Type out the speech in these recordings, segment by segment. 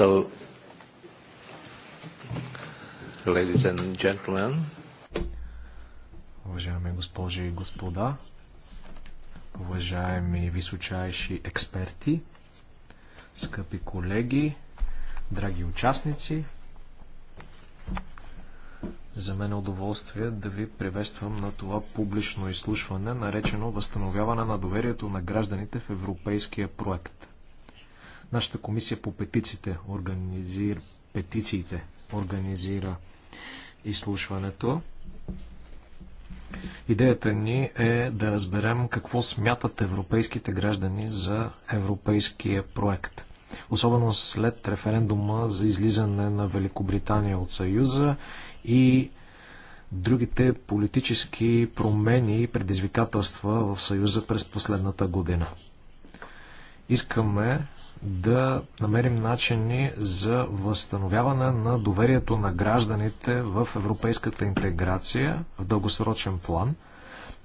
So, ladies and gentlemen. Уважаеми госпожи и господа, уважаеми височайши експерти, скъпи колеги, драги участници, за мен е удоволствие да ви приветствам на това публично изслушване, наречено Възстановяване на доверието на гражданите в европейския проект – Нашата комисия по петициите организира, петициите организира изслушването. Идеята ни е да разберем какво смятат европейските граждани за европейския проект. Особено след референдума за излизане на Великобритания от Съюза и другите политически промени и предизвикателства в Съюза през последната година. Искаме да намерим начини за възстановяване на доверието на гражданите в европейската интеграция в дългосрочен план.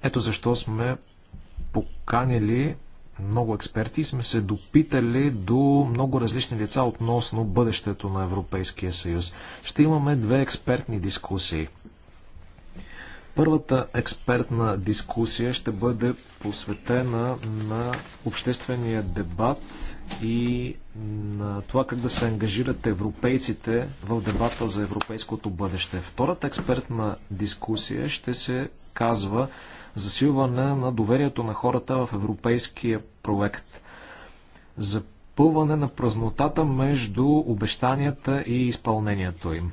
Ето защо сме поканили много експерти и сме се допитали до много различни лица относно бъдещето на Европейския съюз. Ще имаме две експертни дискусии. Първата експертна дискусия ще бъде посветена на обществения дебат и на това как да се ангажират европейците в дебата за европейското бъдеще. Втората експертна дискусия ще се казва засилване на доверието на хората в европейския проект. Запълване на празнотата между обещанията и изпълнението им.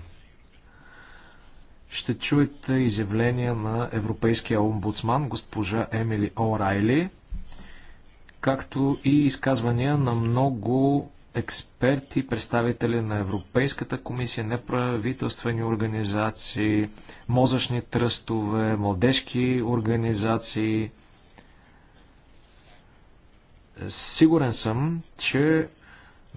Ще чуете изявления на европейския омбудсман госпожа Емили О'Райли – както и изказвания на много експерти, представители на Европейската комисия, неправителствени организации, мозъчни тръстове, младежки организации. Сигурен съм, че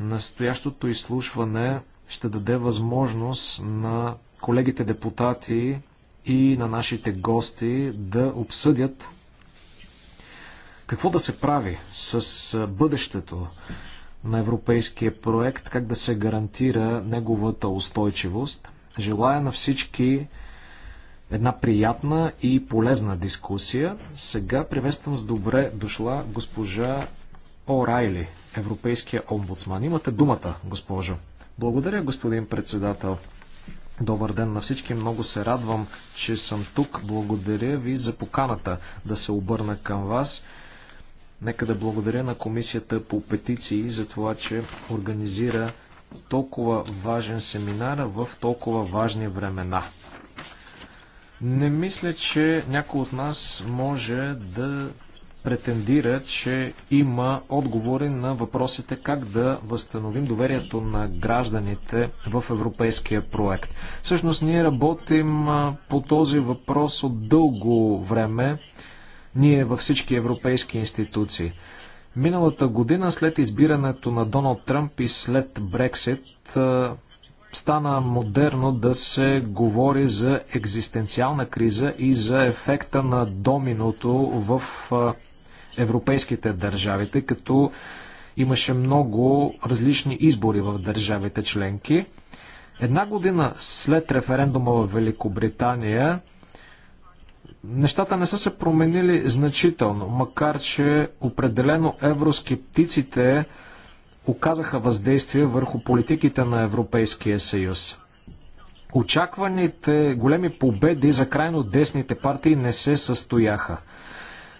настоящото изслушване ще даде възможност на колегите депутати и на нашите гости да обсъдят какво да се прави с бъдещето на европейския проект, как да се гарантира неговата устойчивост? Желая на всички една приятна и полезна дискусия. Сега приветствам с добре дошла госпожа Орайли, Европейския омбудсман. Имате думата, госпожо. Благодаря, господин председател. Добър ден на всички. Много се радвам, че съм тук. Благодаря ви за поканата да се обърна към вас. Нека да благодаря на Комисията по петиции за това, че организира толкова важен семинар в толкова важни времена. Не мисля, че някой от нас може да претендира, че има отговори на въпросите как да възстановим доверието на гражданите в европейския проект. Всъщност ние работим по този въпрос от дълго време. Ние във всички европейски институции. Миналата година след избирането на Доналд Тръмп и след Брексит стана модерно да се говори за екзистенциална криза и за ефекта на доминото в европейските държави, тъй като имаше много различни избори в държавите членки. Една година след референдума в Великобритания Нещата не са се променили значително, макар че определено евроскептиците оказаха въздействие върху политиките на Европейския съюз. Очакваните големи победи за крайно десните партии не се състояха.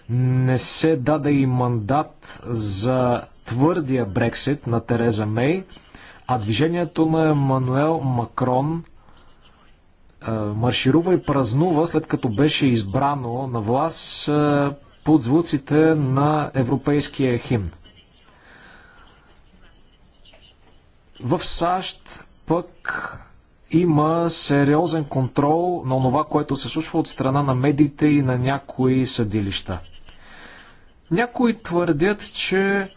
Не се даде и мандат за твърдия Брексит на Тереза Мей, а движението на Емануел Макрон е, марширува и празнува, след като беше избрано на власт е, под звуците на европейския химн. В САЩ пък има сериозен контрол на това, което се случва от страна на медиите и на някои съдилища. Някои твърдят, че е,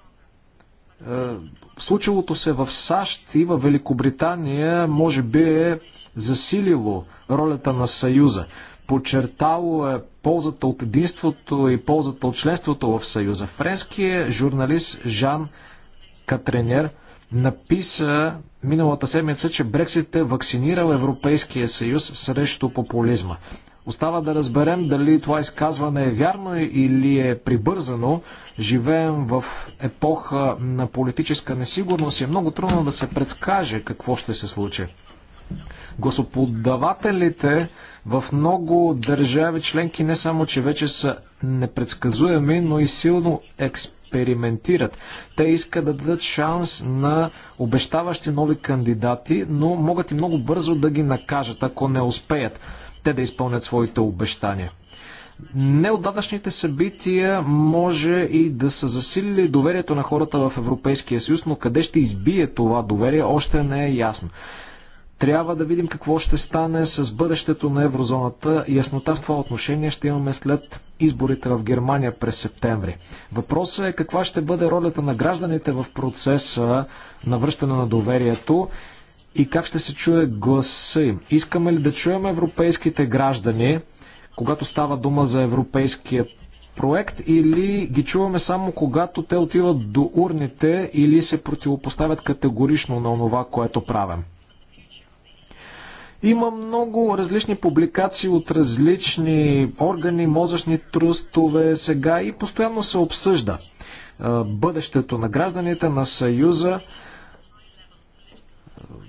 случилото се в САЩ и в Великобритания може би е засилило ролята на Съюза, подчертало е ползата от единството и ползата от членството в Съюза. Френският журналист Жан Катренер написа миналата седмица, че Брексит е вакцинирал Европейския съюз срещу популизма. Остава да разберем дали това изказване е вярно или е прибързано. Живеем в епоха на политическа несигурност и е много трудно да се предскаже какво ще се случи. Господавателите в много държави членки не само, че вече са непредсказуеми, но и силно експериментират. Те искат да дадат шанс на обещаващи нови кандидати, но могат и много бързо да ги накажат, ако не успеят те да изпълнят своите обещания. Неотдавнашните събития може и да са засилили доверието на хората в Европейския съюз, но къде ще избие това доверие, още не е ясно. Трябва да видим какво ще стане с бъдещето на еврозоната. Яснота в това отношение ще имаме след изборите в Германия през септември. Въпросът е каква ще бъде ролята на гражданите в процеса на връщане на доверието и как ще се чуе гласа им. Искаме ли да чуем европейските граждани, когато става дума за европейския проект или ги чуваме само когато те отиват до урните или се противопоставят категорично на това, което правим. Има много различни публикации от различни органи, мозъчни трустове сега и постоянно се обсъжда бъдещето на гражданите, на Съюза.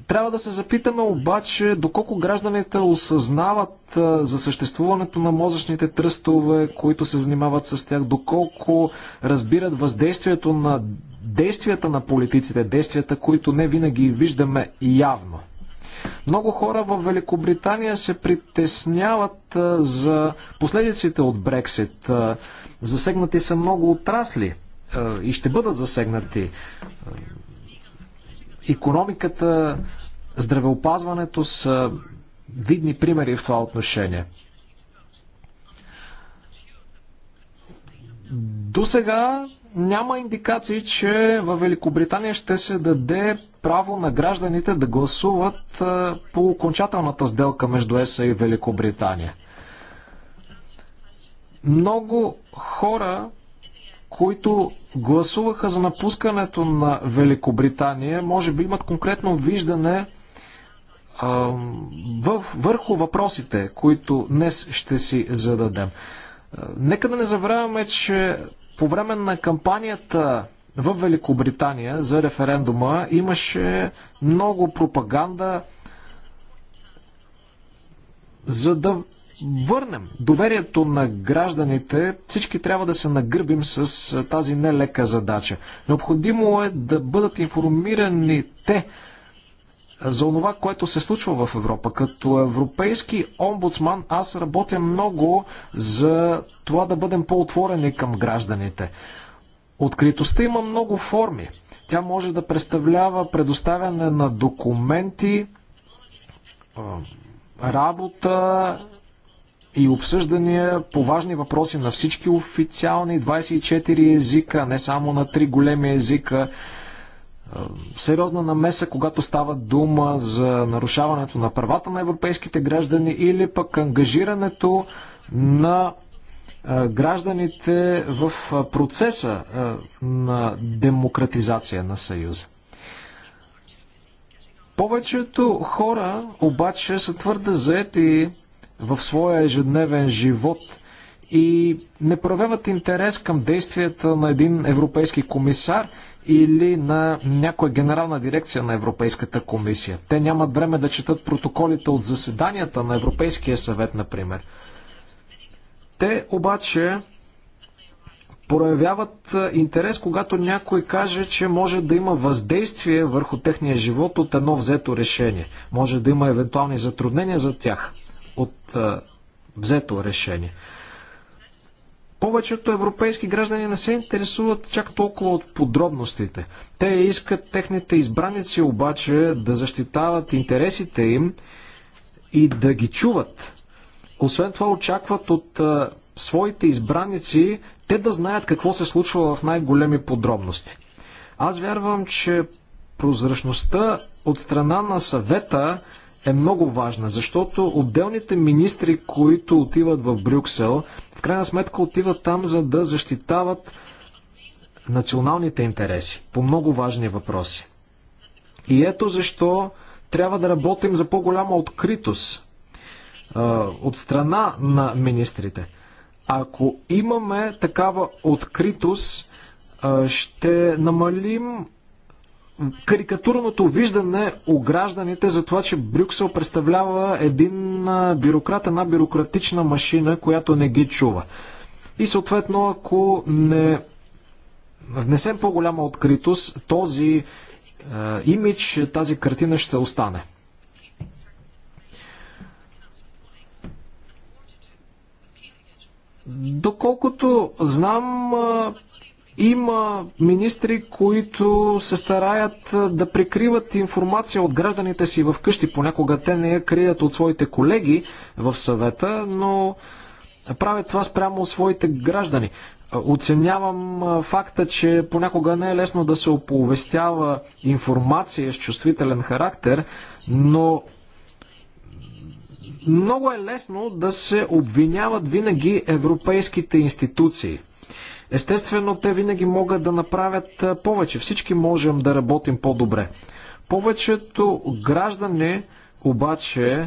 Трябва да се запитаме обаче доколко гражданите осъзнават за съществуването на мозъчните тръстове, които се занимават с тях, доколко разбират въздействието на действията на политиците, действията, които не винаги виждаме явно. Много хора в Великобритания се притесняват за последиците от Брексит. Засегнати са много отрасли и ще бъдат засегнати. Економиката, здравеопазването са видни примери в това отношение. До сега няма индикации, че в Великобритания ще се даде право на гражданите да гласуват по окончателната сделка между ЕСА и Великобритания. Много хора, които гласуваха за напускането на Великобритания, може би имат конкретно виждане а, върху въпросите, които днес ще си зададем. Нека да не забравяме, че по време на кампанията в Великобритания за референдума имаше много пропаганда, за да върнем доверието на гражданите, всички трябва да се нагърбим с тази нелека задача. Необходимо е да бъдат информирани те за това, което се случва в Европа. Като европейски омбудсман аз работя много за това да бъдем по-отворени към гражданите. Откритостта има много форми. Тя може да представлява предоставяне на документи, работа и обсъждания по важни въпроси на всички официални 24 езика, не само на три големи езика сериозна намеса, когато става дума за нарушаването на правата на европейските граждани или пък ангажирането на гражданите в процеса на демократизация на Съюза. Повечето хора обаче са твърде заети в своя ежедневен живот и не проявяват интерес към действията на един европейски комисар – или на някоя генерална дирекция на Европейската комисия. Те нямат време да четат протоколите от заседанията на Европейския съвет, например. Те обаче проявяват интерес, когато някой каже, че може да има въздействие върху техния живот от едно взето решение. Може да има евентуални затруднения за тях от взето решение. Повечето европейски граждани не се интересуват чак толкова от подробностите. Те искат техните избраници обаче да защитават интересите им и да ги чуват. Освен това очакват от а, своите избраници те да знаят какво се случва в най-големи подробности. Аз вярвам, че прозрачността от страна на съвета е много важна, защото отделните министри, които отиват в Брюксел, в крайна сметка отиват там, за да защитават националните интереси по много важни въпроси. И ето защо трябва да работим за по-голяма откритост а, от страна на министрите. Ако имаме такава откритост, ще намалим карикатурното виждане у гражданите за това, че Брюксел представлява един бюрократ, една бюрократична машина, която не ги чува. И съответно, ако не внесем по-голяма откритост, този е, имидж, тази картина ще остане. Доколкото знам, има министри, които се стараят да прикриват информация от гражданите си в къщи. Понякога те не я крият от своите колеги в съвета, но правят това спрямо от своите граждани. Оценявам факта, че понякога не е лесно да се оповестява информация с чувствителен характер, но много е лесно да се обвиняват винаги европейските институции – Естествено, те винаги могат да направят повече. Всички можем да работим по-добре. Повечето граждани обаче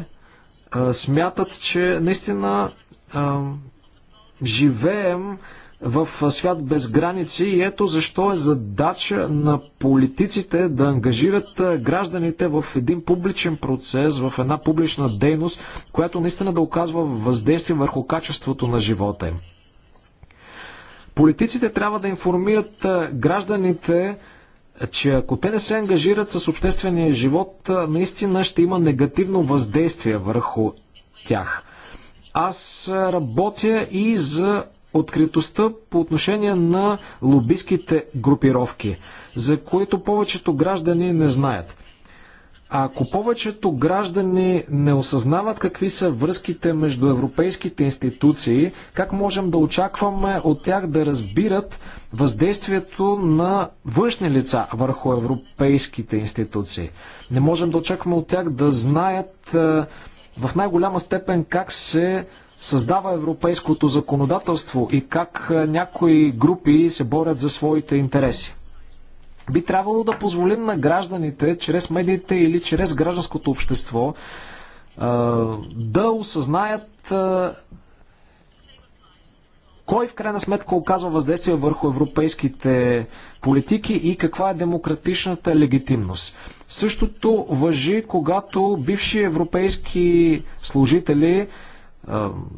смятат, че наистина живеем в свят без граници и ето защо е задача на политиците да ангажират гражданите в един публичен процес, в една публична дейност, която наистина да оказва въздействие върху качеството на живота им. Политиците трябва да информират гражданите, че ако те не се ангажират с обществения живот, наистина ще има негативно въздействие върху тях. Аз работя и за откритостта по отношение на лобистските групировки, за които повечето граждани не знаят. А ако повечето граждани не осъзнават какви са връзките между европейските институции, как можем да очакваме от тях да разбират въздействието на външни лица върху европейските институции? Не можем да очакваме от тях да знаят е, в най-голяма степен как се създава европейското законодателство и как е, някои групи се борят за своите интереси. Би трябвало да позволим на гражданите, чрез медиите или чрез гражданското общество, да осъзнаят кой в крайна сметка оказва въздействие върху европейските политики и каква е демократичната легитимност. Същото въжи, когато бивши европейски служители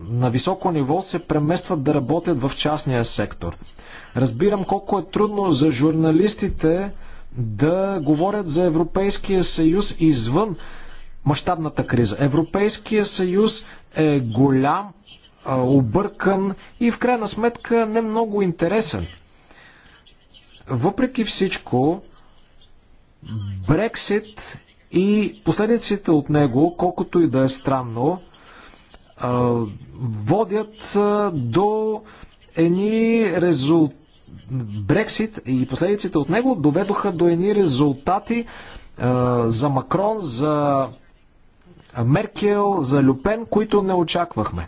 на високо ниво се преместват да работят в частния сектор. Разбирам колко е трудно за журналистите да говорят за Европейския съюз извън мащабната криза. Европейския съюз е голям, объркан и в крайна сметка не много интересен. Въпреки всичко, Брексит и последиците от него, колкото и да е странно, водят до едни резултати. Брексит и последиците от него доведоха до едни резултати за Макрон, за Меркел, за Люпен, които не очаквахме.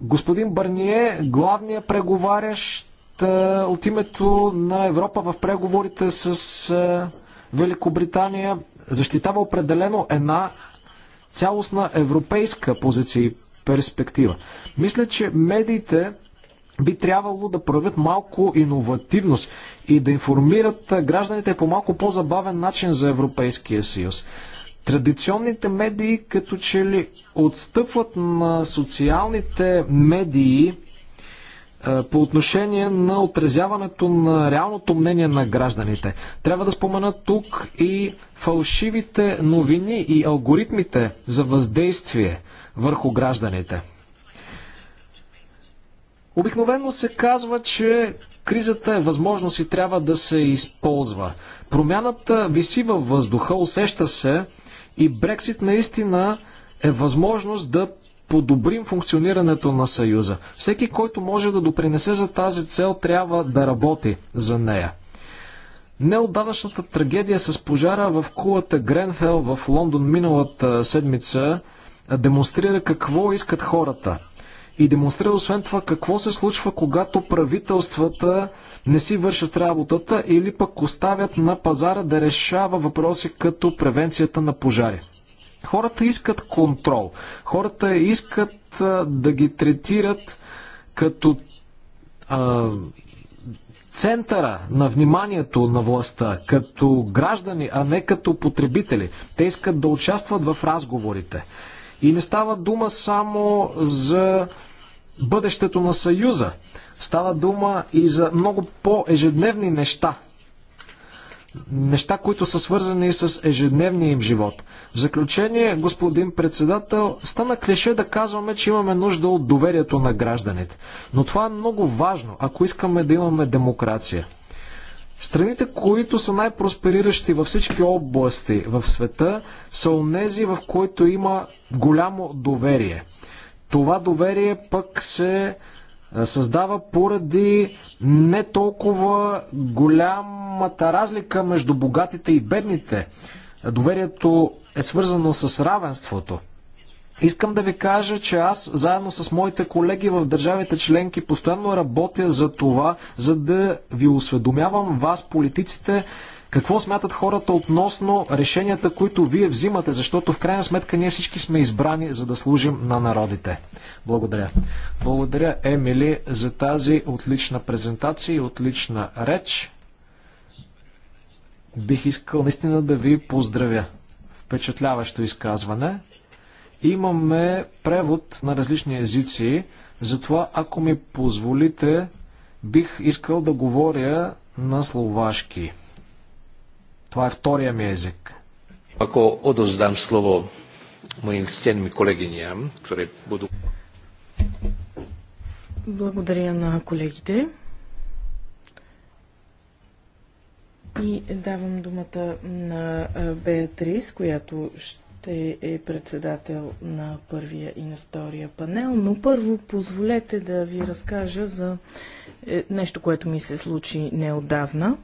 Господин Барние, главният преговарящ от името на Европа в преговорите с Великобритания, защитава определено една цялостна европейска позиция и перспектива. Мисля, че медиите би трябвало да проявят малко иновативност и да информират гражданите по малко по-забавен начин за Европейския съюз. Традиционните медии като че ли отстъпват на социалните медии е, по отношение на отразяването на реалното мнение на гражданите. Трябва да спомена тук и фалшивите новини и алгоритмите за въздействие върху гражданите. Обикновено се казва, че кризата е възможност и трябва да се използва. Промяната виси във въздуха, усеща се и Брексит наистина е възможност да подобрим функционирането на Съюза. Всеки, който може да допринесе за тази цел, трябва да работи за нея. Неотдавашната трагедия с пожара в кулата Гренфел в Лондон миналата седмица демонстрира какво искат хората. И демонстрира освен това какво се случва, когато правителствата не си вършат работата или пък оставят на пазара да решава въпроси като превенцията на пожари. Хората искат контрол. Хората искат а, да ги третират като а, центъра на вниманието на властта, като граждани, а не като потребители. Те искат да участват в разговорите. И не става дума само за бъдещето на Съюза. Става дума и за много по-ежедневни неща, неща, които са свързани с ежедневния им живот. В заключение, господин председател, стана клише да казваме, че имаме нужда от доверието на гражданите. Но това е много важно, ако искаме да имаме демокрация. Страните, които са най-проспериращи във всички области в света, са онези, в които има голямо доверие. Това доверие пък се е, създава поради не толкова голямата разлика между богатите и бедните. Е, доверието е свързано с равенството. Искам да ви кажа, че аз заедно с моите колеги в държавите членки постоянно работя за това, за да ви осведомявам вас, политиците, какво смятат хората относно решенията, които вие взимате, защото в крайна сметка ние всички сме избрани за да служим на народите. Благодаря. Благодаря, Емили, за тази отлична презентация и отлична реч. Бих искал наистина да ви поздравя. Впечатляващо изказване. Имаме превод на различни езици, затова ако ми позволите, бих искал да говоря на словашки. Това е втория ми език. Ако одоздам слово моим стенми колегиням, които буду... Благодаря на колегите. И давам думата на Беатрис, която ще е председател на първия и на втория панел. Но първо позволете да ви разкажа за е, нещо, което ми се случи неодавна.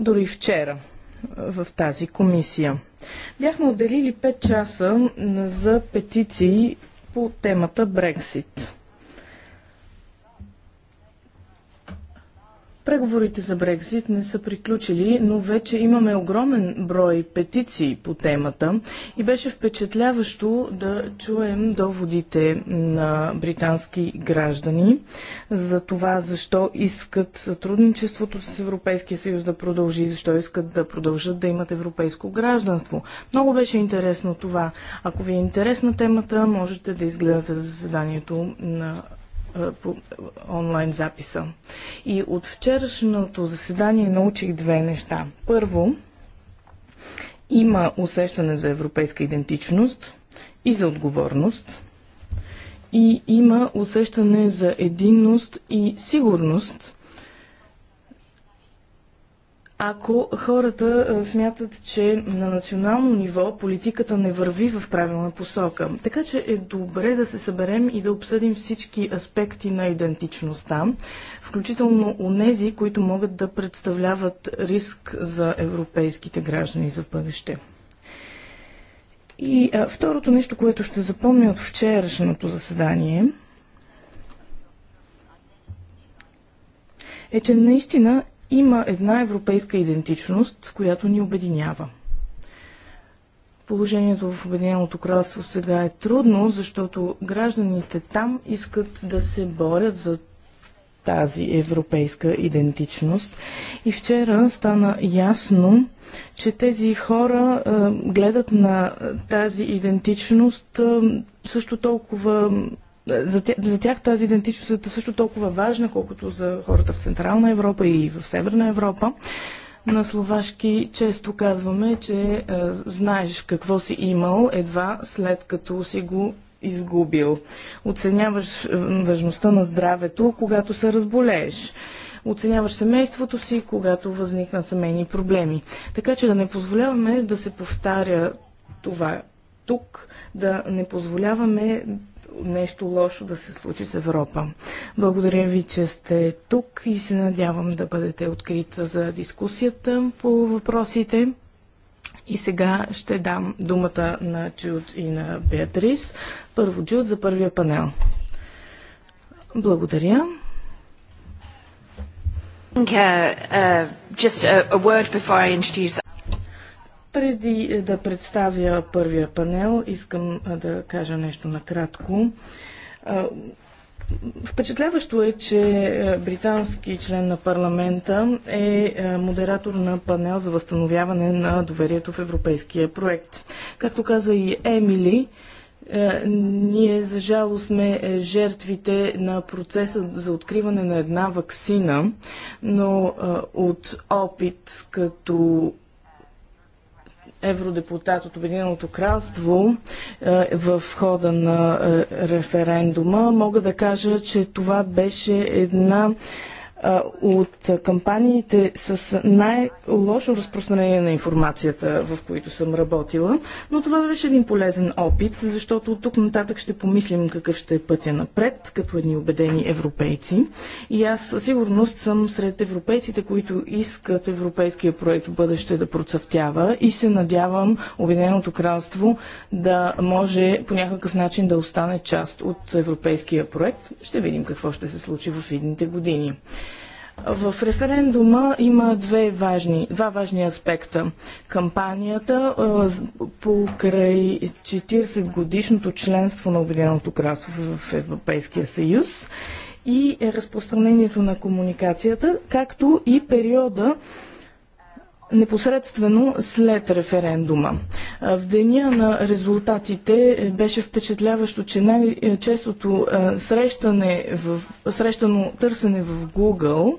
дори вчера в тази комисия. Бяхме отделили 5 часа за петиции по темата Брексит. Преговорите за Брекзит не са приключили, но вече имаме огромен брой петиции по темата и беше впечатляващо да чуем доводите на британски граждани за това защо искат сътрудничеството с Европейския съюз да продължи, защо искат да продължат да имат европейско гражданство. Много беше интересно това. Ако ви е интересна темата, можете да изгледате заседанието на по онлайн записа. И от вчерашното заседание научих две неща. Първо, има усещане за европейска идентичност и за отговорност. И има усещане за единност и сигурност ако хората е, смятат, че на национално ниво политиката не върви в правилна посока. Така че е добре да се съберем и да обсъдим всички аспекти на идентичността, включително онези, които могат да представляват риск за европейските граждани за бъдеще. И а, второто нещо, което ще запомня от вчерашното заседание, е, че наистина има една европейска идентичност, която ни обединява. Положението в Обединеното кралство сега е трудно, защото гражданите там искат да се борят за тази европейска идентичност. И вчера стана ясно, че тези хора е, гледат на тази идентичност е, също толкова за тях, за тях тази идентичност е също толкова важна, колкото за хората в Централна Европа и в Северна Европа. На словашки често казваме, че е, знаеш какво си имал едва след като си го изгубил. Оценяваш е, важността на здравето, когато се разболееш. Оценяваш семейството си, когато възникнат семейни проблеми. Така че да не позволяваме да се повтаря това тук, да не позволяваме нещо лошо да се случи с Европа. Благодаря ви, че сте тук и се надявам да бъдете открита за дискусията по въпросите. И сега ще дам думата на Джуд и на Беатрис. Първо Джуд за първия панел. Благодаря. Uh, uh, преди е, да представя първия панел, искам е, да кажа нещо накратко. Е, впечатляващо е, че британски член на парламента е модератор на панел за възстановяване на доверието в европейския проект. Както каза и Емили, ние за жало сме жертвите на процеса за откриване на една вакцина, но от опит като евродепутат от Обединеното кралство е, в хода на е, референдума, мога да кажа, че това беше една от кампаниите с най-лошо разпространение на информацията, в които съм работила, но това беше един полезен опит, защото от тук нататък ще помислим какъв ще е пътя напред, като едни убедени европейци. И аз със сигурност съм сред европейците, които искат европейския проект в бъдеще да процъфтява и се надявам Обединеното кралство да може по някакъв начин да остане част от европейския проект. Ще видим какво ще се случи в идните години. В референдума има две важни, два важни аспекта. Кампанията е, покрай 40 годишното членство на Обединеното кралство в Европейския съюз и разпространението на комуникацията, както и периода непосредствено след референдума. В деня на резултатите е, беше впечатляващо, че най-честото е, е, срещане в, срещано търсене в Google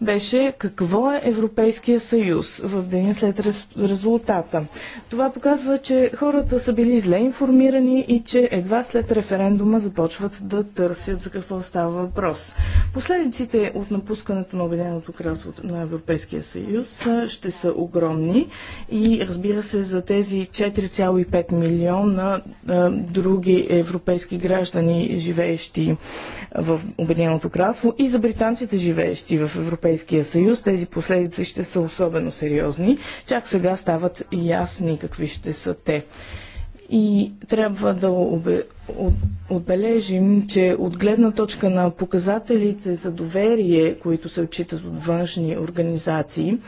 беше какво е Европейския съюз в деня след рез, резултата. Това показва, че хората са били зле информирани и че едва след референдума започват да търсят за какво става въпрос. Последиците от напускането на Обединеното кралство на Европейския съюз ще са огромни и разбира се за тези 4,5 милиона а, други европейски граждани, живеещи в Обединеното кралство и за британците, живеещи в Европейския Европейския съюз, тези последици ще са особено сериозни. Чак сега стават ясни какви ще са те. И трябва да отбележим, че от гледна точка на показателите за доверие, които се отчитат от външни организации,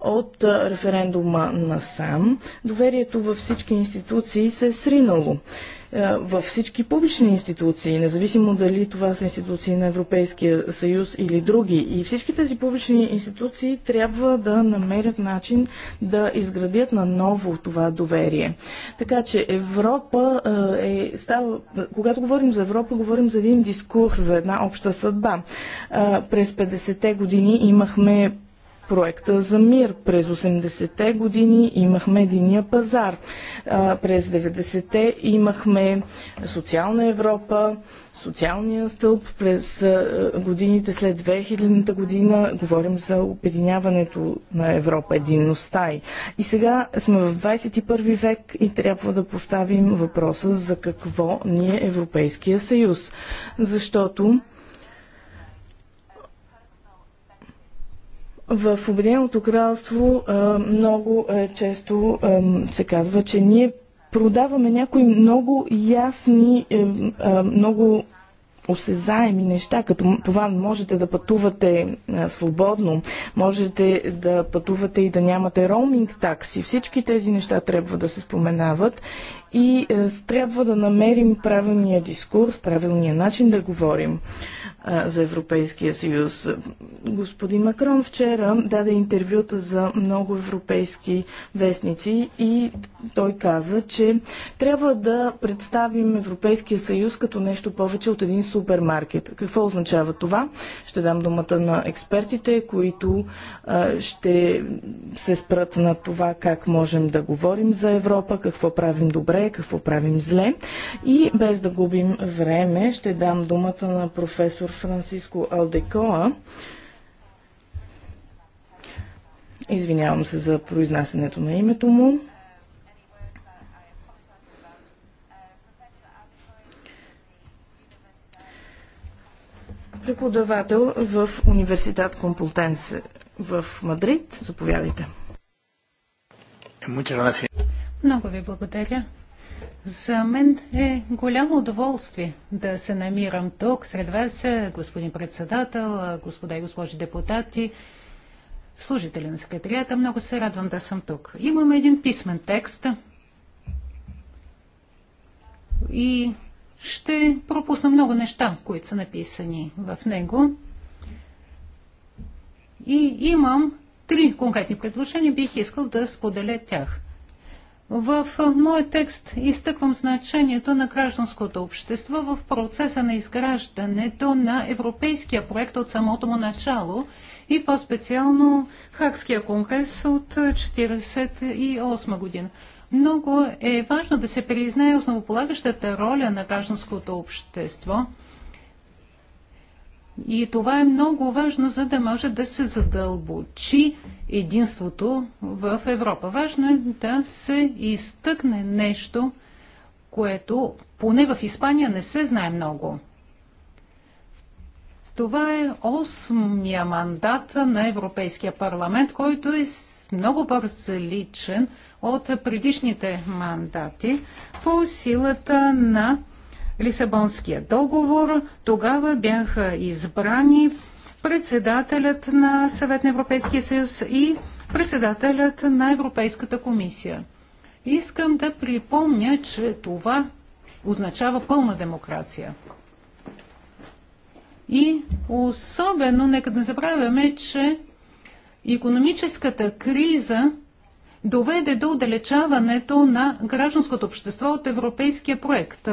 от референдума на сам, доверието във всички институции се е сринало във всички публични институции, независимо дали това са институции на Европейския съюз или други. И всички тези публични институции трябва да намерят начин да изградят наново това доверие. Така че Европа е... Става, когато говорим за Европа, говорим за един дискурс, за една обща съдба. През 50-те години имахме проекта за мир. През 80-те години имахме единия пазар. През 90-те имахме социална Европа, социалния стълб през годините след 2000-та година. Говорим за обединяването на Европа, единността и. И сега сме в 21 век и трябва да поставим въпроса за какво ни е Европейския съюз. Защото В Обединеното кралство много е, често се казва, че ние продаваме някои много ясни, е, много осезаеми неща, като това можете да пътувате а, е, свободно, можете да пътувате и да нямате роуминг такси. Всички тези неща трябва да се споменават и а, трябва да намерим правилния дискурс, правилния начин да говорим за Европейския съюз. Господин Макрон вчера даде интервюта за много европейски вестници и той каза, че трябва да представим Европейския съюз като нещо повече от един супермаркет. Какво означава това? Ще дам думата на експертите, които ще се спрат на това как можем да говорим за Европа, какво правим добре, какво правим зле. И без да губим време, ще дам думата на професор Франциско Алдекоа. Извинявам се за произнасянето на името му. Преподавател в Университет Компултенсе в Мадрид. Заповядайте. Много ви благодаря. За мен е голямо удоволствие да се намирам тук сред вас, господин председател, господа и госпожи депутати, служители на секретарията. Много се радвам да съм тук. Имаме един писмен текст и ще пропусна много неща, които са написани в него. И имам три конкретни предложения, бих искал да споделя тях. В моя текст изтъквам значението на гражданското общество в процеса на изграждането на европейския проект от самото му начало и по-специално Хакския конгрес от 1948 година. Много е важно да се признае основополагащата роля на гражданското общество – и това е много важно, за да може да се задълбочи единството в Европа. Важно е да се изтъкне нещо, което поне в Испания не се знае много. Това е осмия мандат на Европейския парламент, който е много по-различен от предишните мандати по силата на Лисабонския договор. Тогава бяха избрани председателят на Съвет на Европейския съюз и председателят на Европейската комисия. Искам да припомня, че това означава пълна демокрация. И особено, нека да не забравяме, че економическата криза доведе до отдалечаването на гражданското общество от европейския проект.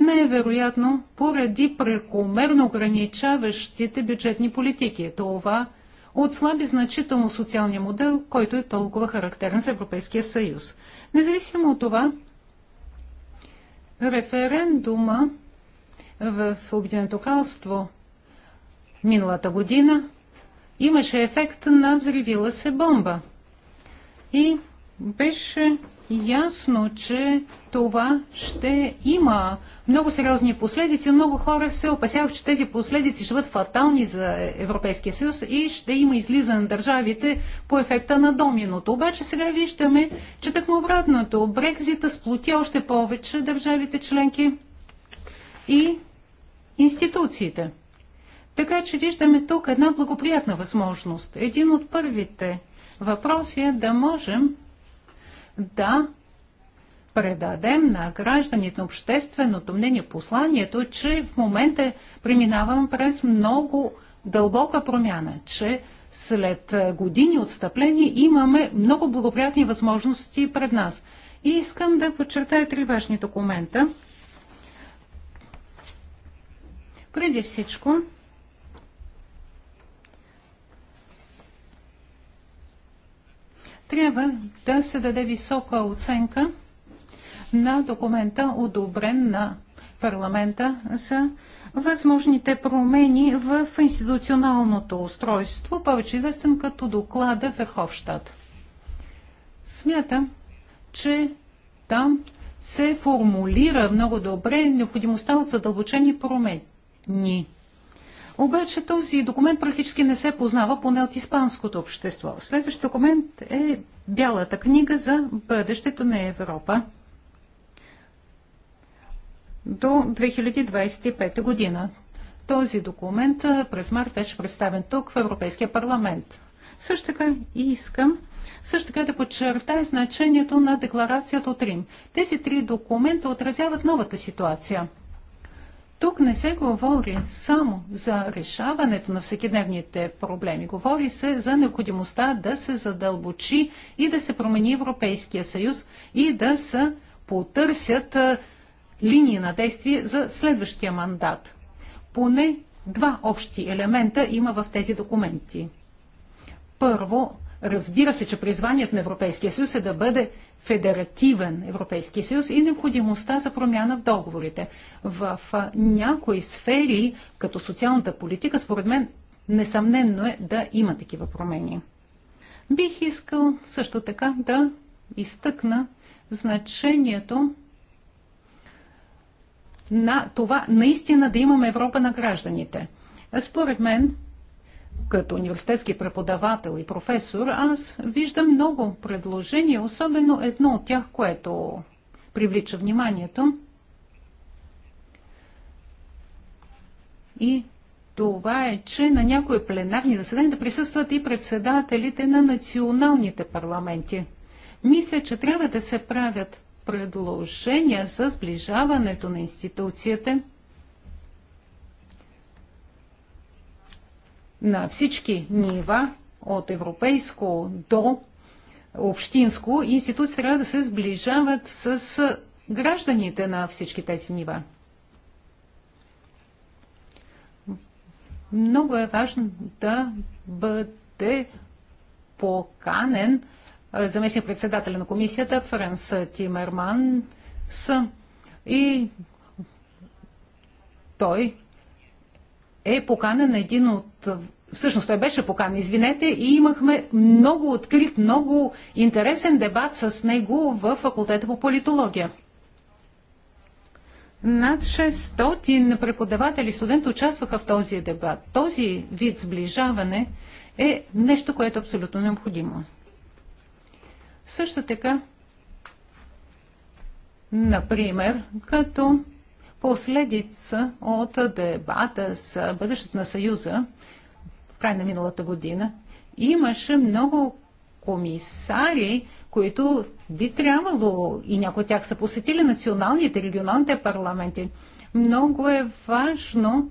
Най-вероятно поради прекомерно ограничаващите бюджетни политики. Това отслаби значително социалния модел, който е толкова характерен за Европейския съюз. Независимо от това, референдума в Обединеното кралство миналата година имаше ефект на взривила се бомба. И беше ясно, че това ще има много сериозни последици. Много хора се опасяват, че тези последици ще бъдат фатални за Европейския съюз и ще има излизане на държавите по ефекта на доминото. Обаче сега виждаме, че такмо обратното. Брекзита сплоти още повече държавите членки и институциите. Така че виждаме тук една благоприятна възможност. Един от първите въпроси е да можем да предадем на гражданите, на общественото мнение, посланието, че в момента преминавам през много дълбока промяна, че след години отстъпление имаме много благоприятни възможности пред нас. И искам да подчертая три важни документа. Преди всичко, Трябва да се даде висока оценка на документа, одобрен на парламента за възможните промени в институционалното устройство, повече известен като доклада Верховщад. Смятам, че там се формулира много добре необходимостта от задълбочени промени. Обаче този документ практически не се познава поне от испанското общество. Следващ документ е Бялата книга за бъдещето на Европа до 2025 година. Този документ през март беше представен тук в Европейския парламент. Също така и искам също така да подчертая значението на декларацията от Рим. Тези три документа отразяват новата ситуация – тук не се говори само за решаването на всекидневните проблеми. Говори се за необходимостта да се задълбочи и да се промени Европейския съюз и да се потърсят линии на действие за следващия мандат. Поне два общи елемента има в тези документи. Първо, разбира се, че призванието на Европейския съюз е да бъде федеративен Европейски съюз и необходимостта за промяна в договорите. В някои сфери, като социалната политика, според мен, несъмнено е да има такива промени. Бих искал също така да изтъкна значението на това наистина да имаме Европа на гражданите. Според мен, като университетски преподавател и професор, аз виждам много предложения, особено едно от тях, което привлича вниманието. И това е, че на някои пленарни заседания да присъстват и председателите на националните парламенти. Мисля, че трябва да се правят предложения за сближаването на институцията – на всички нива, от европейско до общинско, институции трябва да се сближават с гражданите на всички тези нива. Много е важно да бъде поканен заместник председателя на комисията Франс Тимерман и той е поканен един от... Всъщност той беше поканен, извинете, и имахме много открит, много интересен дебат с него в факултета по политология. Над 600 преподаватели и студенти участваха в този дебат. Този вид сближаване е нещо, което е абсолютно необходимо. Също така, например, като последица от дебата с бъдещето на Съюза в край на миналата година. Имаше много комисари, които би трябвало, и някои от тях са посетили националните, и регионалните парламенти. Много е важно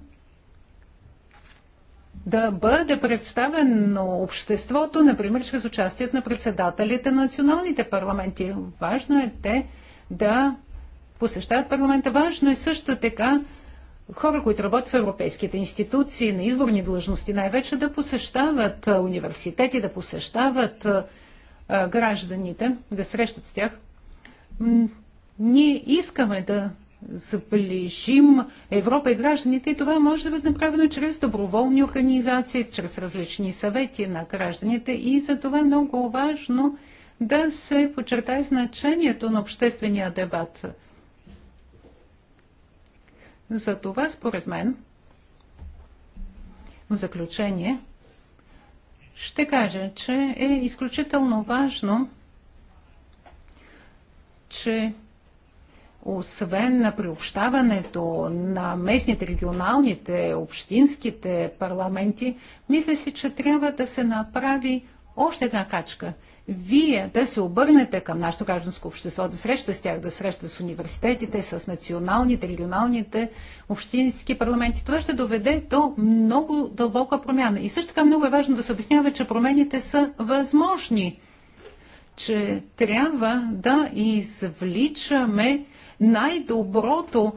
да бъде представено обществото, например, чрез участието на председателите на националните парламенти. Важно е те да посещават парламента. Важно е също така хора, които работят в европейските институции, на изборни длъжности, най-вече да посещават университети, да посещават гражданите, да срещат с тях. Ние искаме да заближим Европа и гражданите и това може да бъде направено чрез доброволни организации, чрез различни съвети на гражданите и за това е много важно да се подчертае значението на обществения дебат за това, според мен, в заключение, ще кажа, че е изключително важно, че освен на приобщаването на местните, регионалните, общинските парламенти, мисля си, че трябва да се направи още една качка – вие да се обърнете към нашето гражданско общество, да среща с тях, да среща с университетите, с националните, регионалните, общински парламенти. Това ще доведе до много дълбока промяна. И също така много е важно да се обяснява, че промените са възможни, че трябва да извличаме най-доброто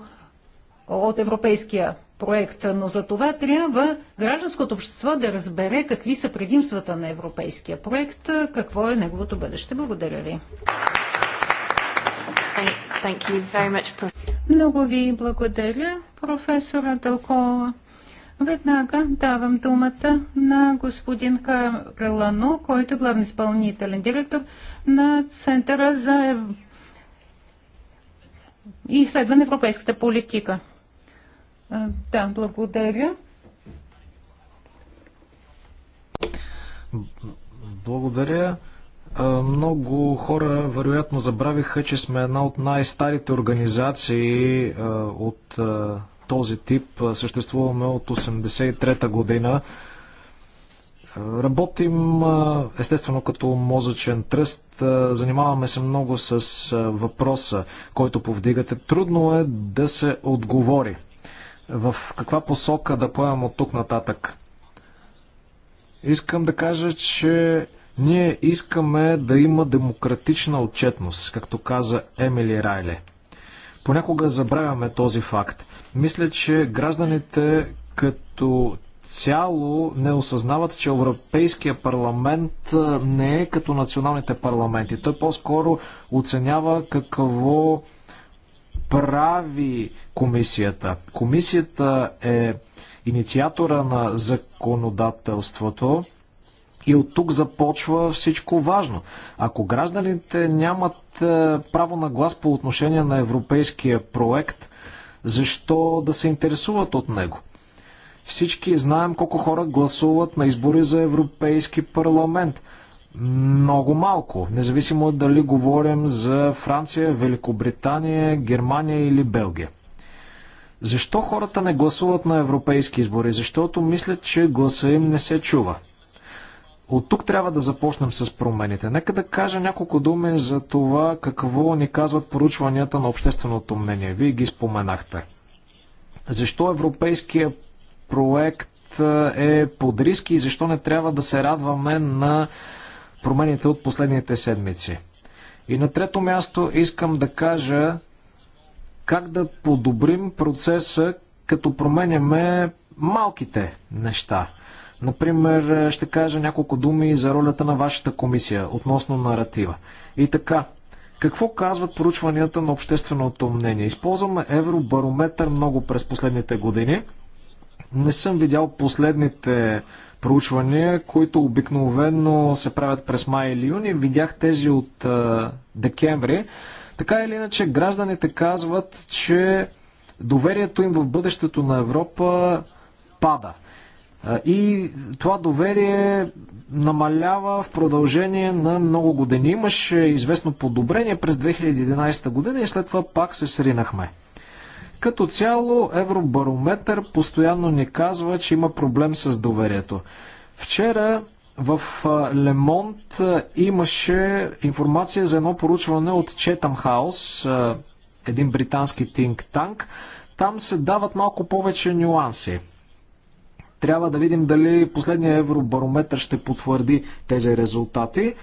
от европейския проекта, но за това трябва гражданското общество да разбере какви са предимствата на европейския проект, какво е неговото бъдеще. Благодаря ви. Много ви благодаря, професора Дълкова. Веднага давам думата на господин Карелано, който е главен изпълнителен директор на Центъра за изследване европейската политика. Да, благодаря. Благодаря. Много хора вероятно забравиха, че сме една от най-старите организации от този тип. Съществуваме от 83 година. Работим естествено като мозъчен тръст. Занимаваме се много с въпроса, който повдигате. Трудно е да се отговори в каква посока да поемам от тук нататък. Искам да кажа, че ние искаме да има демократична отчетност, както каза Емили Райле. Понякога забравяме този факт. Мисля, че гражданите като цяло не осъзнават, че Европейския парламент не е като националните парламенти. Той по-скоро оценява какво прави комисията? Комисията е инициатора на законодателството и от тук започва всичко важно. Ако гражданите нямат е, право на глас по отношение на европейския проект, защо да се интересуват от него? Всички знаем колко хора гласуват на избори за Европейски парламент много малко, независимо дали говорим за Франция, Великобритания, Германия или Белгия. Защо хората не гласуват на европейски избори? Защото мислят, че гласа им не се чува. От тук трябва да започнем с промените. Нека да кажа няколко думи за това какво ни казват поручванията на общественото мнение. Вие ги споменахте. Защо европейския проект е под риски и защо не трябва да се радваме на промените от последните седмици. И на трето място искам да кажа как да подобрим процеса, като променяме малките неща. Например, ще кажа няколко думи за ролята на вашата комисия относно наратива. И така, какво казват проучванията на общественото мнение? Използваме евробарометър много през последните години. Не съм видял последните проучвания, които обикновено се правят през май или юни. Видях тези от а, декември. Така или иначе, гражданите казват, че доверието им в бъдещето на Европа пада. И това доверие намалява в продължение на много години. Имаше известно подобрение през 2011 година и след това пак се сринахме. Като цяло Евробарометър постоянно ни казва, че има проблем с доверието. Вчера в Лемонт имаше информация за едно поручване от Четам Хаус, един британски тинг танк. Там се дават малко повече нюанси. Трябва да видим дали последния евробарометр ще потвърди тези резултати.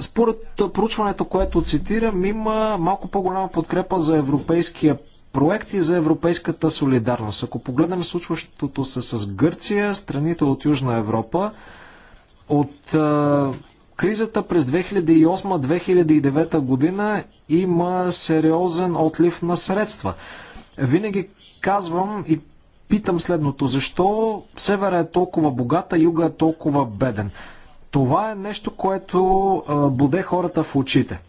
Според проучването, което цитирам, има малко по-голяма подкрепа за европейския проекти за европейската солидарност. Ако погледнем случващото се с Гърция, страните от Южна Европа, от а, кризата през 2008-2009 година има сериозен отлив на средства. Винаги казвам и питам следното. Защо Севера е толкова богата, Юга е толкова беден? Това е нещо, което е, хората в очите.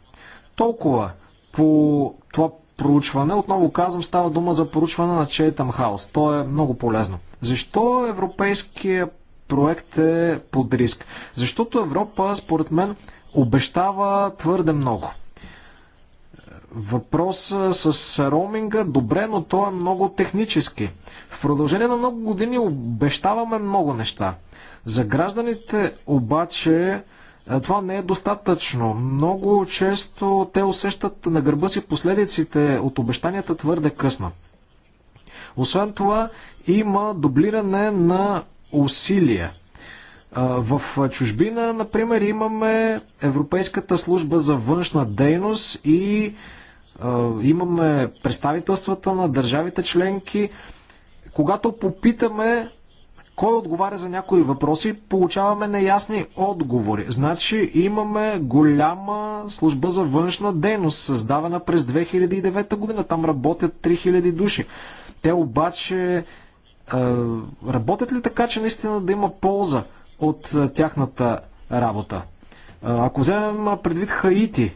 Толкова по това проучване. Отново казвам, става дума за проучване на Chatham House. То е много полезно. Защо европейския проект е под риск? Защото Европа, според мен, обещава твърде много. Въпрос с роуминга, добре, но то е много технически. В продължение на много години обещаваме много неща. За гражданите обаче това не е достатъчно. Много често те усещат на гърба си последиците от обещанията твърде късно. Освен това, има дублиране на усилия. В чужбина, например, имаме Европейската служба за външна дейност и имаме представителствата на държавите членки. Когато попитаме кой отговаря за някои въпроси? Получаваме неясни отговори. Значи имаме голяма служба за външна дейност, създавана през 2009 година. Там работят 3000 души. Те обаче е, работят ли така, че наистина да има полза от тяхната работа? Ако вземем предвид Хаити,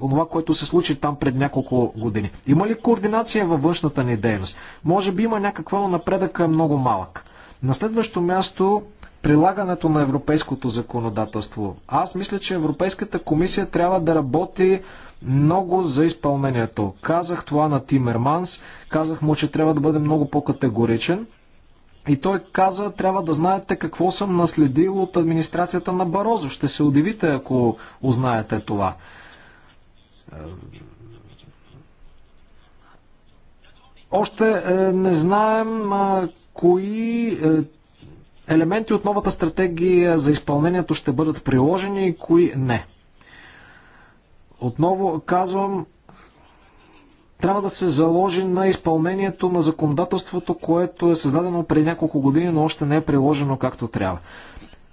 онова, което се случи там пред няколко години, има ли координация във външната ни дейност? Може би има някаква, но напредък е много малък. На следващо място прилагането на европейското законодателство. Аз мисля, че Европейската комисия трябва да работи много за изпълнението. Казах това на Тимерманс, казах му, че трябва да бъде много по-категоричен. И той каза, трябва да знаете какво съм наследил от администрацията на Барозо. Ще се удивите, ако узнаете това. Още е, не знаем кои е, елементи от новата стратегия за изпълнението ще бъдат приложени и кои не. Отново казвам, трябва да се заложи на изпълнението на законодателството, което е създадено преди няколко години, но още не е приложено както трябва.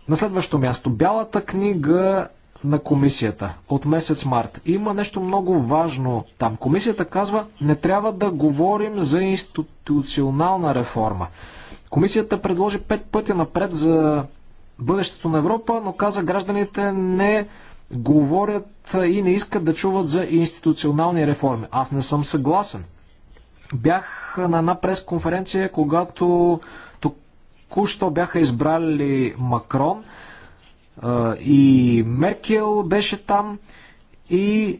На следващо място, Бялата книга на комисията от месец март. Има нещо много важно там. Комисията казва, не трябва да говорим за институционална реформа. Комисията предложи пет пъти напред за бъдещето на Европа, но каза гражданите не говорят и не искат да чуват за институционални реформи. Аз не съм съгласен. Бях на една пресконференция, когато току-що бяха избрали Макрон. И Меркел беше там и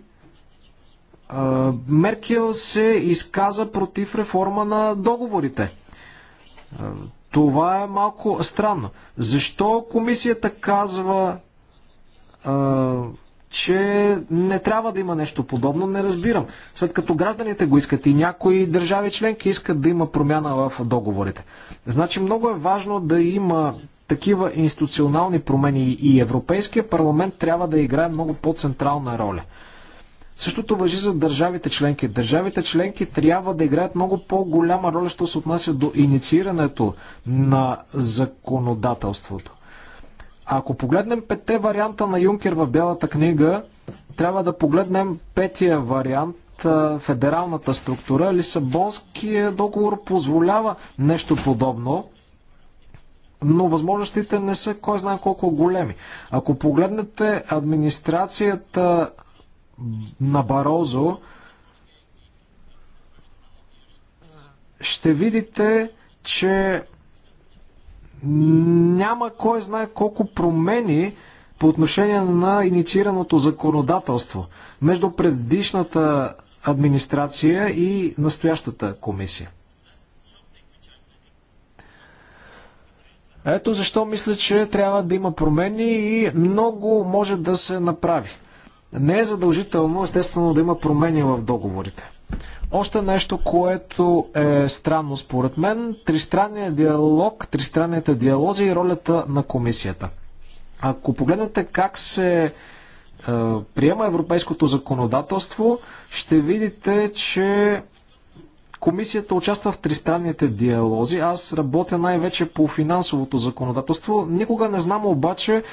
Меркел се изказа против реформа на договорите. Това е малко странно. Защо комисията казва, а, че не трябва да има нещо подобно, не разбирам. След като гражданите го искат и някои държави членки искат да има промяна в договорите. Значи много е важно да има такива институционални промени и Европейския парламент трябва да играе много по-централна роля. Същото въжи за държавите членки. Държавите членки трябва да играят много по-голяма роля, що се отнася до инициирането на законодателството. Ако погледнем петте варианта на Юнкер в Бялата книга, трябва да погледнем петия вариант, федералната структура. Лисабонския договор позволява нещо подобно но възможностите не са кой знае колко големи. Ако погледнете администрацията на Барозо, ще видите, че няма кой знае колко промени по отношение на инициираното законодателство между предишната администрация и настоящата комисия. Ето защо мисля, че трябва да има промени и много може да се направи. Не е задължително, естествено, да има промени в договорите. Още нещо, което е странно според мен, тристранният диалог, тристранните диалози и ролята на комисията. Ако погледнете как се е, приема европейското законодателство, ще видите, че Комисията участва в тристранните диалози. Аз работя най-вече по финансовото законодателство. Никога не знам обаче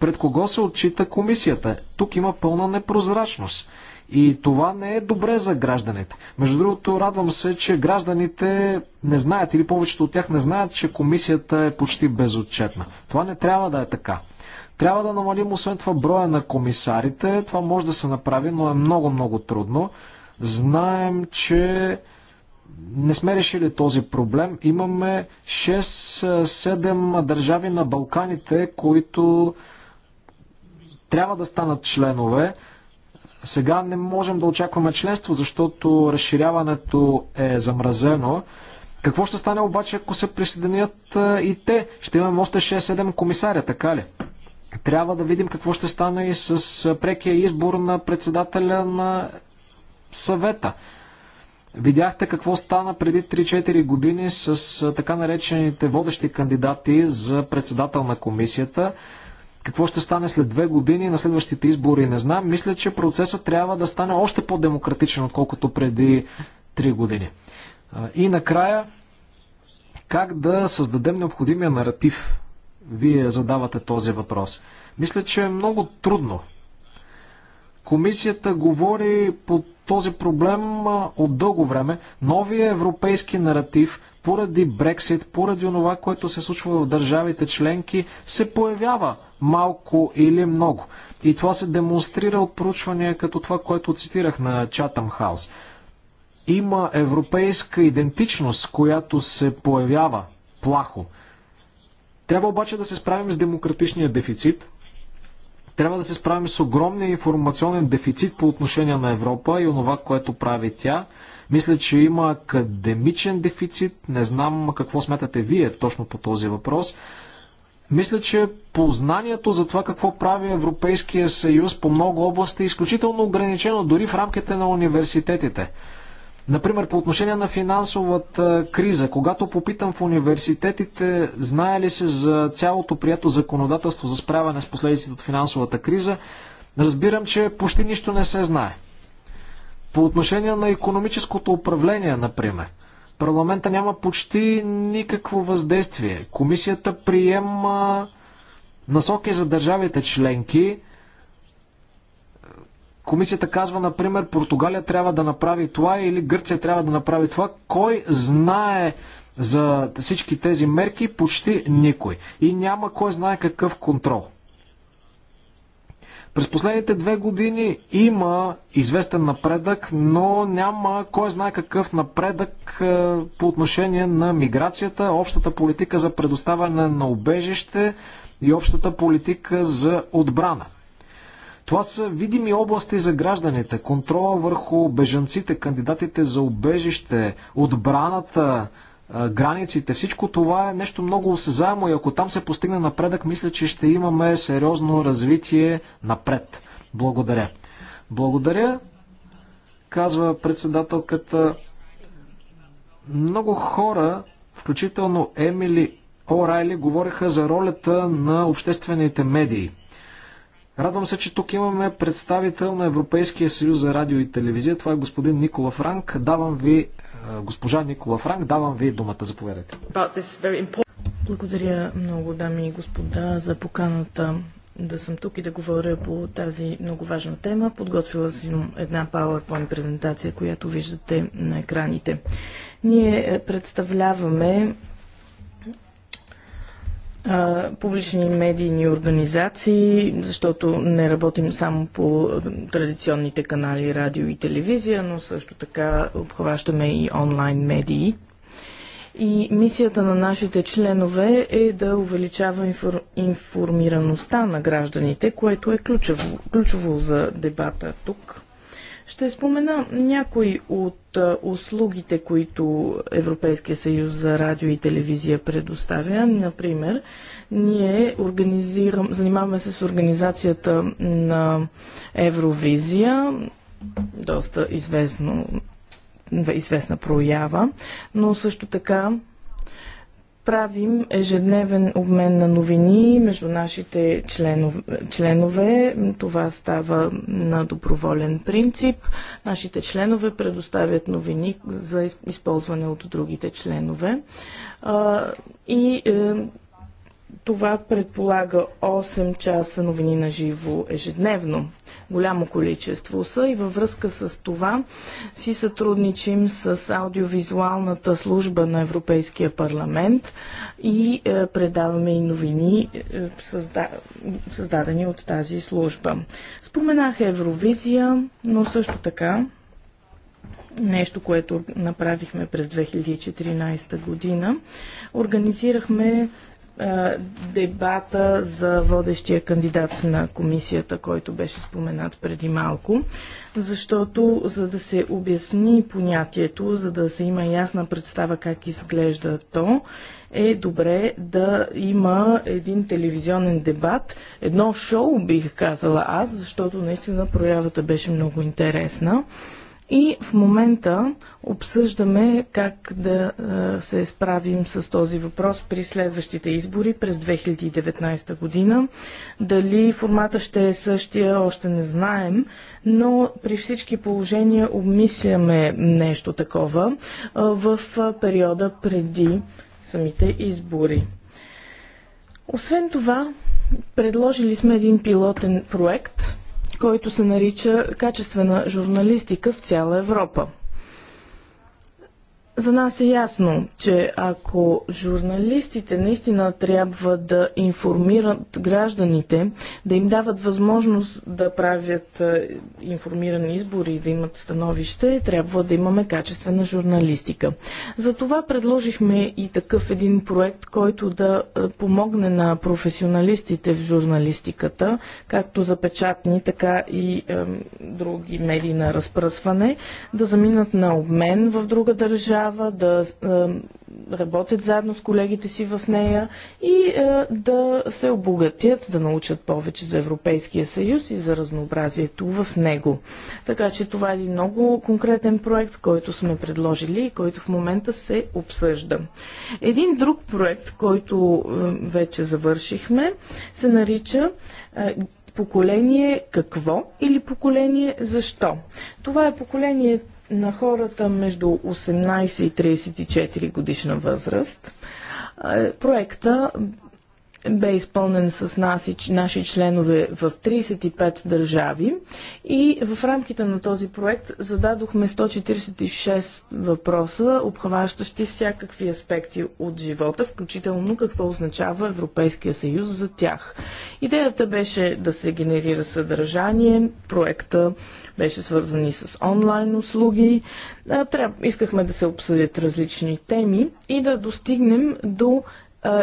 пред кого се отчита комисията. Тук има пълна непрозрачност. И това не е добре за гражданите. Между другото, радвам се, че гражданите не знаят или повечето от тях не знаят, че комисията е почти безотчетна. Това не трябва да е така. Трябва да намалим освен това броя на комисарите. Това може да се направи, но е много-много трудно. Знаем, че не сме решили този проблем. Имаме 6-7 държави на Балканите, които трябва да станат членове. Сега не можем да очакваме членство, защото разширяването е замразено. Какво ще стане обаче, ако се присъединят и те? Ще имаме още 6-7 комисаря, така ли? Трябва да видим какво ще стане и с прекия избор на председателя на съвета. Видяхте какво стана преди 3-4 години с така наречените водещи кандидати за председател на комисията. Какво ще стане след две години на следващите избори, не знам. Мисля, че процесът трябва да стане още по-демократичен, отколкото преди 3 години. И накрая, как да създадем необходимия наратив? Вие задавате този въпрос. Мисля, че е много трудно. Комисията говори по този проблем от дълго време. Новия европейски наратив поради Брексит, поради това, което се случва в държавите членки, се появява малко или много. И това се демонстрира от проучвания като това, което цитирах на Чатъм Хаус. Има европейска идентичност, която се появява плахо. Трябва обаче да се справим с демократичния дефицит, трябва да се справим с огромния информационен дефицит по отношение на Европа и онова, което прави тя. Мисля, че има академичен дефицит. Не знам какво смятате вие точно по този въпрос. Мисля, че познанието за това какво прави Европейския съюз по много области е изключително ограничено, дори в рамките на университетите. Например, по отношение на финансовата криза, когато попитам в университетите, знае ли се за цялото прието законодателство за справяне с последиците от финансовата криза, разбирам, че почти нищо не се знае. По отношение на економическото управление, например, парламента няма почти никакво въздействие. Комисията приема насоки за държавите членки, Комисията казва, например, Португалия трябва да направи това или Гърция трябва да направи това. Кой знае за всички тези мерки? Почти никой. И няма кой знае какъв контрол. През последните две години има известен напредък, но няма кой знае какъв напредък е, по отношение на миграцията, общата политика за предоставяне на убежище и общата политика за отбрана. Това са видими области за гражданите. Контрола върху бежанците, кандидатите за убежище, отбраната, границите. Всичко това е нещо много осезаемо и ако там се постигне напредък, мисля, че ще имаме сериозно развитие напред. Благодаря. Благодаря, казва председателката. Много хора, включително Емили Орайли, говориха за ролята на обществените медии – Радвам се, че тук имаме представител на Европейския съюз за радио и телевизия. Това е господин Никола Франк. Давам ви, е, госпожа Никола Франк, давам ви думата. Заповядайте. Благодаря много, дами и господа, за поканата да съм тук и да говоря по тази много важна тема. Подготвила съм една PowerPoint презентация, която виждате на екраните. Ние е, представляваме публични медийни организации, защото не работим само по традиционните канали радио и телевизия, но също така обхващаме и онлайн медии. И мисията на нашите членове е да увеличава инфор... информираността на гражданите, което е ключово, ключово за дебата тук. Ще спомена някои от услугите, които Европейския съюз за радио и телевизия предоставя. Например, ние организирам, занимаваме се с организацията на Евровизия, доста известно, известна проява, но също така правим ежедневен обмен на новини между нашите членов, членове. Това става на доброволен принцип. Нашите членове предоставят новини за използване от другите членове. И е, това предполага 8 часа новини на живо ежедневно. Голямо количество са и във връзка с това си сътрудничим с аудиовизуалната служба на Европейския парламент и е, предаваме и новини, е, създа... създадени от тази служба. Споменах Евровизия, но също така нещо, което направихме през 2014 година. Организирахме е, дебата за водещия кандидат на комисията, който беше споменат преди малко, защото за да се обясни понятието, за да се има ясна представа как изглежда то, е добре да има един телевизионен дебат, едно шоу бих казала аз, защото наистина проявата беше много интересна. И в момента обсъждаме как да се справим с този въпрос при следващите избори през 2019 година. Дали формата ще е същия, още не знаем, но при всички положения обмисляме нещо такова в периода преди самите избори. Освен това, предложили сме един пилотен проект – който се нарича качествена журналистика в цяла Европа. За нас е ясно, че ако журналистите наистина трябва да информират гражданите, да им дават възможност да правят е, информирани избори и да имат становище, трябва да имаме качествена журналистика. Затова предложихме и такъв един проект, който да е, помогне на професионалистите в журналистиката, както за печатни, така и е, други медии на разпръсване, да заминат на обмен в друга държава трябва да е, работят заедно с колегите си в нея и е, да се обогатят, да научат повече за Европейския съюз и за разнообразието в него. Така че това е един много конкретен проект, който сме предложили и който в момента се обсъжда. Един друг проект, който е, вече завършихме, се нарича поколение какво или поколение защо. Това е поколение на хората между 18 и 34 годишна възраст. Е, проекта бе изпълнен с нас, наши членове в 35 държави и в рамките на този проект зададохме 146 въпроса, обхващащи всякакви аспекти от живота, включително какво означава Европейския съюз за тях. Идеята беше да се генерира съдържание, проекта беше свързан и с онлайн услуги, Трябб, искахме да се обсъдят различни теми и да достигнем до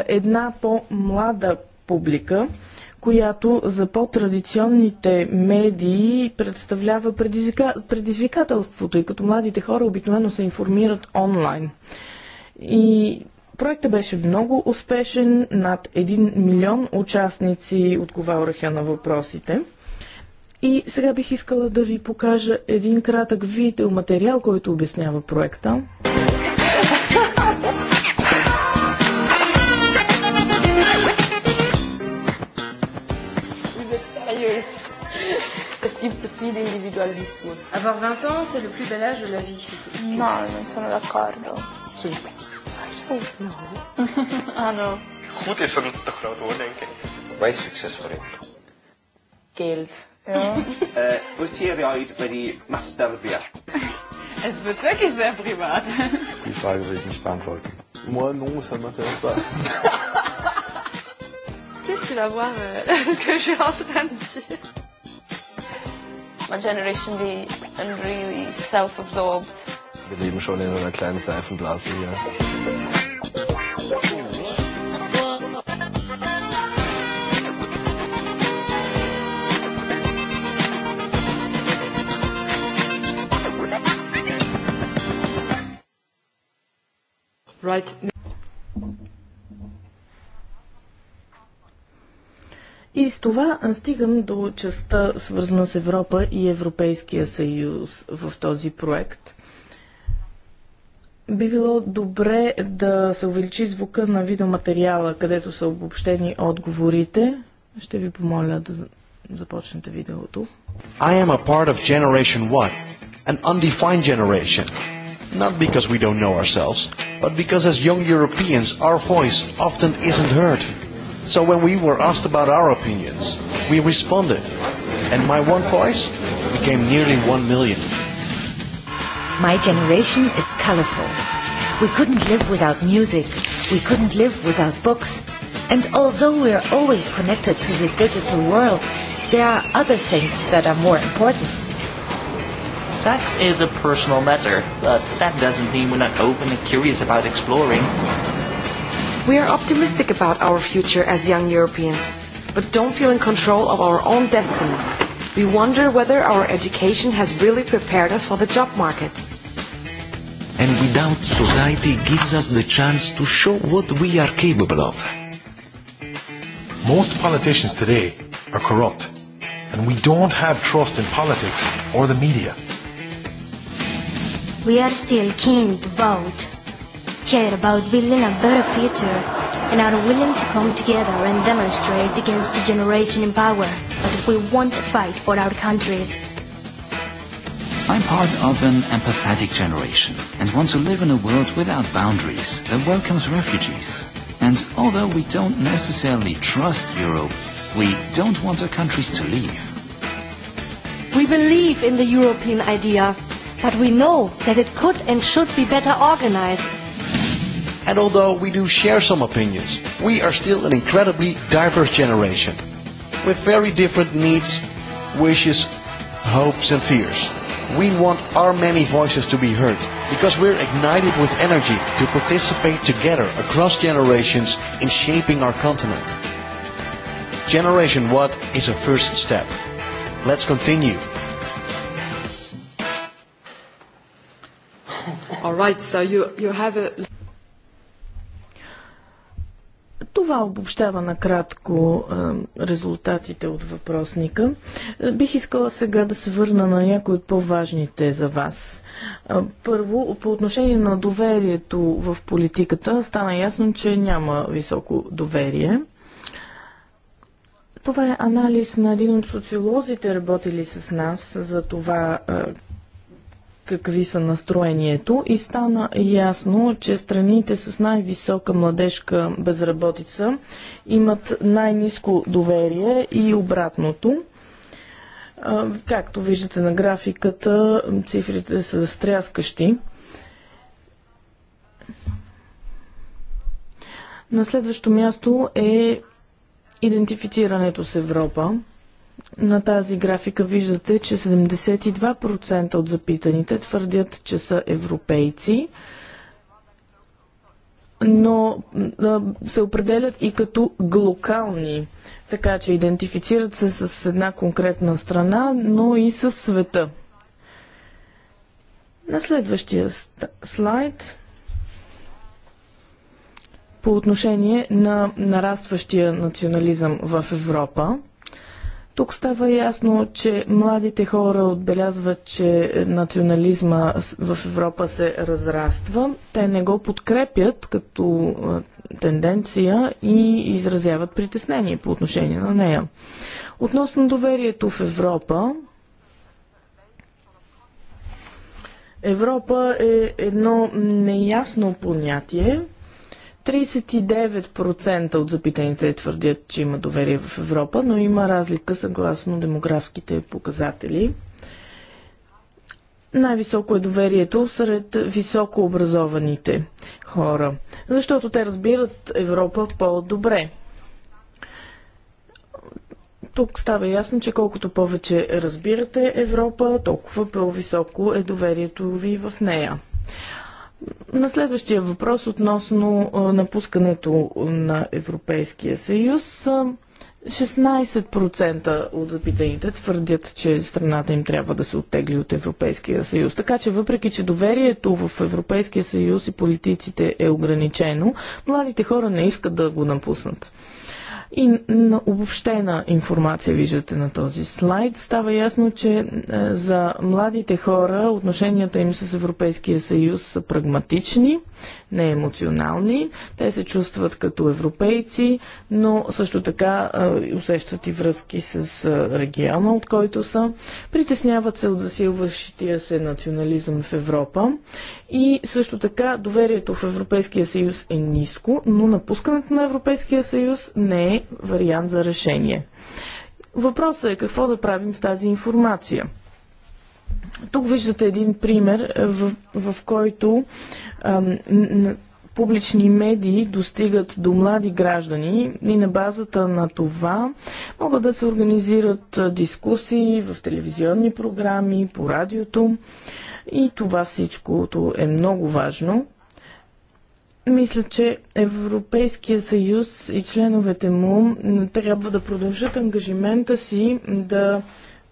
една по-млада публика, която за по-традиционните медии представлява предизвика... предизвикателство, тъй като младите хора обикновено се информират онлайн. И Проектът беше много успешен, над 1 милион участници отговаряха на въпросите. И сега бих искала да ви покажа един кратък видеоматериал, който обяснява проекта. gibt so viel Individualismus. Aber 20 ans, c'est le plus bel âge de la vie. No, non sono d'accordo. Sì. Oh, no. ah, no. Gute sono d'accordo, success for successfully. Geld. Ja. äh, wyt ti bei die masturbio? Es wird wirklich sehr privat. Die Frage will ich nicht beantworten. Moi non, ça m'intéresse pas. Qu'est-ce que la voir euh, ce que je suis en train de dire My generation be really self-absorbed. Wir leben schon in einer kleinen Seifenblase hier. Right. И с това стигам до частта, свързана с Европа и Европейския съюз в този проект. Би било добре да се увеличи звука на видеоматериала, където са обобщени отговорите. Ще ви помоля да започнете видеото. I am a part of Generation What, an undefined generation. Not because we don't know ourselves, but because as young Europeans our voice often isn't heard. So when we were asked about our opinions, we responded. And my one voice became nearly one million. My generation is colorful. We couldn't live without music. We couldn't live without books. And although we're always connected to the digital world, there are other things that are more important. Sex is a personal matter, but that doesn't mean we're not open and curious about exploring. We are optimistic about our future as young Europeans, but don't feel in control of our own destiny. We wonder whether our education has really prepared us for the job market. And we doubt society gives us the chance to show what we are capable of. Most politicians today are corrupt, and we don't have trust in politics or the media. We are still keen to vote care about building a better future and are willing to come together and demonstrate against the generation in power that we want to fight for our countries. I'm part of an empathetic generation and want to live in a world without boundaries that welcomes refugees. And although we don't necessarily trust Europe, we don't want our countries to leave. We believe in the European idea, but we know that it could and should be better organized And although we do share some opinions, we are still an incredibly diverse generation with very different needs, wishes, hopes, and fears. We want our many voices to be heard because we're ignited with energy to participate together across generations in shaping our continent. Generation What is a first step. Let's continue. All right, so you, you have a това обобщава накратко резултатите от въпросника. Бих искала сега да се върна на някои от по-важните за вас. Първо, по отношение на доверието в политиката, стана ясно, че няма високо доверие. Това е анализ на един от социолозите, работили с нас за това какви са настроението и стана ясно, че страните с най-висока младежка безработица имат най-низко доверие и обратното. Както виждате на графиката, цифрите са стряскащи. На следващо място е идентифицирането с Европа. На тази графика виждате, че 72% от запитаните твърдят, че са европейци, но се определят и като глокални, така че идентифицират се с една конкретна страна, но и с света. На следващия слайд по отношение на нарастващия национализъм в Европа – тук става ясно, че младите хора отбелязват, че национализма в Европа се разраства. Те не го подкрепят като тенденция и изразяват притеснение по отношение на нея. Относно доверието в Европа, Европа е едно неясно понятие – 39% от запитаните твърдят, че има доверие в Европа, но има разлика съгласно демографските показатели. Най-високо е доверието сред високообразованите хора, защото те разбират Европа по-добре. Тук става ясно, че колкото повече разбирате Европа, толкова по-високо е доверието ви в нея. На следващия въпрос относно напускането на Европейския съюз. 16% от запитаните твърдят, че страната им трябва да се оттегли от Европейския съюз. Така че, въпреки, че доверието в Европейския съюз и политиците е ограничено, младите хора не искат да го напуснат. И на обобщена информация виждате на този слайд. Става ясно, че е, за младите хора отношенията им с Европейския съюз са прагматични, не емоционални. Те се чувстват като европейци, но също така е, усещат и връзки с е, региона, от който са. Притесняват се от засилващия се национализъм в Европа и също така доверието в Европейския съюз е ниско, но напускането на Европейския съюз не е вариант за решение. Въпросът е какво да правим с тази информация. Тук виждате един пример, в, в който ам, публични медии достигат до млади граждани и на базата на това могат да се организират дискусии в телевизионни програми, по радиото. И това всичкото е много важно. Мисля, че Европейския съюз и членовете му трябва да продължат ангажимента си да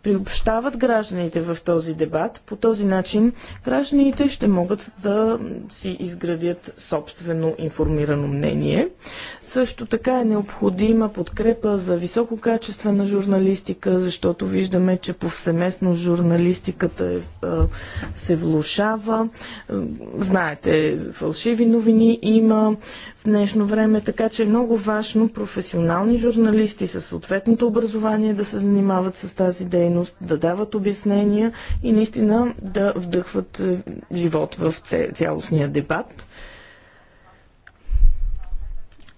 приобщават гражданите в този дебат. По този начин гражданите ще могат да си изградят собствено информирано мнение. Също така е необходима подкрепа за висококачествена журналистика, защото виждаме, че повсеместно журналистиката е, се влушава. Знаете, фалшиви новини има, в днешно време, така че е много важно професионални журналисти със съответното образование да се занимават с тази дейност, да дават обяснения и наистина да вдъхват е, живот в цялостния дебат.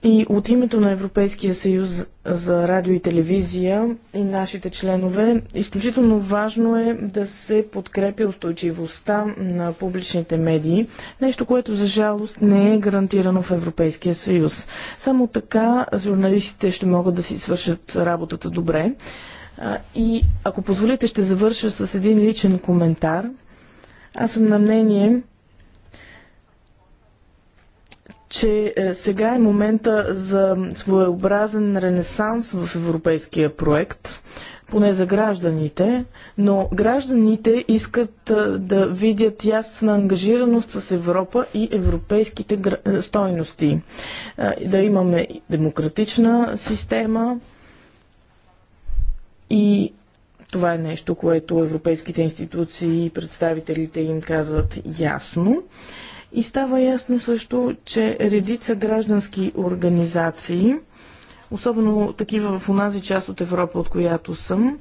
И от името на Европейския съюз за радио и телевизия и нашите членове, изключително важно е да се подкрепи устойчивостта на публичните медии, нещо, което за жалост не е гарантирано в Европейския съюз. Само така журналистите ще могат да си свършат работата добре. И ако позволите, ще завърша с един личен коментар. Аз съм на мнение, че е, сега е момента за своеобразен ренесанс в европейския проект, поне за гражданите, но гражданите искат е, да видят ясна ангажираност с Европа и европейските е, стойности. Да имаме демократична система и това е нещо, което европейските институции и представителите им казват ясно. И става ясно също, че редица граждански организации, особено такива в онази част от Европа, от която съм,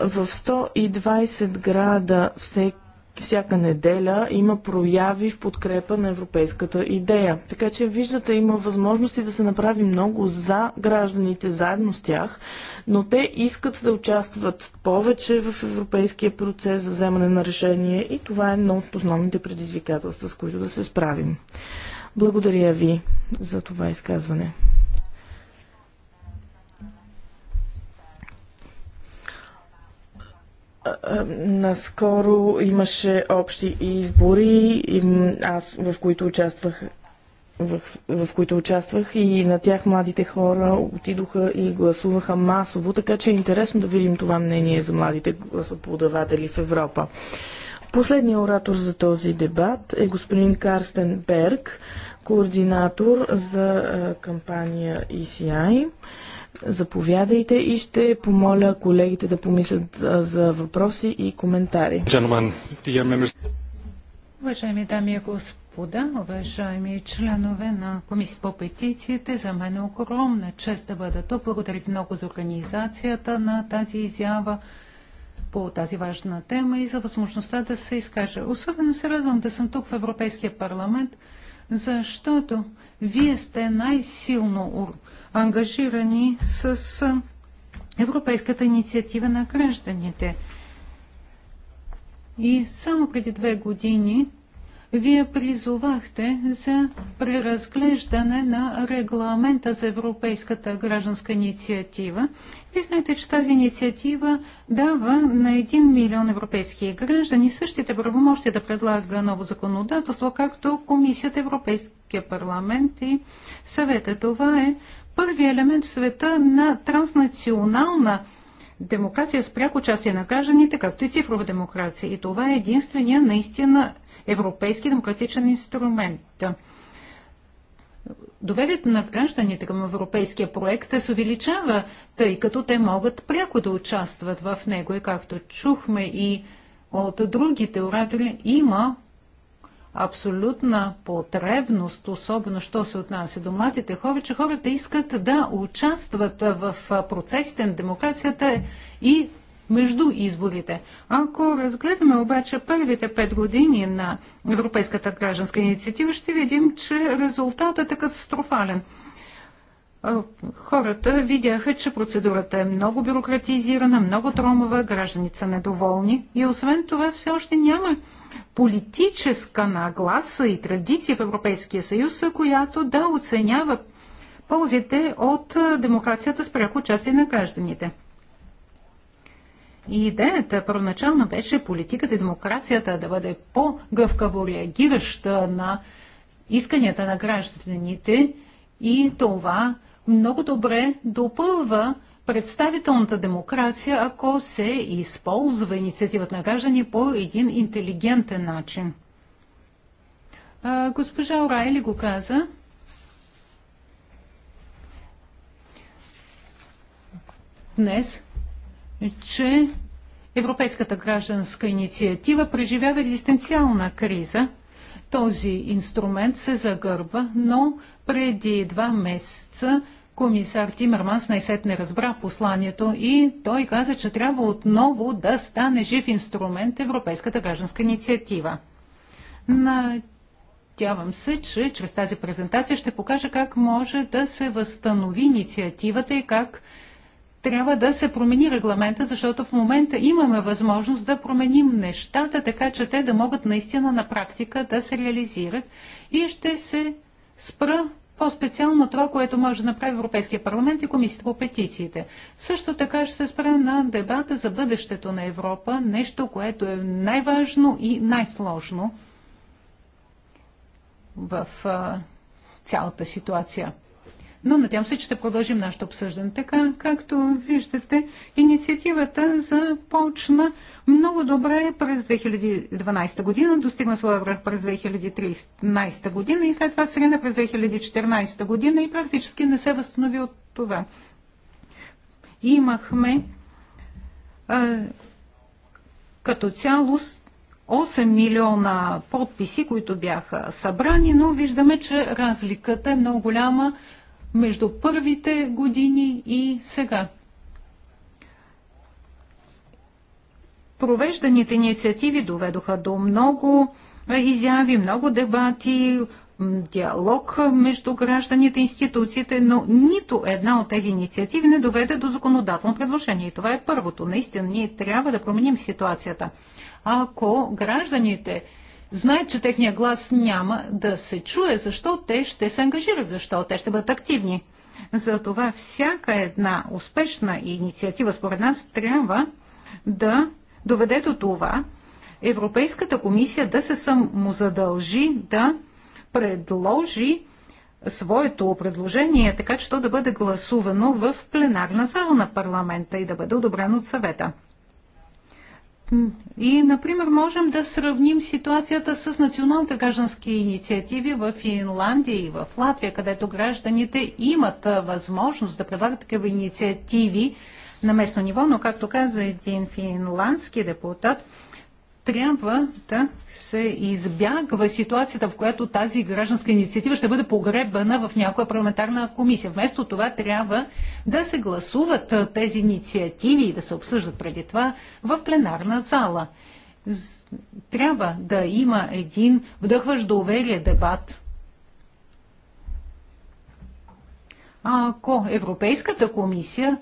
в 120 града всеки всяка неделя има прояви в подкрепа на европейската идея. Така че виждате, има възможности да се направи много за гражданите, заедно с тях, но те искат да участват повече в европейския процес за вземане на решение и това е едно от основните предизвикателства, с които да се справим. Благодаря ви за това изказване. наскоро имаше общи избори, аз, в които участвах в, в които участвах и на тях младите хора отидоха и гласуваха масово, така че е интересно да видим това мнение за младите гласоподаватели в Европа. Последният оратор за този дебат е господин Карстен Берг, координатор за кампания ECI. Заповядайте и ще помоля колегите да помислят за въпроси и коментари. Уважаеми дами и господа, уважаеми членове на Комисията по петициите, за мен е огромна чест да бъда тук. Благодаря ви много за организацията на тази изява по тази важна тема и за възможността да се изкажа. Особено се радвам да съм тук в Европейския парламент, защото вие сте най-силно ангажирани с Европейската инициатива на гражданите. И само преди две години вие призовахте за преразглеждане на регламента за Европейската гражданска инициатива. Вие знаете, че тази инициатива дава на 1 милион европейски граждани същите правомощи да предлага ново законодателство, както Комисията Европейския парламент и съвета. Това е първият елемент в света на транснационална демокрация с пряко участие на гражданите, както и цифрова демокрация. И това е единствения наистина европейски демократичен инструмент. Доверието на гражданите към европейския проект се увеличава, тъй като те могат пряко да участват в него и както чухме и от другите оратори, има абсолютна потребност, особено що се отнася до младите хора, че хората искат да участват в процесите на демокрацията и между изборите. Ако разгледаме обаче първите пет години на Европейската гражданска инициатива, ще видим, че резултатът е катастрофален. Хората видяха, че процедурата е много бюрократизирана, много тромава, гражданица са недоволни и освен това все още няма политическа нагласа и традиция в Европейския съюз, която да оценява ползите от демокрацията с пряко участие на гражданите. И идеята първоначално беше политиката и демокрацията да бъде по-гъвкаво реагираща на исканията на гражданите и това много добре допълва представителната демокрация, ако се използва инициативата на граждани по един интелигентен начин. А, госпожа Орайли го каза. Днес, че Европейската гражданска инициатива преживява екзистенциална криза. Този инструмент се загърба, но преди два месеца комисар Тимърманс най-сетне разбра посланието и той каза, че трябва отново да стане жив инструмент Европейската гражданска инициатива. Надявам се, че чрез тази презентация ще покажа как може да се възстанови инициативата и как трябва да се промени регламента, защото в момента имаме възможност да променим нещата, така че те да могат наистина на практика да се реализират и ще се спра по-специално това, което може да направи Европейския парламент и Комисията по петициите. Също така ще се спра на дебата за бъдещето на Европа, нещо, което е най-важно и най-сложно в а, цялата ситуация. Но надявам се, че ще продължим нашето обсъждане. Така, както виждате, инициативата започна много добре през 2012 година, достигна своя връх през 2013 година и след това срина през 2014 година и практически не се възстанови от това. Имахме а, като цяло 8 милиона подписи, които бяха събрани, но виждаме, че разликата е много голяма между първите години и сега. провежданите инициативи доведоха до много е, изяви, много дебати, диалог е, между гражданите и институциите, но нито една от тези инициативи не доведе до законодателно предложение. И това е първото. Наистина, ние трябва да променим ситуацията. Ако гражданите знаят, че техния глас няма да се чуе, защо те ще се ангажират, защо те ще бъдат активни. Затова всяка една успешна инициатива, според нас, трябва да доведе до това Европейската комисия да се самозадължи да предложи своето предложение, така че то да бъде гласувано в пленарна зала на парламента и да бъде одобрено от съвета. И, например, можем да сравним ситуацията с националните граждански инициативи в Финландия и в Латвия, където гражданите имат възможност да предлагат такива инициативи на местно ниво, но както каза един финландски депутат, трябва да се избягва ситуацията, в която тази гражданска инициатива ще бъде погребана в някоя парламентарна комисия. Вместо това трябва да се гласуват тези инициативи и да се обсъждат преди това в пленарна зала. Трябва да има един вдъхващ доверие дебат. Ако Европейската комисия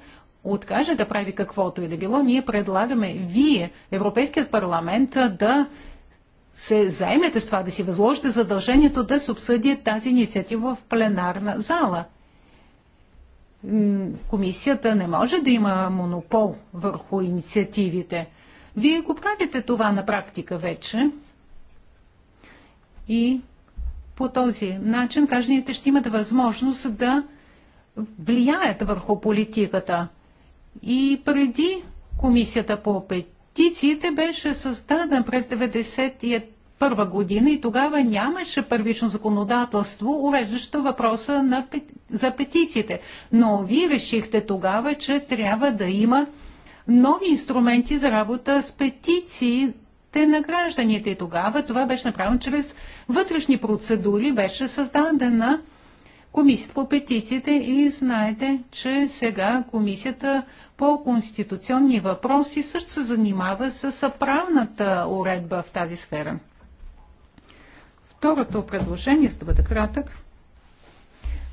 откаже да прави каквото и да било, ние предлагаме вие, Европейският парламент, да се заемете с това, да си възложите задължението да се обсъди тази инициатива в пленарна зала. Комисията не може да има монопол върху инициативите. Вие го правите това на практика вече. И по този начин гражданите ще имат възможност да влияят върху политиката. И преди комисията по петициите беше създадена през 1991 година и тогава нямаше първично законодателство, уреждащо въпроса на, за петициите. Но вие решихте тогава, че трябва да има нови инструменти за работа с петиции те на гражданите. И тогава това беше направено чрез вътрешни процедури, беше създадена Комисията по петициите и знаете, че сега Комисията по конституционни въпроси също се занимава с правната уредба в тази сфера. Второто предложение, за да бъда кратък,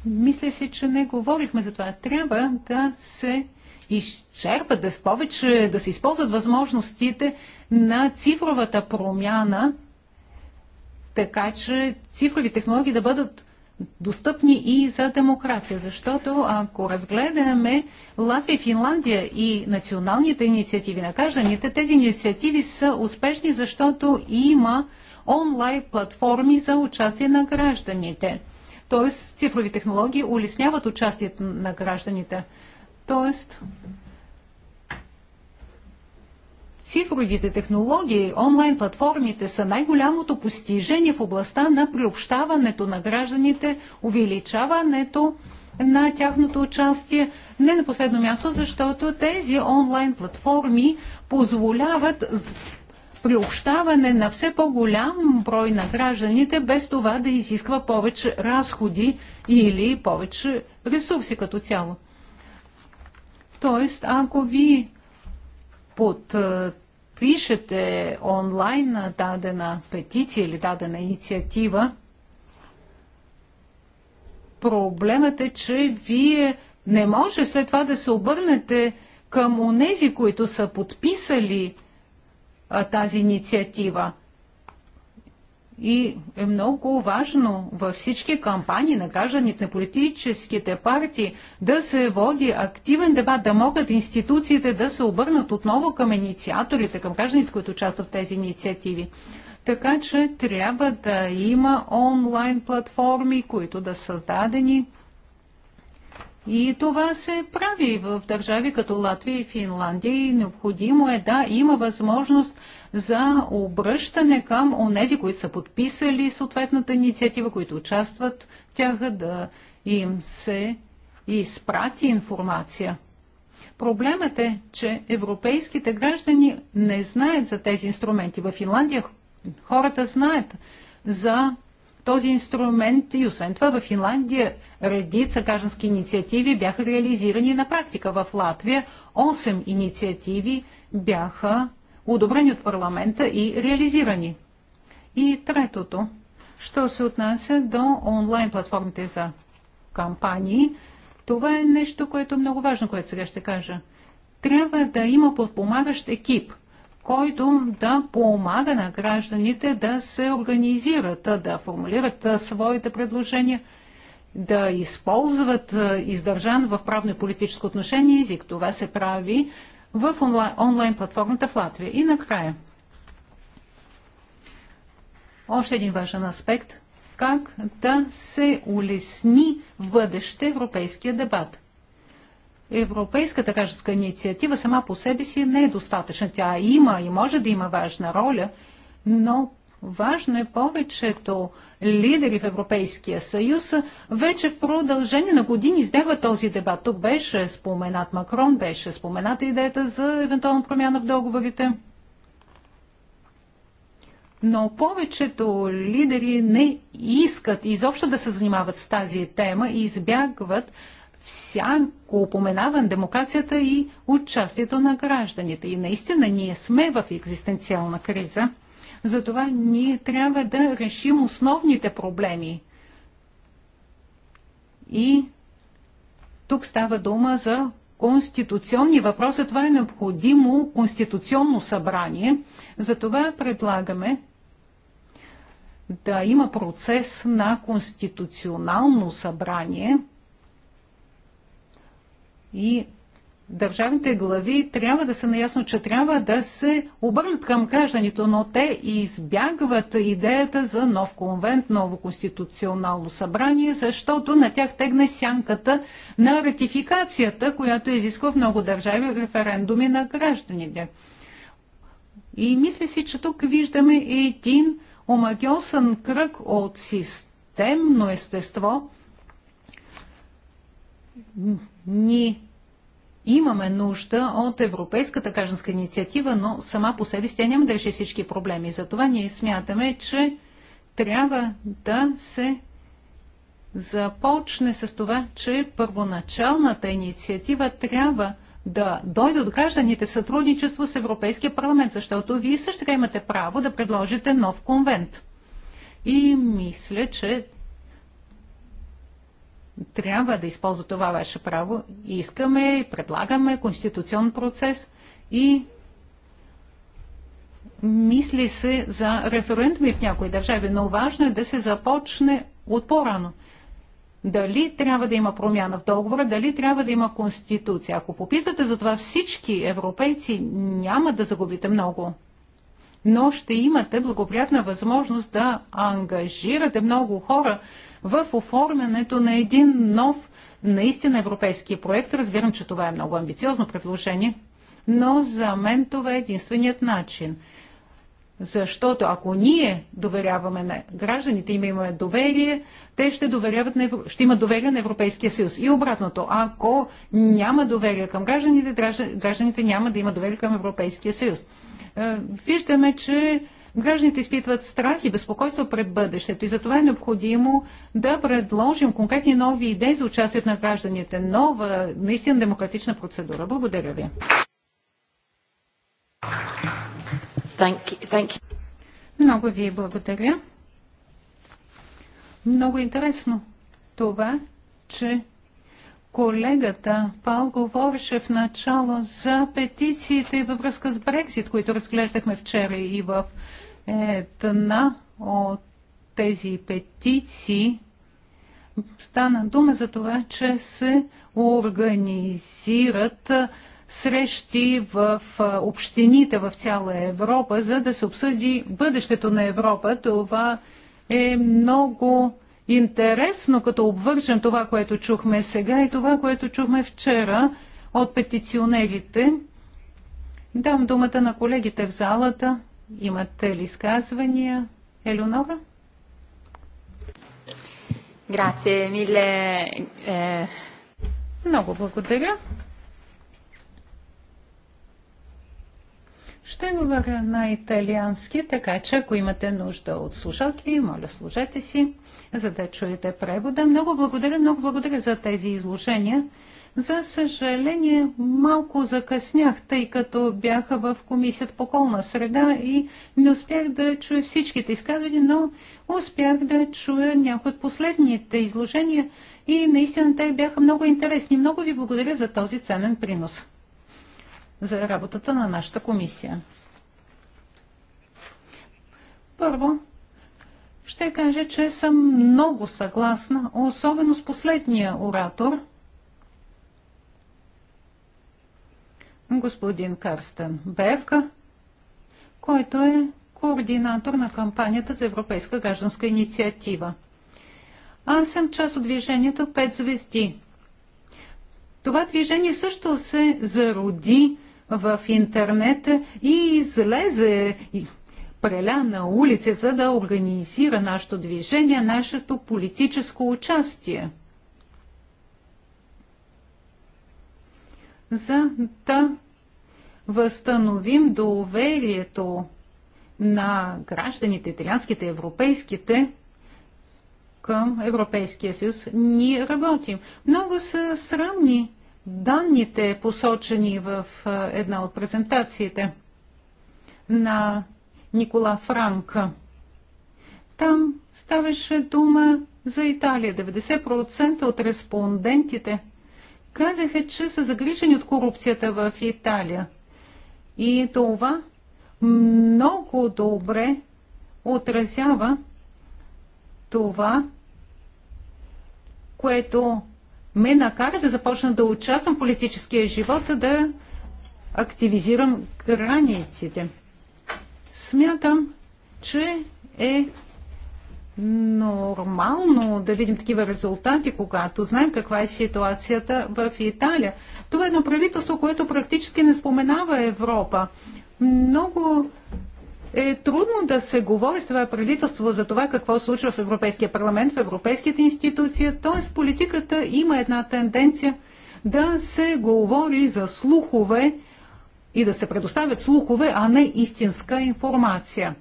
мисля си, че не говорихме за това. Трябва да се изчерпат, да, повече, да се използват възможностите на цифровата промяна, така че цифрови технологии да бъдат достъпни и за демокрация. Защото ако разгледаме Латвия, Финландия и националните инициативи на гражданите, тези инициативи са успешни, защото има онлайн платформи за участие на гражданите. Тоест цифрови технологии улесняват участието на гражданите. Тоест Цифровите технологии, онлайн платформите са най-голямото постижение в областта на приобщаването на гражданите, увеличаването на тяхното участие. Не на последно място, защото тези онлайн платформи позволяват приобщаване на все по-голям брой на гражданите, без това да изисква повече разходи или повече ресурси като цяло. Тоест, ако ви подпишете онлайн дадена петиция или дадена инициатива, проблемът е, че вие не може след това да се обърнете към онези, които са подписали а, тази инициатива. И е много важно във всички кампании на гражданите, на политическите партии да се води активен дебат, да могат институциите да се обърнат отново към инициаторите, към гражданите, които участват в тези инициативи. Така че трябва да има онлайн платформи, които да са създадени. И това се прави в държави като Латвия и Финландия и необходимо е да има възможност за обръщане към онези, които са подписали съответната инициатива, които участват в тях, да им се изпрати информация. Проблемът е, че европейските граждани не знаят за тези инструменти. В Финландия хората знаят за този инструмент и освен това в Финландия редица граждански инициативи бяха реализирани на практика. В Латвия 8 инициативи бяха одобрени от парламента и реализирани. И третото, що се отнася до онлайн платформите за кампании, това е нещо, което е много важно, което сега ще кажа. Трябва да има подпомагащ екип, който да помага на гражданите да се организират, да формулират своите предложения, да използват издържан в правно и политическо отношение език. Това се прави в онлайн, платформата в Латвия. И накрая, още един важен аспект – как да се улесни в бъдеще европейския дебат. Европейската гражданска инициатива сама по себе си не е достатъчна. Тя има и може да има важна роля, но Важно е повечето лидери в Европейския съюз вече в продължение на години избягват този дебат. Тук беше споменат Макрон, беше спомената идеята за евентуална промяна в договорите. Но повечето лидери не искат изобщо да се занимават с тази тема и избягват всяко упоменаване демокрацията и участието на гражданите. И наистина ние сме в екзистенциална криза – затова ние трябва да решим основните проблеми. И тук става дума за конституционни въпроси. Това е необходимо конституционно събрание. Затова предлагаме да има процес на конституционално събрание и държавните глави трябва да са наясно, че трябва да се обърнат към гражданите, но те избягват идеята за нов конвент, ново конституционално събрание, защото на тях тегне сянката на ратификацията, която изисква в много държави референдуми на гражданите. И мисля си, че тук виждаме един омагиосен кръг от системно естество. Ни имаме нужда от Европейската гражданска инициатива, но сама по себе си тя няма да реши всички проблеми. Затова ние смятаме, че трябва да се започне с това, че първоначалната инициатива трябва да дойде от гражданите в сътрудничество с Европейския парламент, защото вие също така имате право да предложите нов конвент. И мисля, че трябва да използва това ваше право. Искаме и предлагаме конституционен процес и мисли се за референдуми в някои държави, но важно е да се започне от по-рано. Дали трябва да има промяна в договора, дали трябва да има конституция. Ако попитате за това всички европейци, няма да загубите много. Но ще имате благоприятна възможност да ангажирате много хора, в оформянето на един нов, наистина европейски проект. Разбирам, че това е много амбициозно предложение, но за мен това е единственият начин. Защото ако ние доверяваме на гражданите, им имаме доверие, те ще, доверяват на Евро... ще имат доверие на Европейския съюз. И обратното, ако няма доверие към гражданите, гражданите няма да имат доверие към Европейския съюз. Е, виждаме, че Гражданите изпитват страх и безпокойство пред бъдещето и затова е необходимо да предложим конкретни нови идеи за участието на гражданите. Нова, наистина демократична процедура. Благодаря ви. Thank you. Thank you. Много ви благодаря. Много интересно това, че Колегата Пал говореше в начало за петициите във връзка с Брекзит, които разглеждахме вчера и в една от тези петиции стана дума за това, че се организират срещи в общините в цяла Европа, за да се обсъди бъдещето на Европа. Това е много интересно, като обвържем това, което чухме сега и това, което чухме вчера от петиционерите. Дам думата на колегите в залата. Имате ли изказвания? Елеонора? Грация, миле. Е... Много благодаря. Ще говоря на италиански, така че ако имате нужда от слушалки, моля служете си за да чуете превода. Много благодаря, много благодаря за тези изложения. За съжаление, малко закъснях, тъй като бяха в Комисията по околна среда и не успях да чуя всичките изказвания, но успях да чуя някои от последните изложения и наистина те бяха много интересни. Много ви благодаря за този ценен принос за работата на нашата комисия. Първо, ще кажа, че съм много съгласна, особено с последния оратор, господин Карстен Бевка, който е координатор на кампанията за Европейска гражданска инициатива. Аз съм част от движението пет звезди. Това движение също се зароди в интернет и излезе преля на улица, за да организира нашето движение, нашето политическо участие. За да възстановим доверието на гражданите, италианските, европейските, към Европейския съюз, ние работим. Много са срамни данните, посочени в една от презентациите на Никола Франка. Там ставаше дума за Италия. 90% от респондентите казаха, че са загрижени от корупцията в Италия. И това много добре отразява това, което ме накара да започна да участвам в политическия живот, да активизирам границите. Смятам, че е нормално да видим такива резултати, когато знаем каква е ситуацията в Италия. Това е едно правителство, което практически не споменава Европа. Много е трудно да се говори с това правителство за това какво случва в Европейския парламент, в европейските институции. Т.е. политиката има една тенденция да се говори за слухове и да се предоставят слухове, а не истинска информация.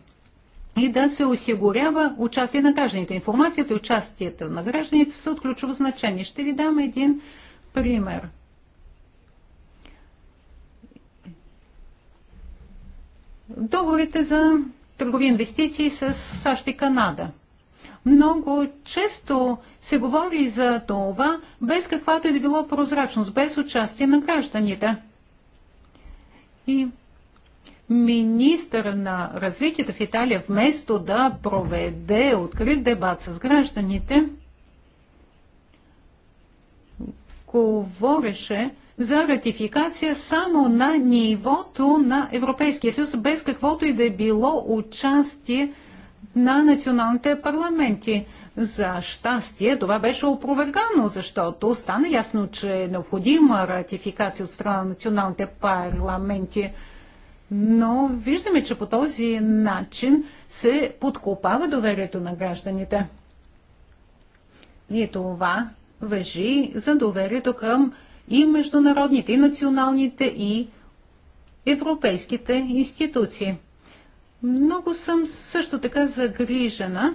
И да се осигурява участие на гражданите. Информацията и участието на гражданите са от ключово значение. Ще ви дам един пример. Договорите за търгови инвестиции с САЩ и Канада. Много често се говори за това без каквато и е да било прозрачност, без участие на гражданите. И министър на развитието в Италия, вместо да проведе открит дебат с гражданите, говореше за ратификация само на нивото на Европейския съюз, без каквото и да е било участие на националните парламенти. За щастие това беше опровергано, защото стана ясно, че е необходима ратификация от страна на националните парламенти. Но виждаме, че по този начин се подкопава доверието на гражданите. И това въжи за доверието към и международните, и националните, и европейските институции. Много съм също така загрижена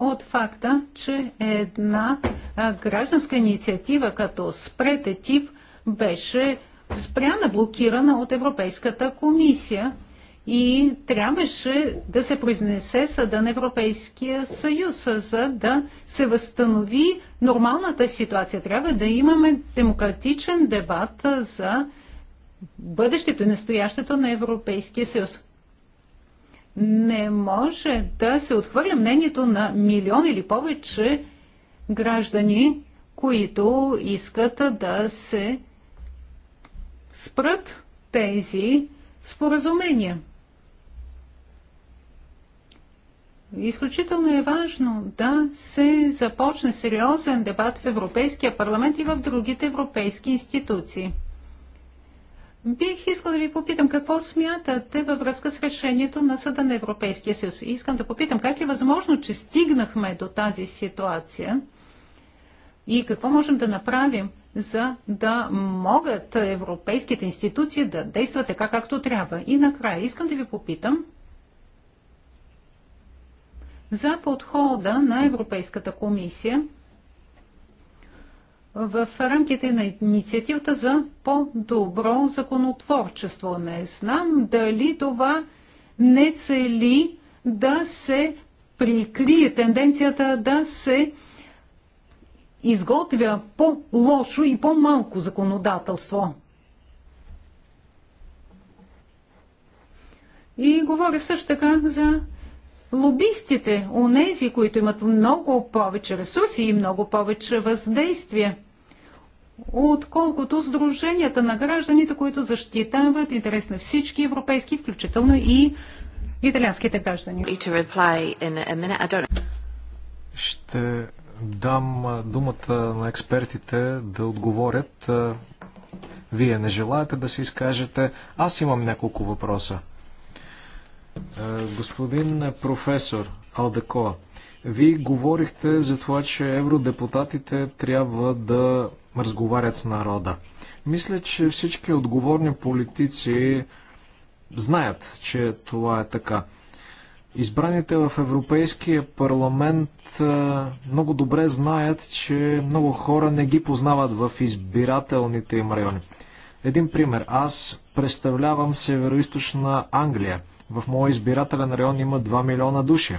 от факта, че една гражданска инициатива като Спрете тип беше спряна, блокирана от Европейската комисия и трябваше да се произнесе съда на Европейския съюз, за да се възстанови нормалната ситуация. Трябва да имаме демократичен дебат за бъдещето и настоящето на Европейския съюз не може да се отхвърля мнението на милион или повече граждани, които искат да се спрат тези споразумения. Изключително е важно да се започне сериозен дебат в Европейския парламент и в другите европейски институции. Бих искал да ви попитам какво смятате във връзка с решението на Съда на Европейския съюз. Искам да попитам как е възможно, че стигнахме до тази ситуация и какво можем да направим, за да могат европейските институции да действат така, както трябва. И накрая искам да ви попитам за подхода на Европейската комисия – в рамките на инициативата за по-добро законотворчество. Не знам дали това не цели да се прикрие тенденцията да се изготвя по-лошо и по-малко законодателство. И говоря също така за лобистите, онези, които имат много повече ресурси и много повече въздействие, отколкото сдруженията на гражданите, които защитават интерес на всички европейски, включително и италианските граждани. Ще дам думата на експертите да отговорят. Вие не желаете да се изкажете. Аз имам няколко въпроса. Господин професор Алдеко, вие говорихте за това, че евродепутатите трябва да разговарят с народа. Мисля, че всички отговорни политици знаят, че това е така. Избраните в Европейския парламент много добре знаят, че много хора не ги познават в избирателните им райони. Един пример. Аз представлявам Североизточна Англия. В моя избирателен район има 2 милиона души.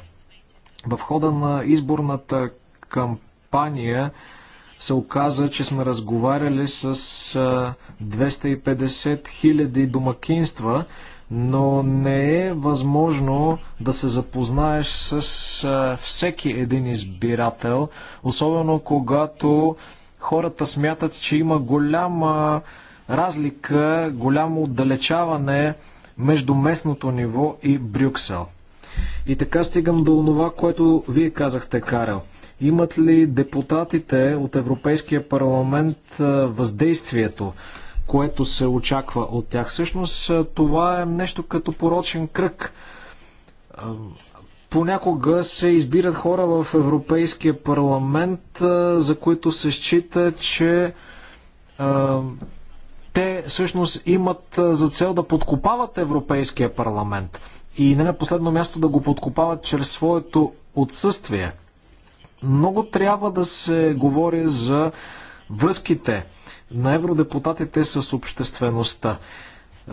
В хода на изборната кампания се оказа, че сме разговаряли с 250 хиляди домакинства, но не е възможно да се запознаеш с всеки един избирател, особено когато хората смятат, че има голяма разлика, голямо отдалечаване между местното ниво и Брюксел. И така стигам до това, което вие казахте, Карел. Имат ли депутатите от Европейския парламент въздействието, което се очаква от тях? Всъщност това е нещо като порочен кръг. Понякога се избират хора в Европейския парламент, за които се счита, че те всъщност имат за цел да подкопават Европейския парламент и не на последно място да го подкопават чрез своето отсъствие. Много трябва да се говори за връзките на евродепутатите с обществеността.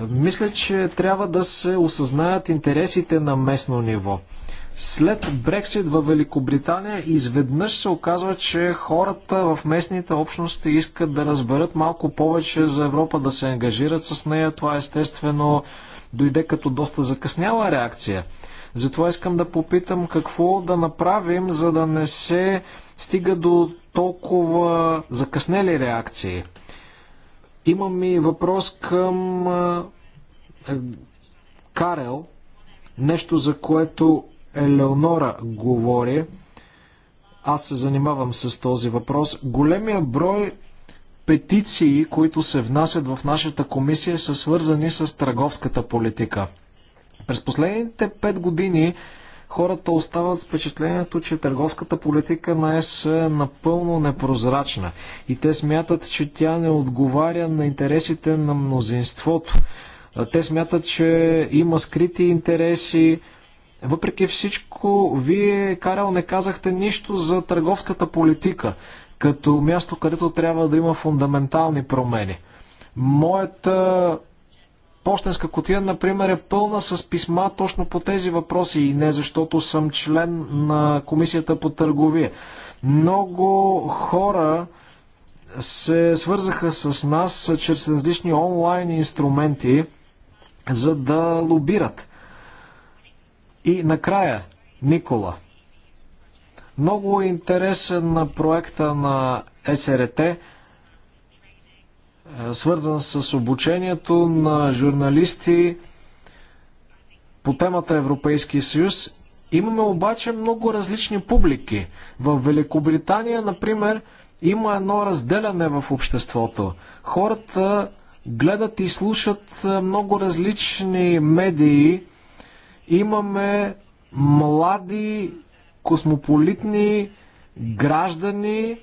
Мисля, че трябва да се осъзнаят интересите на местно ниво. След Брексит във Великобритания изведнъж се оказва, че хората в местните общности искат да разберат малко повече за Европа, да се ангажират с нея. Това естествено дойде като доста закъсняла реакция. Затова искам да попитам какво да направим, за да не се стига до толкова закъснели реакции. Имам и въпрос към Карел, нещо за което Елеонора говори. Аз се занимавам с този въпрос. Големия брой петиции, които се внасят в нашата комисия, са свързани с търговската политика. През последните пет години хората остават с впечатлението, че търговската политика на ЕС е напълно непрозрачна и те смятат, че тя не отговаря на интересите на мнозинството. Те смятат, че има скрити интереси, въпреки всичко, вие, Карел, не казахте нищо за търговската политика, като място, където трябва да има фундаментални промени. Моята почтенска котия, например, е пълна с писма точно по тези въпроси и не защото съм член на Комисията по търговия. Много хора се свързаха с нас чрез различни онлайн инструменти, за да лобират и накрая, Никола. Много интересен на проекта на СРТ, е, свързан с обучението на журналисти по темата Европейски съюз. Имаме обаче много различни публики. В Великобритания, например, има едно разделяне в обществото. Хората гледат и слушат е, много различни медии, имаме млади, космополитни граждани,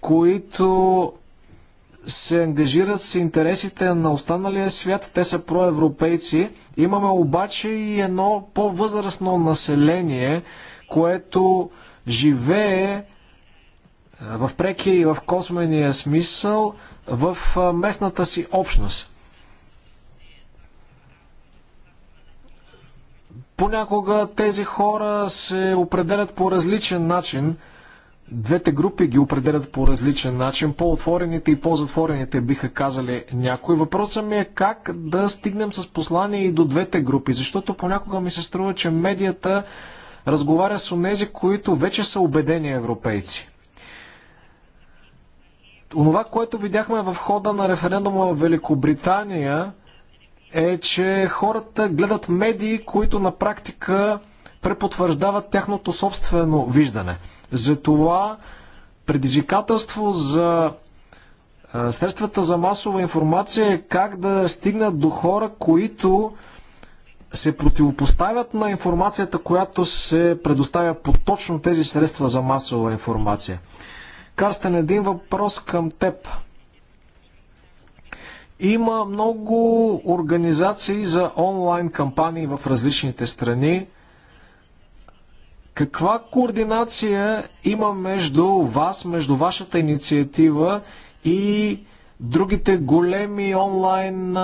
които се ангажират с интересите на останалия свят, те са проевропейци. Имаме обаче и едно по-възрастно население, което живее е, в прекия и в космения смисъл в местната си общност. Понякога тези хора се определят по различен начин. Двете групи ги определят по различен начин. По-отворените и по-затворените биха казали някой. Въпросът ми е как да стигнем с послание и до двете групи, защото понякога ми се струва, че медията разговаря с онези, които вече са убедени европейци. Онова, което видяхме в хода на референдума в Великобритания, е, че хората гледат медии, които на практика препотвърждават тяхното собствено виждане. Затова предизвикателство за средствата за масова информация е как да стигнат до хора, които се противопоставят на информацията, която се предоставя по точно тези средства за масова информация. Карстен, един въпрос към теб. Има много организации за онлайн кампании в различните страни. Каква координация има между вас, между вашата инициатива и другите големи онлайн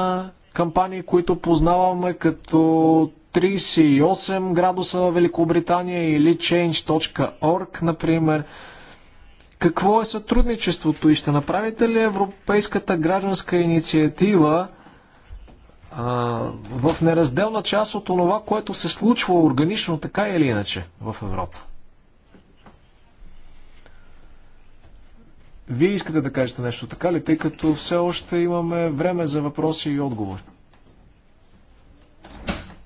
кампании, които познаваме като 38 градуса в Великобритания или Change.org, например? Какво е сътрудничеството и ще направите ли Европейската гражданска инициатива а, в неразделна част от това, което се случва органично, така или иначе, в Европа? Вие искате да кажете нещо така ли, тъй като все още имаме време за въпроси и отговори?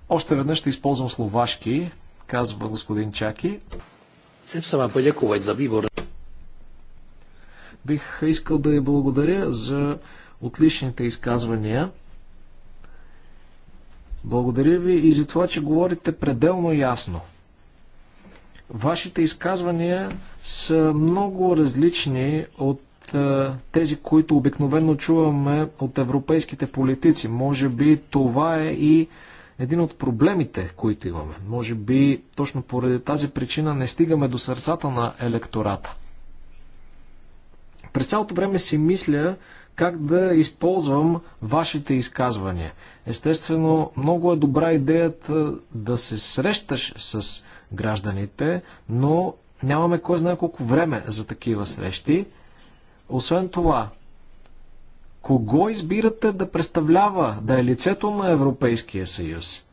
Още веднъж ще използвам словашки, казва господин Чаки. Съм сама vám за вибора. Бих искал да ви благодаря за отличните изказвания. Благодаря ви и за това, че говорите пределно ясно. Вашите изказвания са много различни от е, тези, които обикновено чуваме от европейските политици. Може би това е и един от проблемите, които имаме. Може би точно поради тази причина не стигаме до сърцата на електората. През цялото време си мисля как да използвам вашите изказвания. Естествено, много е добра идеята да се срещаш с гражданите, но нямаме кой знае колко време за такива срещи. Освен това, кого избирате да представлява, да е лицето на Европейския съюз?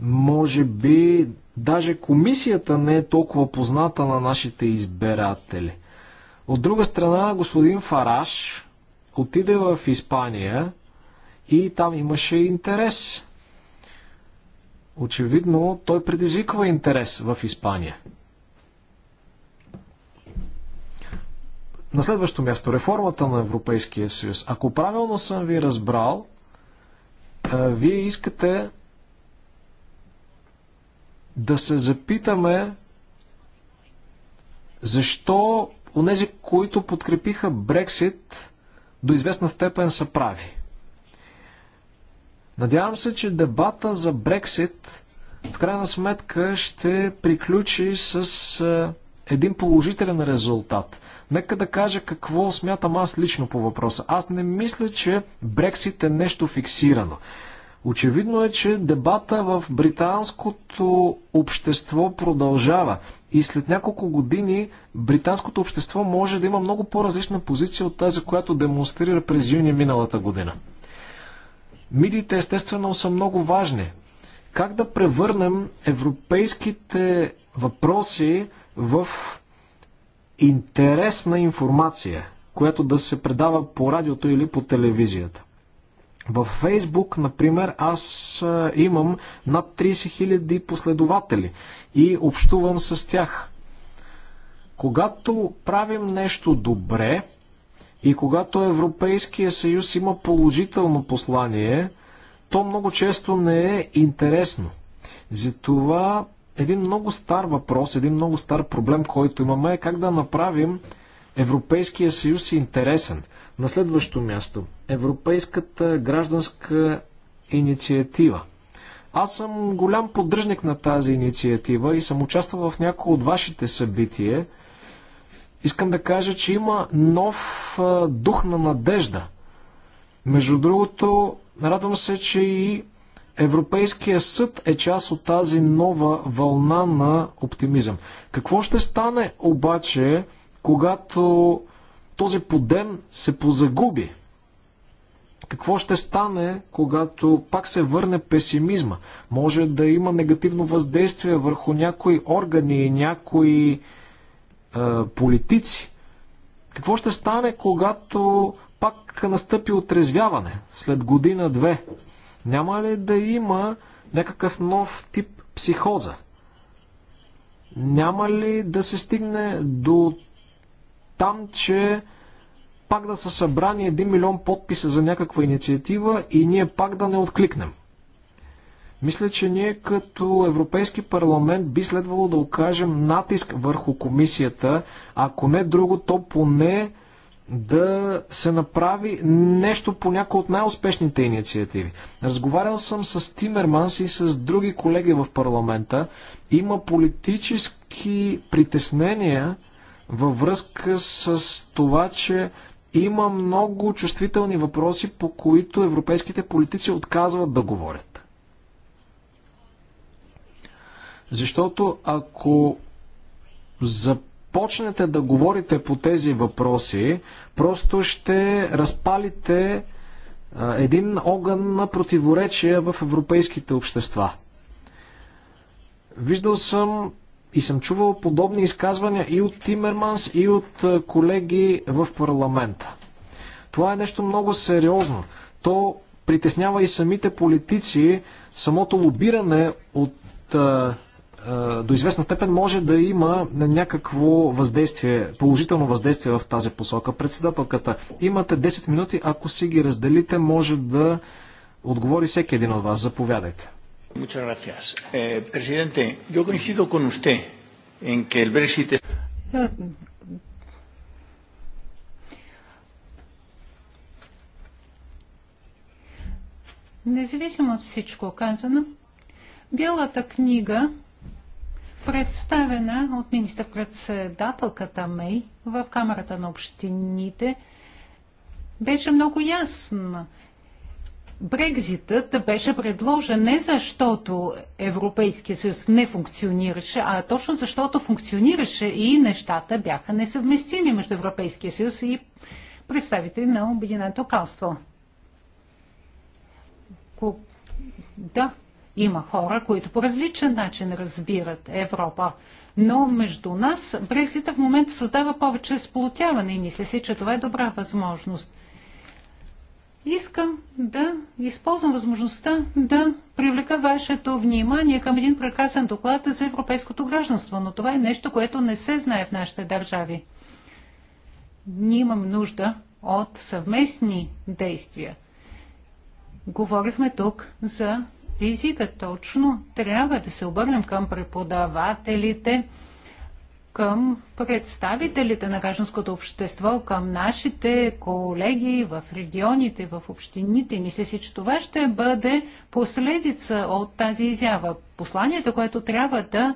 Може би даже комисията не е толкова позната на нашите избиратели – от друга страна, господин Фараш отиде в Испания и там имаше интерес. Очевидно, той предизвиква интерес в Испания. На следващо място, реформата на Европейския съюз. Ако правилно съм ви разбрал, вие искате да се запитаме защо онези, които подкрепиха Брексит, до известна степен са прави? Надявам се, че дебата за Брексит в крайна сметка ще приключи с е, един положителен резултат. Нека да кажа какво смятам аз лично по въпроса. Аз не мисля, че Брексит е нещо фиксирано. Очевидно е, че дебата в британското общество продължава и след няколко години британското общество може да има много по-различна позиция от тази, която демонстрира през юни миналата година. Мидите естествено са много важни. Как да превърнем европейските въпроси в интересна информация, която да се предава по радиото или по телевизията? Във Фейсбук, например, аз имам над 30 000 последователи и общувам с тях. Когато правим нещо добре и когато Европейския съюз има положително послание, то много често не е интересно. Затова един много стар въпрос, един много стар проблем, който имаме е как да направим Европейския съюз интересен. На следващо място, Европейската гражданска инициатива. Аз съм голям поддръжник на тази инициатива и съм участвал в някои от вашите събития. Искам да кажа, че има нов дух на надежда. Между другото, радвам се, че и Европейския съд е част от тази нова вълна на оптимизъм. Какво ще стане обаче, когато този подем се позагуби. Какво ще стане, когато пак се върне песимизма? Може да има негативно въздействие върху някои органи и някои е, политици. Какво ще стане, когато пак настъпи отрезвяване след година-две? Няма ли да има някакъв нов тип психоза? Няма ли да се стигне до там, че пак да са събрани 1 милион подписа за някаква инициатива и ние пак да не откликнем. Мисля, че ние като Европейски парламент би следвало да окажем натиск върху комисията, ако не друго, то поне да се направи нещо по някои от най-успешните инициативи. Разговарял съм с Тимерманс и с други колеги в парламента. Има политически притеснения, във връзка с това, че има много чувствителни въпроси, по които европейските политици отказват да говорят. Защото ако започнете да говорите по тези въпроси, просто ще разпалите един огън на противоречия в европейските общества. Виждал съм и съм чувал подобни изказвания и от Тимерманс, и от колеги в парламента. Това е нещо много сериозно. То притеснява и самите политици. Самото лобиране от до известна степен може да има някакво въздействие, положително въздействие в тази посока. Председателката, имате 10 минути, ако си ги разделите, може да отговори всеки един от вас. Заповядайте. Muchas gracias. Eh, presidente, yo coincido con usted en que el Brexit es... Независимо от всичко казано, Бялата книга, представена от министър-председателката Мей в Камерата на общините, беше много ясна Брекзитът беше предложен не защото Европейския съюз не функционираше, а точно защото функционираше и нещата бяха несъвместими между Европейския съюз и представители на Обединеното кралство. Да, има хора, които по различен начин разбират Европа, но между нас Брекзита в момента създава повече сплотяване и мисля си, че това е добра възможност – Искам да използвам възможността да привлека вашето внимание към един прекрасен доклад за европейското гражданство, но това е нещо, което не се знае в нашите държави. Ние имам нужда от съвместни действия. Говорихме тук за езика. Точно трябва да се обърнем към преподавателите, към представителите на гражданското общество, към нашите колеги в регионите, в общините. Мисля си, че това ще бъде последица от тази изява. Посланието, което трябва да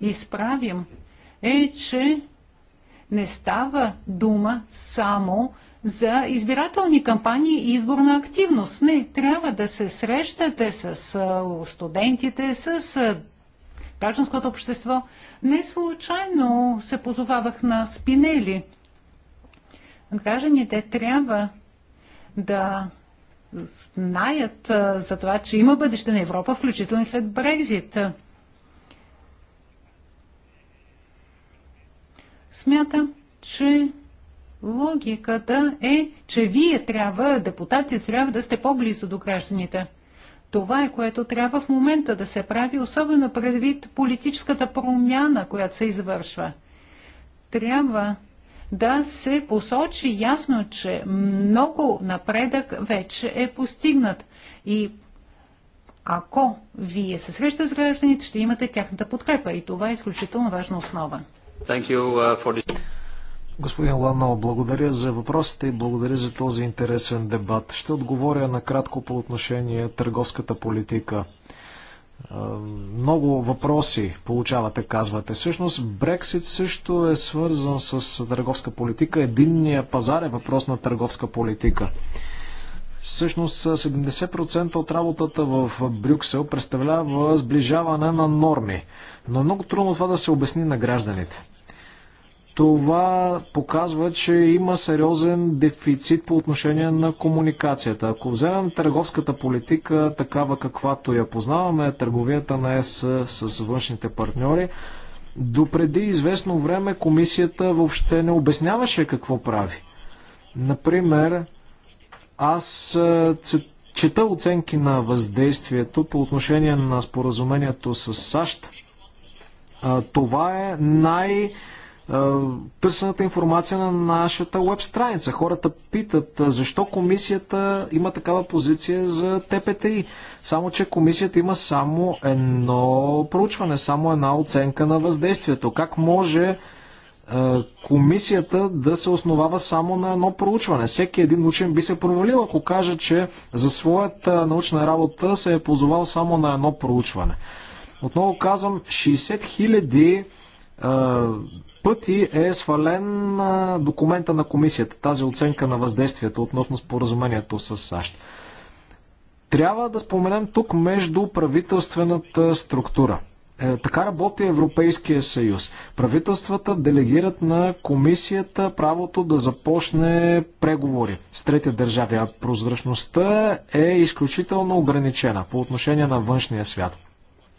изправим, е, че не става дума само за избирателни кампании и изборна активност. Не, трябва да се срещате с студентите, с гражданското общество, не случайно се позовавах на спинели. Гражданите трябва да знаят за това, че има бъдеще на Европа, включително и след Брекзит. Смятам, че логиката е, че вие трябва, депутатите, трябва да сте по-близо до гражданите – това е което трябва в момента да се прави, особено предвид политическата промяна, която се извършва. Трябва да се посочи ясно, че много напредък вече е постигнат и ако вие се срещате с гражданите, ще имате тяхната подкрепа и това е изключително важна основа. Thank you uh, for this. Господин Лано, благодаря за въпросите и благодаря за този интересен дебат. Ще отговоря накратко по отношение търговската политика. Много въпроси получавате, казвате. Всъщност Брексит също е свързан с търговска политика. Единният пазар е въпрос на търговска политика. Всъщност 70% от работата в Брюксел представлява сближаване на норми. Но е много трудно това да се обясни на гражданите това показва, че има сериозен дефицит по отношение на комуникацията. Ако вземем търговската политика, такава каквато я познаваме, търговията на ЕС с външните партньори, допреди известно време комисията въобще не обясняваше какво прави. Например, аз е, чета оценки на въздействието по отношение на споразумението с САЩ. Това е най- търсената информация на нашата веб страница. Хората питат защо комисията има такава позиция за ТПТИ. Само, че комисията има само едно проучване, само една оценка на въздействието. Как може комисията да се основава само на едно проучване. Всеки един учен би се провалил, ако каже, че за своята научна работа се е позовал само на едно проучване. Отново казвам, 60 000 пъти е свален документа на комисията, тази оценка на въздействието относно споразумението с САЩ. Трябва да споменем тук между правителствената структура. Е, така работи Европейския съюз. Правителствата делегират на комисията правото да започне преговори с трети държави, а прозрачността е изключително ограничена по отношение на външния свят.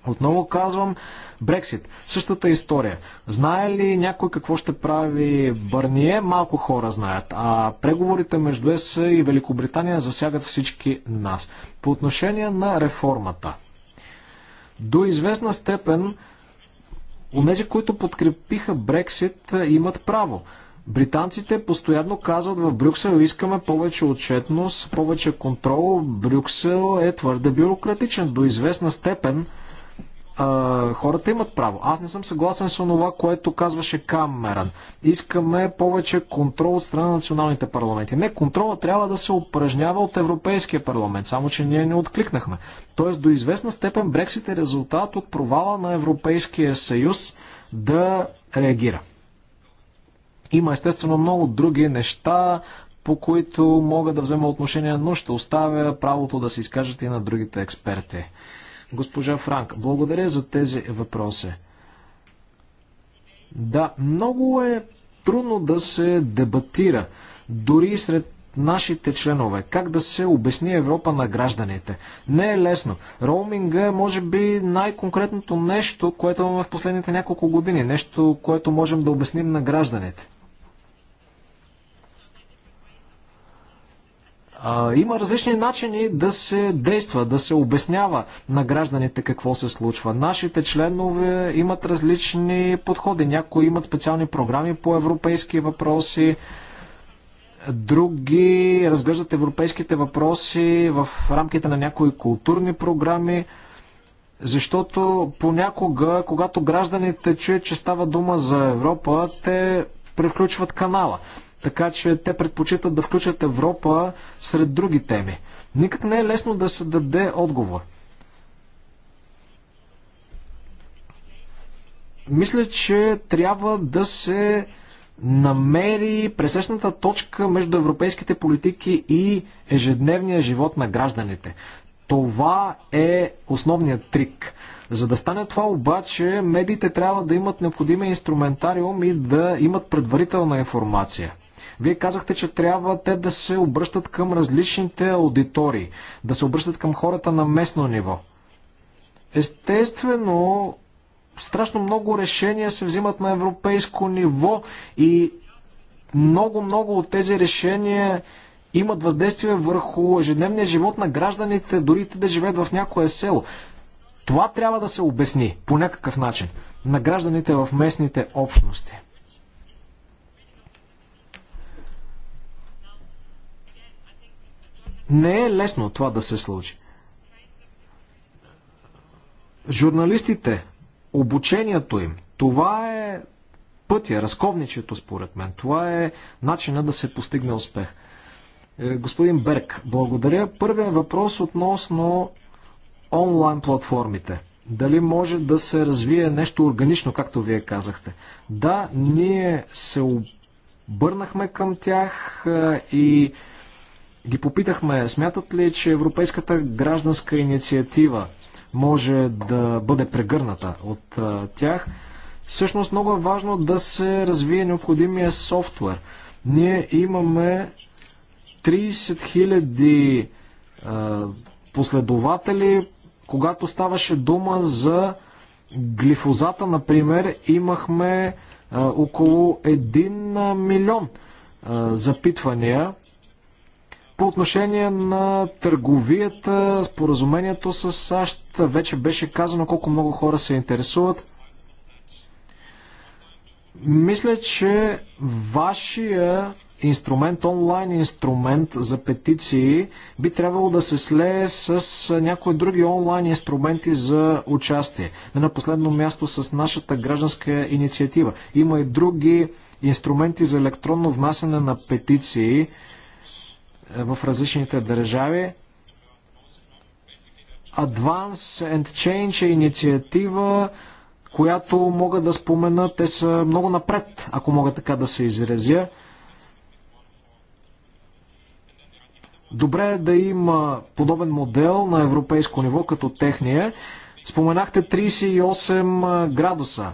Отново казвам, Брексит. Същата история. Знае ли някой какво ще прави Бърние? Малко хора знаят. А преговорите между ЕС и Великобритания засягат всички нас. По отношение на реформата. До известна степен, онези, които подкрепиха Брексит, имат право. Британците постоянно казват в Брюксел искаме повече отчетност, повече контрол. Брюксел е твърде бюрократичен до известна степен а, хората имат право. Аз не съм съгласен с това, което казваше Камеран. Искаме повече контрол от страна на националните парламенти. Не, контрола трябва да се упражнява от Европейския парламент, само че ние не откликнахме. Тоест до известна степен Брексит е резултат от провала на Европейския съюз да реагира. Има естествено много други неща, по които мога да взема отношение, но ще оставя правото да се изкажат и на другите експерти. Госпожа Франк, благодаря за тези въпроси. Да, много е трудно да се дебатира, дори сред нашите членове, как да се обясни Европа на гражданите. Не е лесно. Роуминга е, може би, най-конкретното нещо, което имаме в последните няколко години. Нещо, което можем да обясним на гражданите. А, има различни начини да се действа, да се обяснява на гражданите какво се случва. Нашите членове имат различни подходи. Някои имат специални програми по европейски въпроси, други разглеждат европейските въпроси в рамките на някои културни програми. Защото понякога, когато гражданите чуят, че става дума за Европа, те превключват канала. Така че те предпочитат да включат Европа сред други теми. Никак не е лесно да се даде отговор. Мисля, че трябва да се намери пресечната точка между европейските политики и ежедневния живот на гражданите. Това е основният трик. За да стане това обаче, медиите трябва да имат необходимия инструментариум и да имат предварителна информация. Вие казахте, че трябва те да се обръщат към различните аудитории, да се обръщат към хората на местно ниво. Естествено, страшно много решения се взимат на европейско ниво и много-много от тези решения имат въздействие върху ежедневния живот на гражданите, дори те да живеят в някое село. Това трябва да се обясни по някакъв начин на гражданите в местните общности. Не е лесно това да се случи. Журналистите, обучението им, това е пътя, разковничето според мен. Това е начина да се постигне успех. Е, господин Берг, благодаря. Първият въпрос относно онлайн платформите. Дали може да се развие нещо органично, както вие казахте? Да, ние се обърнахме към тях е, и ги попитахме, смятат ли, че Европейската гражданска инициатива може да бъде прегърната от тях. Всъщност много е важно да се развие необходимия софтуер. Ние имаме 30 000 последователи, когато ставаше дума за глифозата, например, имахме а, около 1 милион а, запитвания по отношение на търговията, споразумението с САЩ, вече беше казано колко много хора се интересуват. Мисля, че вашия инструмент, онлайн инструмент за петиции, би трябвало да се слее с някои други онлайн инструменти за участие. Не на последно място с нашата гражданска инициатива. Има и други инструменти за електронно внасяне на петиции в различните държави. Advance and Change е инициатива, която мога да спомена. Те са много напред, ако мога така да се изразя. Добре е да има подобен модел на европейско ниво, като техния. Споменахте 38 градуса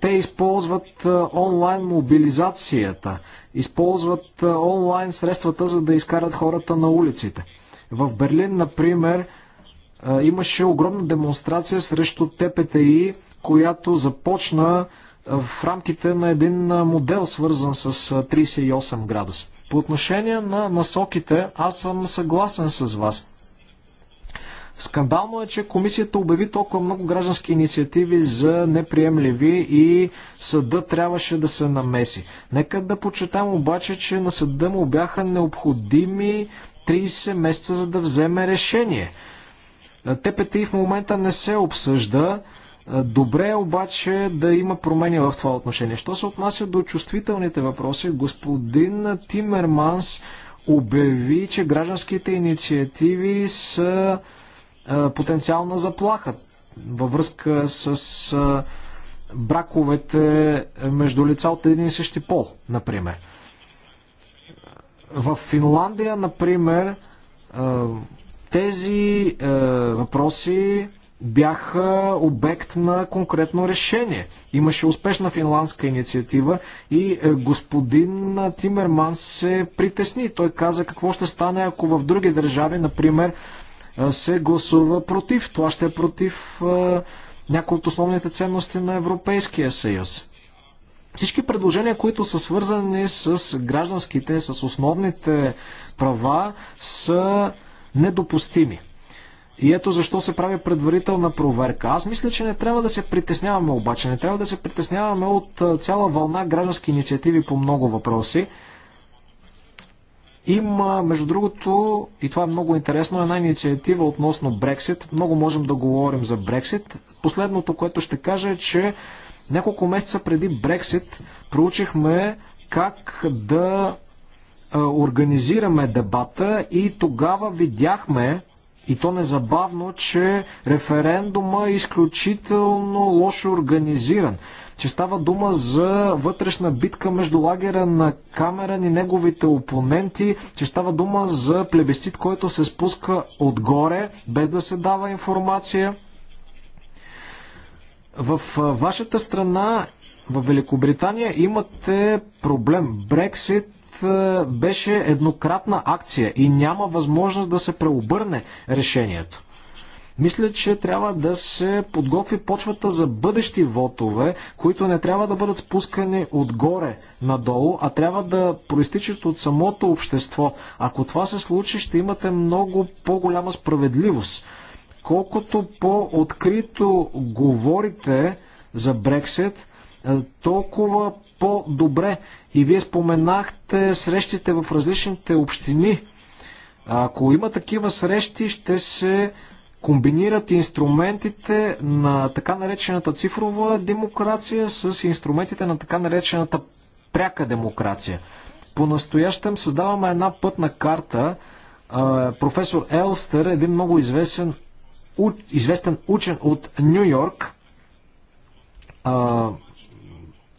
те използват онлайн мобилизацията, използват онлайн средствата, за да изкарат хората на улиците. В Берлин, например, имаше огромна демонстрация срещу ТПТИ, която започна в рамките на един модел, свързан с 38 градуса. По отношение на насоките, аз съм съгласен с вас. Скандално е, че комисията обяви толкова много граждански инициативи за неприемливи и съда трябваше да се намеси. Нека да почетам обаче, че на съда му бяха необходими 30 месеца, за да вземе решение. ТПТ в момента не се обсъжда. Добре е обаче да има промени в това отношение. Що се отнася до чувствителните въпроси, господин Тимерманс обяви, че гражданските инициативи са потенциална заплаха във връзка с браковете между лица от един и същи пол, например. В Финландия, например, тези въпроси бяха обект на конкретно решение. Имаше успешна финландска инициатива и е, господин Тимерман се притесни. Той каза какво ще стане, ако в други държави, например, се гласува против. Това ще е против някои от основните ценности на Европейския съюз. Всички предложения, които са свързани с гражданските, с основните права, са недопустими. И ето защо се прави предварителна проверка. Аз мисля, че не трябва да се притесняваме обаче. Не трябва да се притесняваме от цяла вълна граждански инициативи по много въпроси. Има, между другото, и това е много интересно, една инициатива относно Брексит. Много можем да говорим за Брексит. Последното, което ще кажа е, че няколко месеца преди Брексит проучихме как да организираме дебата и тогава видяхме, и то незабавно, че референдума е изключително лошо организиран. Че става дума за вътрешна битка между лагера на Камерън и неговите опоненти, че става дума за плебисцит, който се спуска отгоре, без да се дава информация. В вашата страна, в Великобритания, имате проблем. Брексит беше еднократна акция и няма възможност да се преобърне решението. Мисля, че трябва да се подготви почвата за бъдещи вотове, които не трябва да бъдат спускани отгоре надолу, а трябва да проистичат от самото общество. Ако това се случи, ще имате много по-голяма справедливост колкото по-открито говорите за Брексит, е, толкова по-добре. И вие споменахте срещите в различните общини. Ако има такива срещи, ще се комбинират инструментите на така наречената цифрова демокрация с инструментите на така наречената пряка демокрация. По-настоящем създаваме една пътна карта. Е, професор Елстър, един много известен известен учен от Нью Йорк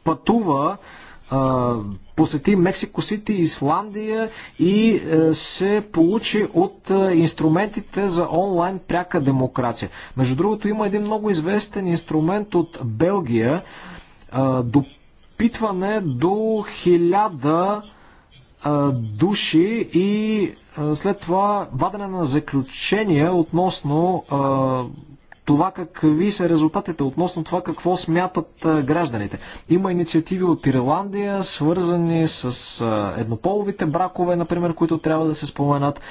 пътува, посети Мексико Сити, Исландия и е, се получи от е, инструментите за онлайн пряка демокрация. Между другото има един много известен инструмент от Белгия, допитване до хиляда души и след това вадене на заключения относно това какви са резултатите относно това какво смятат а, гражданите. Има инициативи от Ирландия, свързани с а, еднополовите бракове, например, които трябва да се споменат.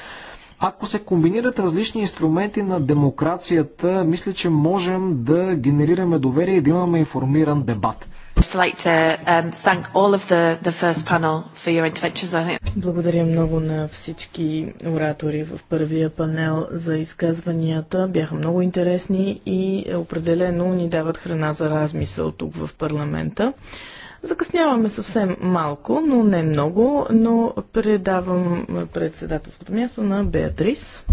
Ако се комбинират различни инструменти на демокрацията, мисля, че можем да генерираме доверие и да имаме информиран дебат. Благодаря много на всички оратори в първия панел за изказванията. Бяха много интересни и определено ни дават храна за размисъл тук в парламента. Закъсняваме съвсем малко, но не много, но предавам председателското място на Беатрис.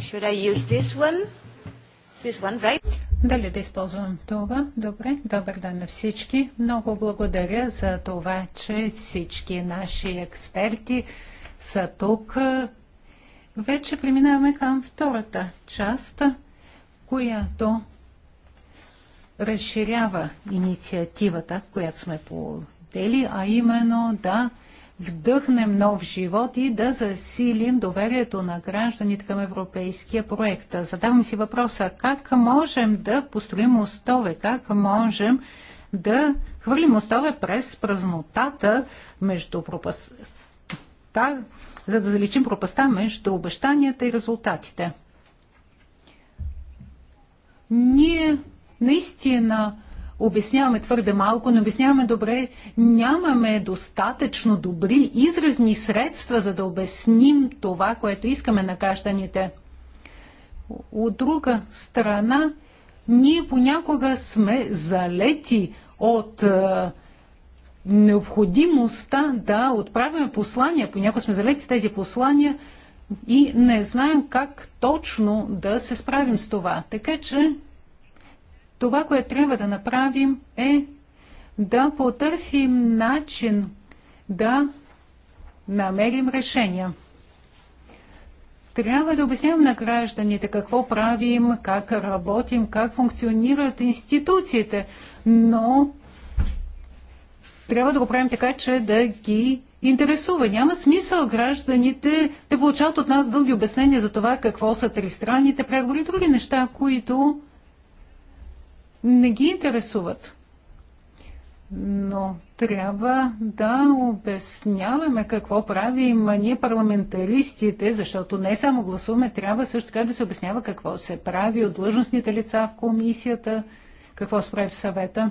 Should I use this one? Дали да използвам това? Добре. Добър ден на всички. Много благодаря за това, че всички наши експерти са тук. Вече преминаваме към втората част, която разширява инициативата, която сме подели, а именно да вдъхнем нов живот и да засилим доверието на гражданите към европейския проект. Задавам си въпроса как можем да построим мостове, как можем да хвърлим мостове през празнотата между пропаста, за да заличим пропаста между обещанията и резултатите. Ние наистина обясняваме твърде малко, не обясняваме добре, нямаме достатъчно добри изразни средства, за да обясним това, което искаме на гражданите. От друга страна, ние понякога сме залети от е, необходимостта да отправяме послания. Понякога сме залети с тези послания и не знаем как точно да се справим с това. Така че това, което трябва да направим е да потърсим начин да намерим решения. Трябва да обяснявам на гражданите какво правим, как работим, как функционират институциите, но трябва да го правим така, че да ги интересува. Няма смисъл гражданите да получават от нас дълги обяснения за това какво са тристранните преговори и други неща, които не ги интересуват. Но трябва да обясняваме какво правим ние парламентаристите, защото не само гласуваме, трябва също така да се обяснява какво се прави от длъжностните лица в комисията, какво се прави в съвета.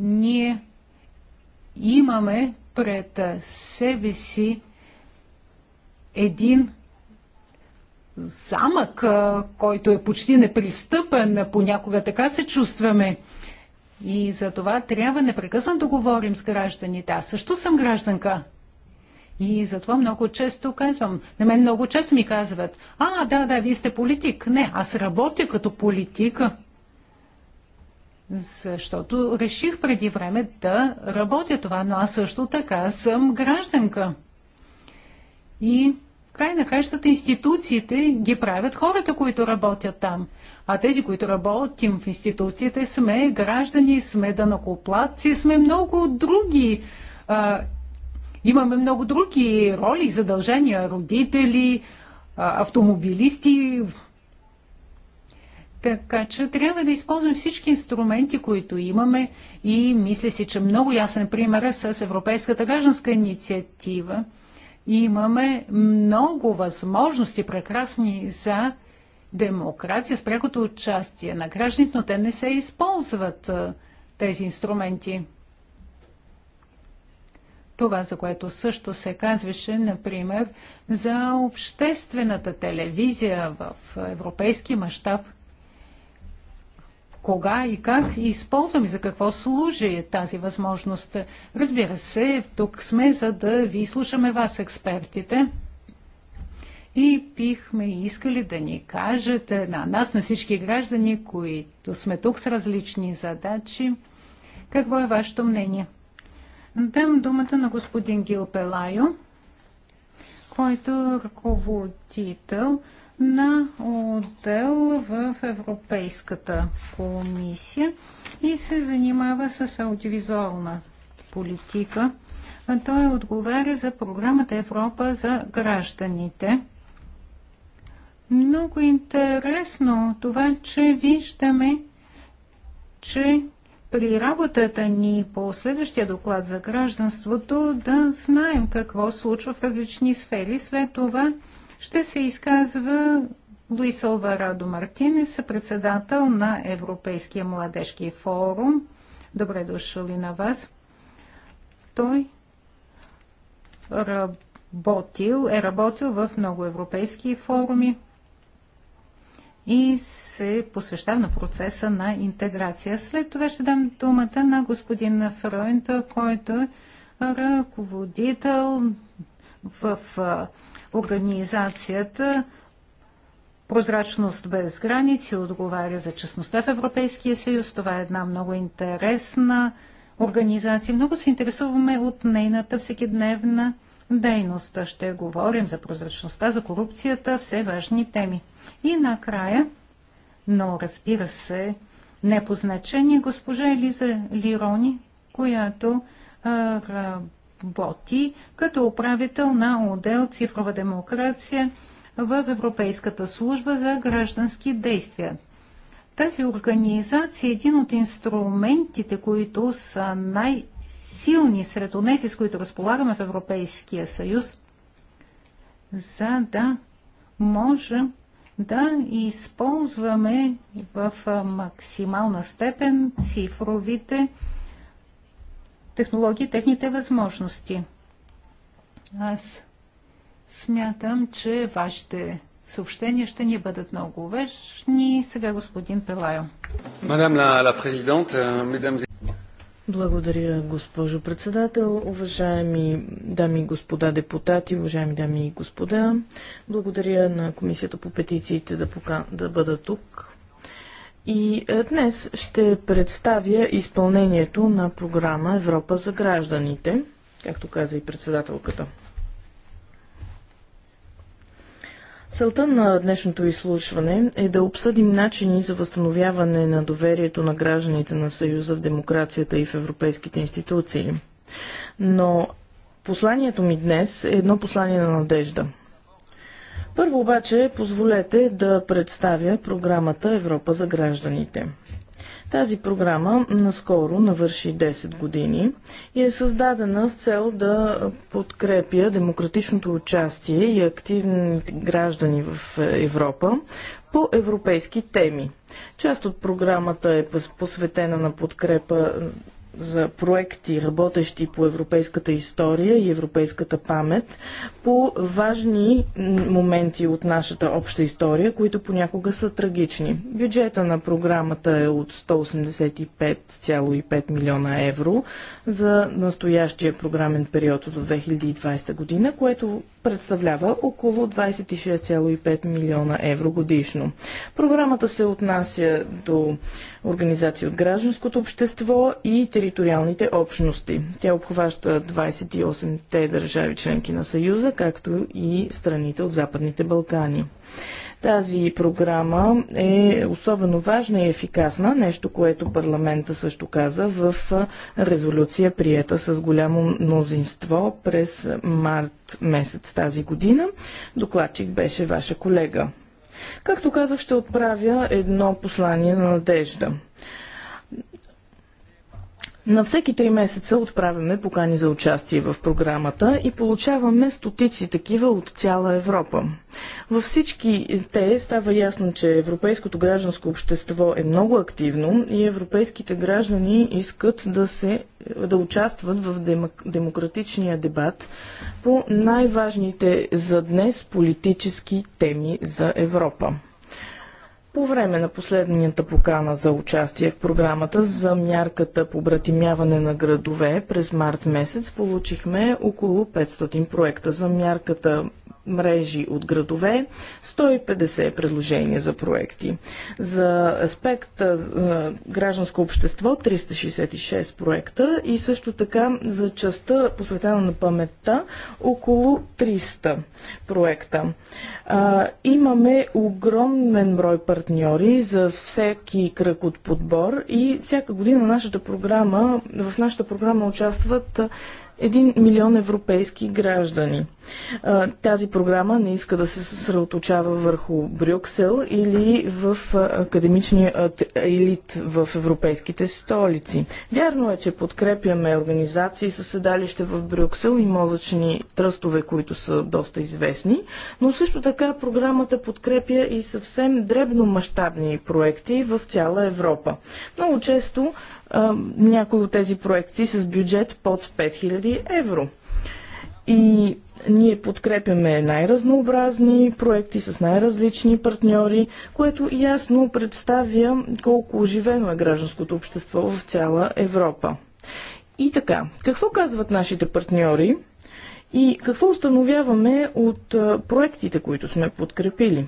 Ние имаме пред себе си един замък, който е почти непристъпен, понякога така се чувстваме. И за това трябва непрекъснато да говорим с гражданите. Аз също съм гражданка. И затова много често казвам, на мен много често ми казват, а, да, да, вие сте политик. Не, аз работя като политика, защото реших преди време да работя това, но аз също така съм гражданка. И край на кращата институциите ги правят хората, които работят там. А тези, които работим в институциите, сме граждани, сме данокоплатци, сме много други. А, имаме много други роли, задължения, родители, а, автомобилисти. Така че трябва да използвам всички инструменти, които имаме и мисля си, че много ясен пример е с Европейската гражданска инициатива – и имаме много възможности прекрасни за демокрация с прякото участие на гражданите, но те не се използват тези инструменти. Това, за което също се казваше, например, за обществената телевизия в европейски мащаб – кога и как използвам и за какво служи тази възможност. Разбира се, тук сме, за да ви слушаме вас, експертите. И бихме искали да ни кажете, на нас, на всички граждани, които сме тук с различни задачи, какво е вашето мнение? Дам думата на господин Гил Пелайо, който е ръководител на отдел в Европейската комисия и се занимава с аудиовизуална политика. Той отговаря за програмата Европа за гражданите. Много интересно това, че виждаме, че при работата ни по следващия доклад за гражданството да знаем какво случва в различни сфери. След това ще се изказва Луис Алварадо Мартинес, председател на Европейския младежки форум. Добре дошъл и на вас. Той работил, е работил в много европейски форуми и се посвещава на процеса на интеграция. След това ще дам думата на господин Фройнта, който е ръководител в Организацията Прозрачност без граници отговаря за честността в Европейския съюз. Това е една много интересна организация. Много се интересуваме от нейната всекидневна дейност. Ще говорим за прозрачността, за корупцията, все важни теми. И накрая, но разбира се, не по значение, госпожа Елиза Лирони, която а, Боти като управител на отдел Цифрова демокрация в Европейската служба за граждански действия. Тази организация е един от инструментите, които са най-силни сред онези, с които разполагаме в Европейския съюз, за да можем да използваме в максимална степен цифровите технологии, техните възможности. Аз смятам, че вашите съобщения ще ни бъдат много вежни. Сега господин Пелайо. Мадам ла, ла президент, Благодаря, госпожо председател. Уважаеми дами и господа депутати, уважаеми дами и господа, благодаря на Комисията по петициите да, пока... да бъда тук. И е, днес ще представя изпълнението на програма Европа за гражданите, както каза и председателката. Целта на днешното изслушване е да обсъдим начини за възстановяване на доверието на гражданите на Съюза в демокрацията и в европейските институции. Но посланието ми днес е едно послание на надежда – първо обаче позволете да представя програмата Европа за гражданите. Тази програма наскоро навърши 10 години и е създадена с цел да подкрепя демократичното участие и активните граждани в Европа по европейски теми. Част от програмата е посветена на подкрепа за проекти, работещи по европейската история и европейската памет, по важни моменти от нашата обща история, които понякога са трагични. Бюджета на програмата е от 185,5 милиона евро за настоящия програмен период до 2020 година, което представлява около 26,5 милиона евро годишно. Програмата се отнася до организации от гражданското общество и териториалните общности. Тя обхваща 28-те държави членки на Съюза, както и страните от Западните Балкани. Тази програма е особено важна и ефикасна, нещо, което парламента също каза в резолюция, приета с голямо мнозинство през март месец тази година. Докладчик беше ваша колега. Както казах, ще отправя едно послание на надежда. На всеки три месеца отправяме покани за участие в програмата и получаваме стотици такива от цяла Европа. Във всички те става ясно, че европейското гражданско общество е много активно и европейските граждани искат да, се, да участват в демократичния дебат по най-важните за днес политически теми за Европа. По време на последнията покана за участие в програмата за мярката по братимяване на градове през март месец получихме около 500 проекта. За мярката мрежи от градове, 150 предложения за проекти. За аспект гражданско общество 366 проекта и също така за частта посветена на паметта около 300 проекта. А, имаме огромен брой партньори за всеки кръг от подбор и всяка година нашата програма, в нашата програма участват 1 милион европейски граждани. Тази програма не иска да се съсредоточава върху Брюксел или в академичния елит в европейските столици. Вярно е, че подкрепяме организации със седалище в Брюксел и мозъчни тръстове, които са доста известни, но също така програмата подкрепя и съвсем дребномащабни проекти в цяла Европа. Много често някои от тези проекти с бюджет под 5000 евро. И ние подкрепяме най-разнообразни проекти с най-различни партньори, което ясно представя колко оживено е гражданското общество в цяла Европа. И така, какво казват нашите партньори и какво установяваме от проектите, които сме подкрепили?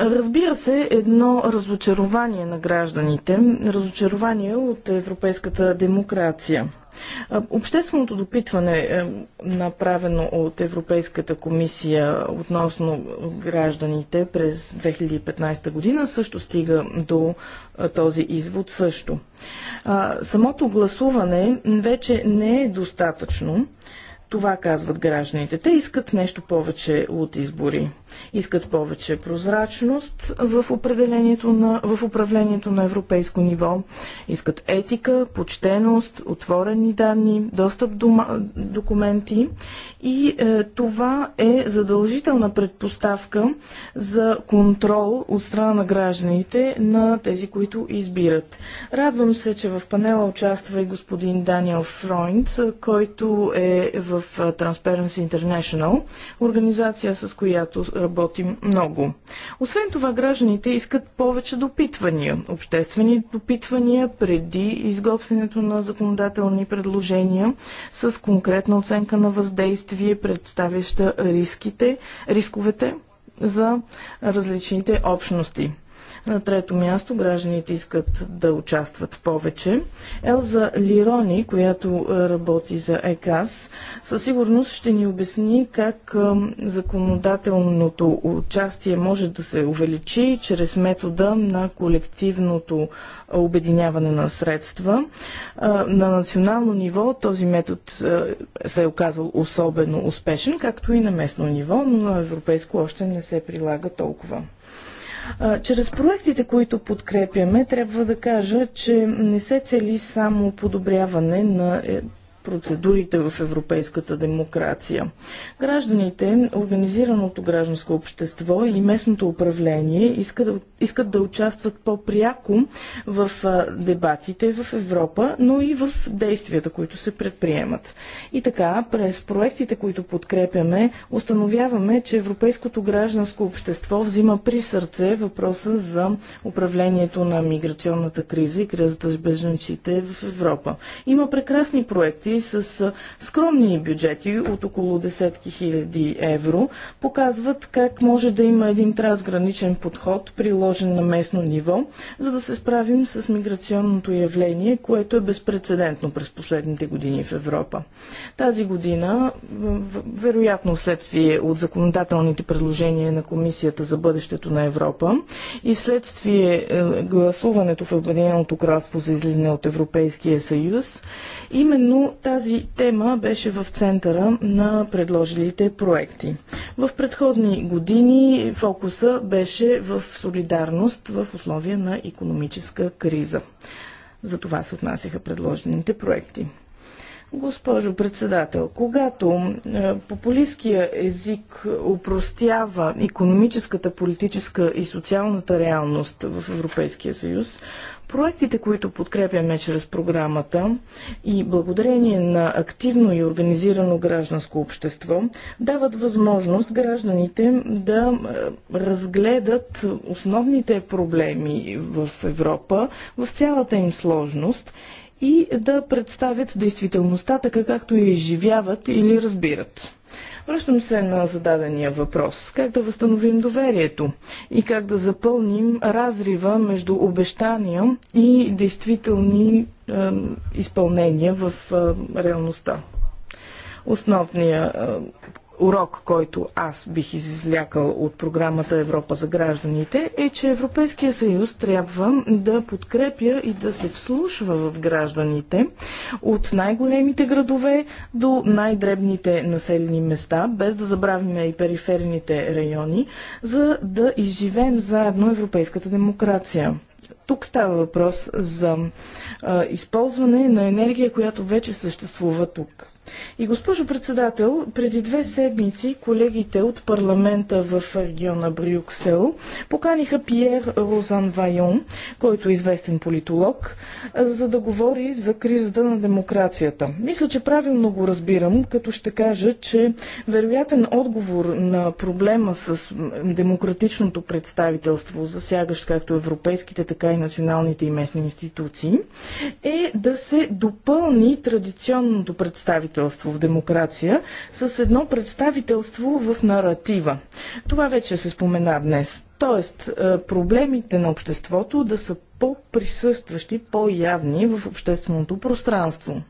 Разбира се, едно разочарование на гражданите, разочарование от европейската демокрация. Общественото допитване, е, направено от Европейската комисия относно гражданите през 2015 година, също стига до този извод също. Самото гласуване вече не е достатъчно. Това казват гражданите. Те искат нещо повече от избори. Искат повече прозрачност в, определението на, в управлението на европейско ниво. Искат етика, почтеност, отворени данни, достъп до документи. И е, това е задължителна предпоставка за контрол от страна на гражданите на тези, които избират. Радвам се, че в панела участва и господин Даниел Фройнц, който е в в Transparency International, организация с която работим много. Освен това, гражданите искат повече допитвания, обществени допитвания преди изготвянето на законодателни предложения с конкретна оценка на въздействие, представяща риските, рисковете за различните общности. На трето място гражданите искат да участват повече. Елза Лирони, която е, работи за ЕКАС, със сигурност ще ни обясни как е, законодателното участие може да се увеличи чрез метода на колективното е, обединяване на средства. На национално ниво този метод се е оказал особено успешен, както и на местно ниво, но на европейско още не се прилага толкова. Чрез проектите, които подкрепяме, трябва да кажа, че не се цели само подобряване на е, процедурите в европейската демокрация. Гражданите, организираното гражданско общество и местното управление искат да, искат да участват по-пряко в дебатите в Европа, но и в действията, които се предприемат. И така, през проектите, които подкрепяме, установяваме, че европейското гражданско общество взима при сърце въпроса за управлението на миграционната криза и кризата с бежанците в Европа. Има прекрасни проекти, държави с скромни бюджети от около десетки хиляди евро показват как може да има един трансграничен подход, приложен на местно ниво, за да се справим с миграционното явление, което е безпредседентно през последните години в Европа. Тази година, вероятно следствие от законодателните предложения на Комисията за бъдещето на Европа и следствие е, гласуването в Обединеното кралство за излизане от Европейския съюз, именно тази тема беше в центъра на предложилите проекти. В предходни години фокуса беше в солидарност в условия на економическа криза. За това се отнасяха предложените проекти. Госпожо председател, когато е, популистския език упростява економическата, политическа и социалната реалност в Европейския съюз, Проектите, които подкрепяме чрез програмата и благодарение на активно и организирано гражданско общество, дават възможност гражданите да е, разгледат основните проблеми в Европа в цялата им сложност и да представят действителността така, както я изживяват или разбират. Връщам се на зададения въпрос. Как да възстановим доверието и как да запълним разрива между обещания и действителни е, изпълнения в е, реалността. Основният е, урок, който аз бих извлякал от програмата Европа за гражданите, е, че Европейския съюз трябва да подкрепя и да се вслушва в гражданите от най-големите градове до най-дребните населени места, без да забравим и периферните райони, за да изживеем заедно европейската демокрация. Тук става въпрос за а, използване на енергия, която вече съществува тук. И госпожо председател, преди две седмици колегите от парламента в региона Брюксел поканиха Пьер Розан Вайон, който е известен политолог, за да говори за кризата на демокрацията. Мисля, че правилно го разбирам, като ще кажа, че вероятен отговор на проблема с демократичното представителство, засягащ както европейските, така и националните и местни институции, е да се допълни традиционното представителство представителство в демокрация с едно представителство в наратива. Това вече се спомена днес. Тоест, е, проблемите на обществото да са по-присъстващи, по-явни в общественото пространство.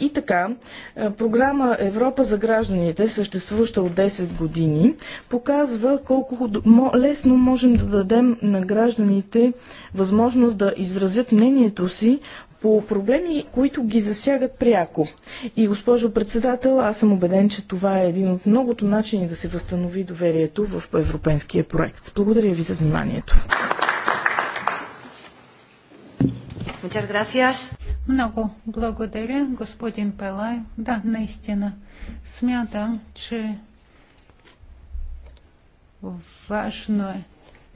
И така, е, програма Европа за гражданите, съществуваща от 10 години, показва колко лесно можем да дадем на гражданите възможност да изразят мнението си по проблеми, които ги засягат пряко. И госпожо председател, аз съм убеден, че това е един от многото начини да се възстанови доверието в европейския проект. Благодаря ви за вниманието. Много благодаря, господин Пелай. Да, наистина. Смятам, че важно е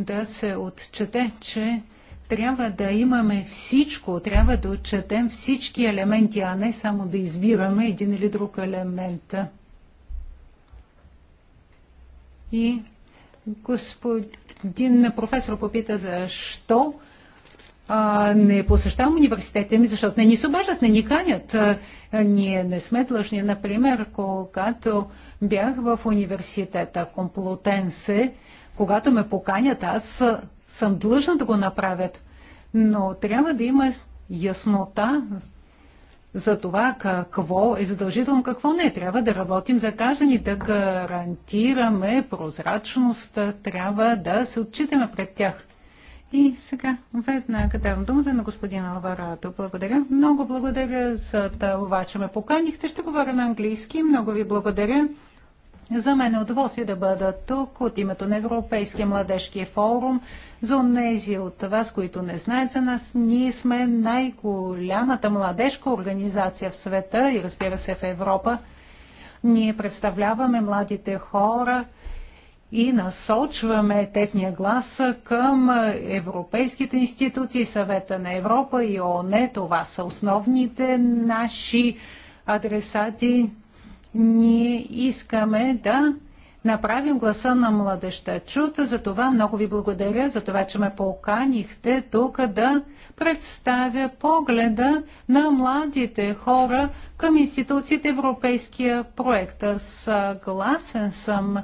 да се отчете, че трябва да имаме всичко, трябва да отчетем всички елементи, а не само да избираме един или друг елемент. И господин професор попита защо а, не посещавам университета? ми, защото не ни се обаждат, не ни канят. А, ние не сме длъжни. Например, когато бях в университета Комплутенсе, когато ме поканят, аз съм длъжна да го направят, но трябва да има яснота за това какво е задължително, какво не. Трябва да работим за граждани, да гарантираме прозрачност, трябва да се отчитаме пред тях. И сега веднага давам думата на господин Алварадо. Благодаря. Много благодаря за това, че ме поканихте. Ще говоря на английски. Много ви благодаря за мен е удоволствие да бъда тук от името на Европейския младежки форум. За онези от вас, които не знаят за нас, ние сме най-голямата младежка организация в света и разбира се в Европа. Ние представляваме младите хора и насочваме техния глас към европейските институции, съвета на Европа и ООН. Това са основните наши адресати ние искаме да направим гласа на младеща чута. За това много ви благодаря, за това, че ме поканихте тук да представя погледа на младите хора към институциите Европейския проект. Съгласен съм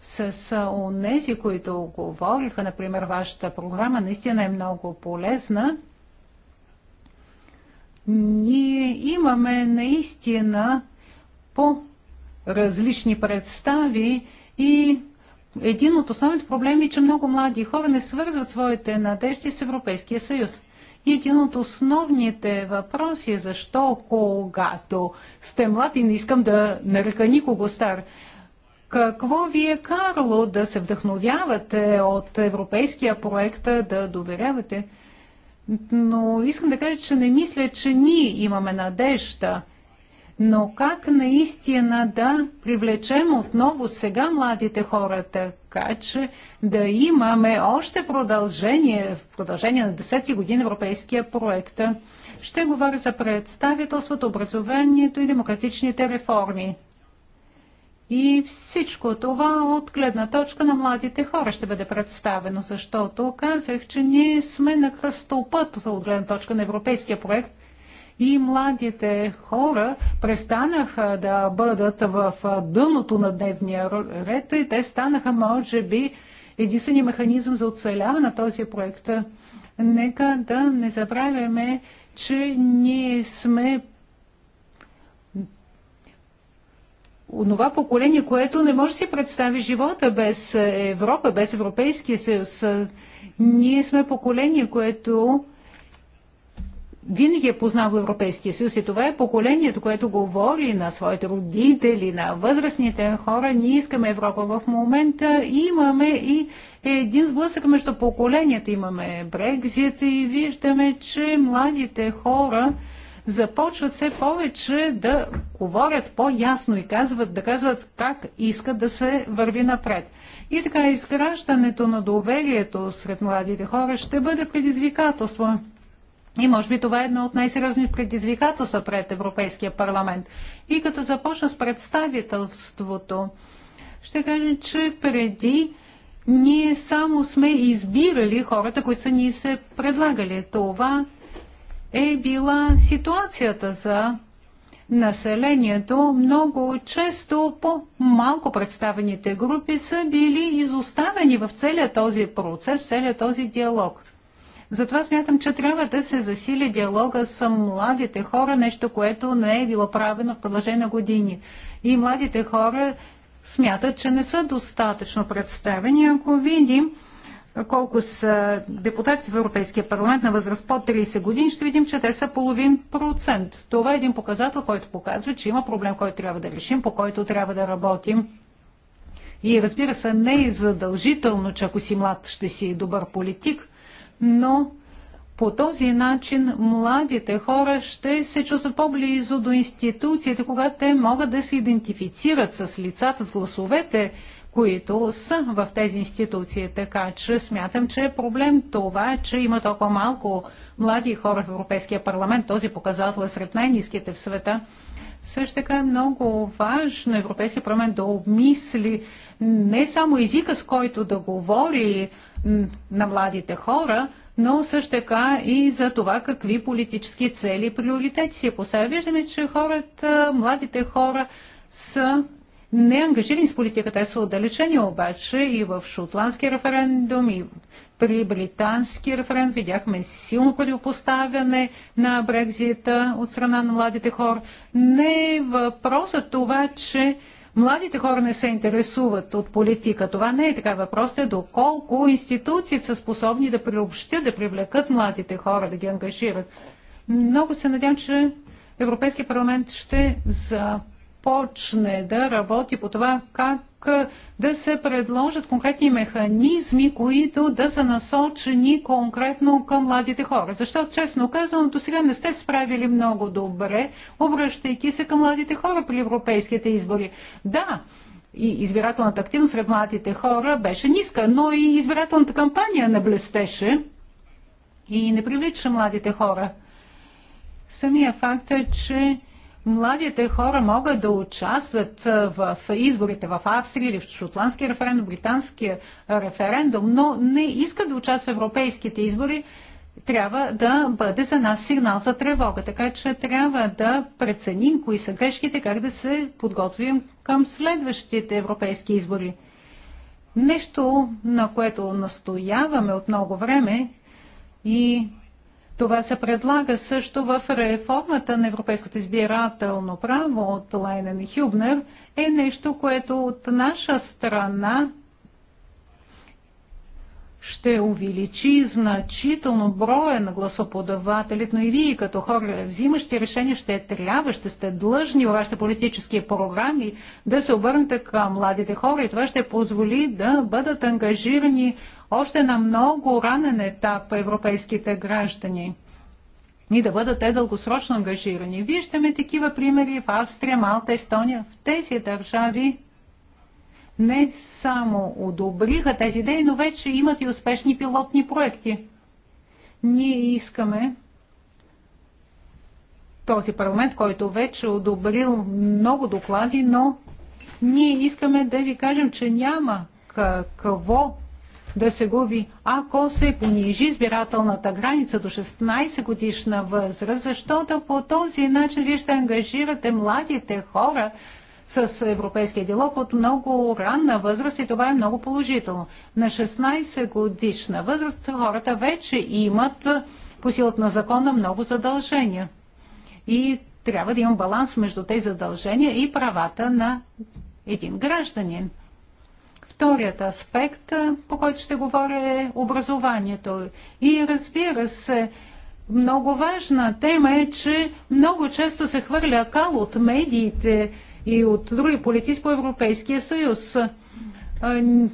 с онези, които говориха. Например, вашата програма наистина е много полезна. Ние имаме наистина по различни представи и един от основните проблеми е, че много млади хора не свързват своите надежди с Европейския съюз. И един от основните въпроси е защо, когато сте млад и не искам да нарека никого стар, какво ви е карало да се вдъхновявате от европейския проект, да доверявате? Но искам да кажа, че не мисля, че ние имаме надежда – но как наистина да привлечем отново сега младите хора, така че да имаме още продължение, в продължение на 10 ти години европейския проект. Ще говоря за представителството, образованието и демократичните реформи. И всичко това от гледна точка на младите хора ще бъде представено, защото казах, че ние сме на кръстопът от гледна точка на европейския проект и младите хора престанаха да бъдат в дъното на дневния ред и те станаха, може би, единствения механизъм за оцеляване на този проект. Нека да не забравяме, че ние сме онова поколение, което не може да си представи живота без Европа, без Европейския съюз. Ние сме поколение, което винаги е познавал Европейския съюз и това е поколението, което говори на своите родители, на възрастните хора. Ние искаме Европа в момента. Имаме и един сблъсък между поколенията. Имаме Брекзит и виждаме, че младите хора започват все повече да говорят по-ясно и казват, да казват как искат да се върви напред. И така изграждането на доверието сред младите хора ще бъде предизвикателство. И може би това е едно от най-сериозните предизвикателства пред Европейския парламент. И като започна с представителството, ще кажа, че преди ние само сме избирали хората, които са ни се предлагали. Това е била ситуацията за населението. Много често по-малко представените групи са били изоставени в целия този процес, в целия този диалог – затова смятам, че трябва да се засили диалога с младите хора, нещо, което не е било правено в продължение на години. И младите хора смятат, че не са достатъчно представени. Ако видим колко са депутати в Европейския парламент на възраст под 30 години, ще видим, че те са половин процент. Това е един показател, който показва, че има проблем, който трябва да решим, по който трябва да работим. И разбира се, не е задължително, че ако си млад, ще си добър политик, но по този начин младите хора ще се чувстват по-близо до институциите, когато те могат да се идентифицират с лицата, с гласовете, които са в тези институции. Така че смятам, че е проблем това, че има толкова малко млади хора в Европейския парламент. Този показател е сред най-низките в света. Също така е много важно Европейския парламент да обмисли не само езика, с който да говори на младите хора, но също така и за това какви политически цели и приоритети си е поставя. Виждаме, че хората, младите хора са не ангажирани с политиката, са отдалечени обаче и в шотландски референдум, и при британски референдум видяхме силно противопоставяне на Брекзита от страна на младите хора. Не е въпросът това, че Младите хора не се интересуват от политика. Това не е така. Въпросът е доколко институциите са способни да приобщят, да привлекат младите хора, да ги ангажират. Много се надявам, че Европейския парламент ще започне да работи по това как да се предложат конкретни механизми, които да са насочени конкретно към младите хора. Защото, честно казано, до сега не сте справили много добре, обръщайки се към младите хора при европейските избори. Да, и избирателната активност сред младите хора беше ниска, но и избирателната кампания не блестеше и не привлича младите хора. Самия факт е, че младите хора могат да участват в изборите в Австрия или в шотландския референдум, британския референдум, но не искат да участват в европейските избори, трябва да бъде за нас сигнал за тревога. Така че трябва да преценим кои са грешките, как да се подготвим към следващите европейски избори. Нещо, на което настояваме от много време и това се предлага също в реформата на европейското избирателно право от Лайнен и Хюбнер е нещо, което от наша страна ще увеличи значително броя на гласоподавателите, но и вие като хора, взимащи решения, ще трябва, ще сте длъжни във вашите политически програми да се обърнете към младите хора и това ще позволи да бъдат ангажирани още на много ранен етап европейските граждани и да бъдат те дългосрочно ангажирани. Виждаме такива примери в Австрия, Малта, Естония. В тези държави не само одобриха тези идеи, но вече имат и успешни пилотни проекти. Ние искаме този парламент, който вече одобрил много доклади, но ние искаме да ви кажем, че няма какво да се губи, ако се понижи избирателната граница до 16 годишна възраст, защото по този начин вие ще ангажирате младите хора с европейския диалог от много ранна възраст и това е много положително. На 16 годишна възраст хората вече имат по силата на закона много задължения. И трябва да има баланс между тези задължения и правата на един гражданин. Вторият аспект, по който ще говоря, е образованието. И разбира се, много важна тема е, че много често се хвърля кал от медиите и от други политици по Европейския съюз.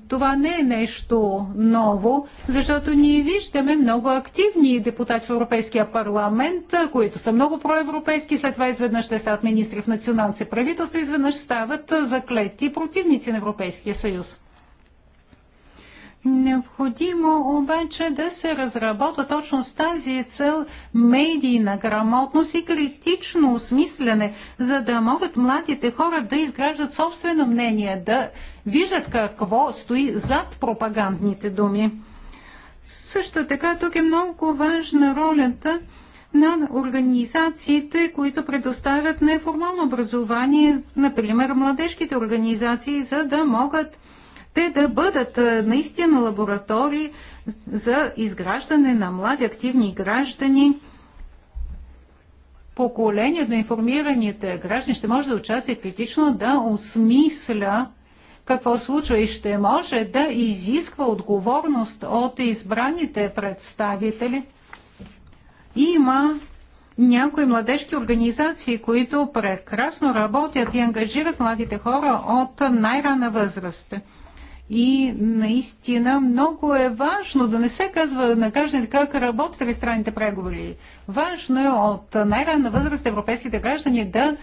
Това не е нещо ново, защото ние виждаме много активни депутати в Европейския парламент, които са много проевропейски, след това изведнъж ще стават министри в националните правителства, изведнъж стават заклети противници на Европейския съюз. Необходимо обаче да се разработва точно с тази цел медийна грамотност и критично осмислене, за да могат младите хора да изграждат собствено мнение, да виждат какво стои зад пропагандните думи. Също така тук е много важна ролята на организациите, които предоставят неформално образование, например младежките организации, за да могат те да бъдат наистина лаборатории за изграждане на млади активни граждани. Поколението на информираните граждани ще може да участва критично да осмисля какво случва и ще може да изисква отговорност от избраните представители. Има някои младежки организации, които прекрасно работят и ангажират младите хора от най-рана възраст. И наистина много е важно да не се казва на гражданите как работят тристранните преговори. Важно е от най-ранна възраст европейските граждани да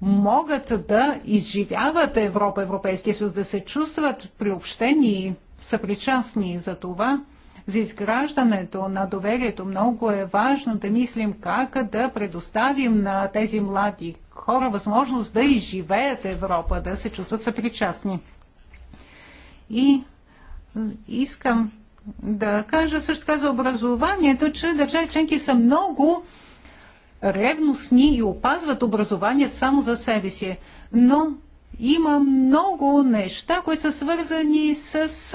могат да изживяват Европа, Европейския съюз, да се чувстват приобщени и съпричастни за това. За изграждането на доверието много е важно да мислим как да предоставим на тези млади хора възможност да изживеят Европа, да се чувстват съпричастни. И е, искам да кажа също така за образованието, че държави членки са много ревностни и опазват образованието само за себе си. Но има много неща, които са свързани с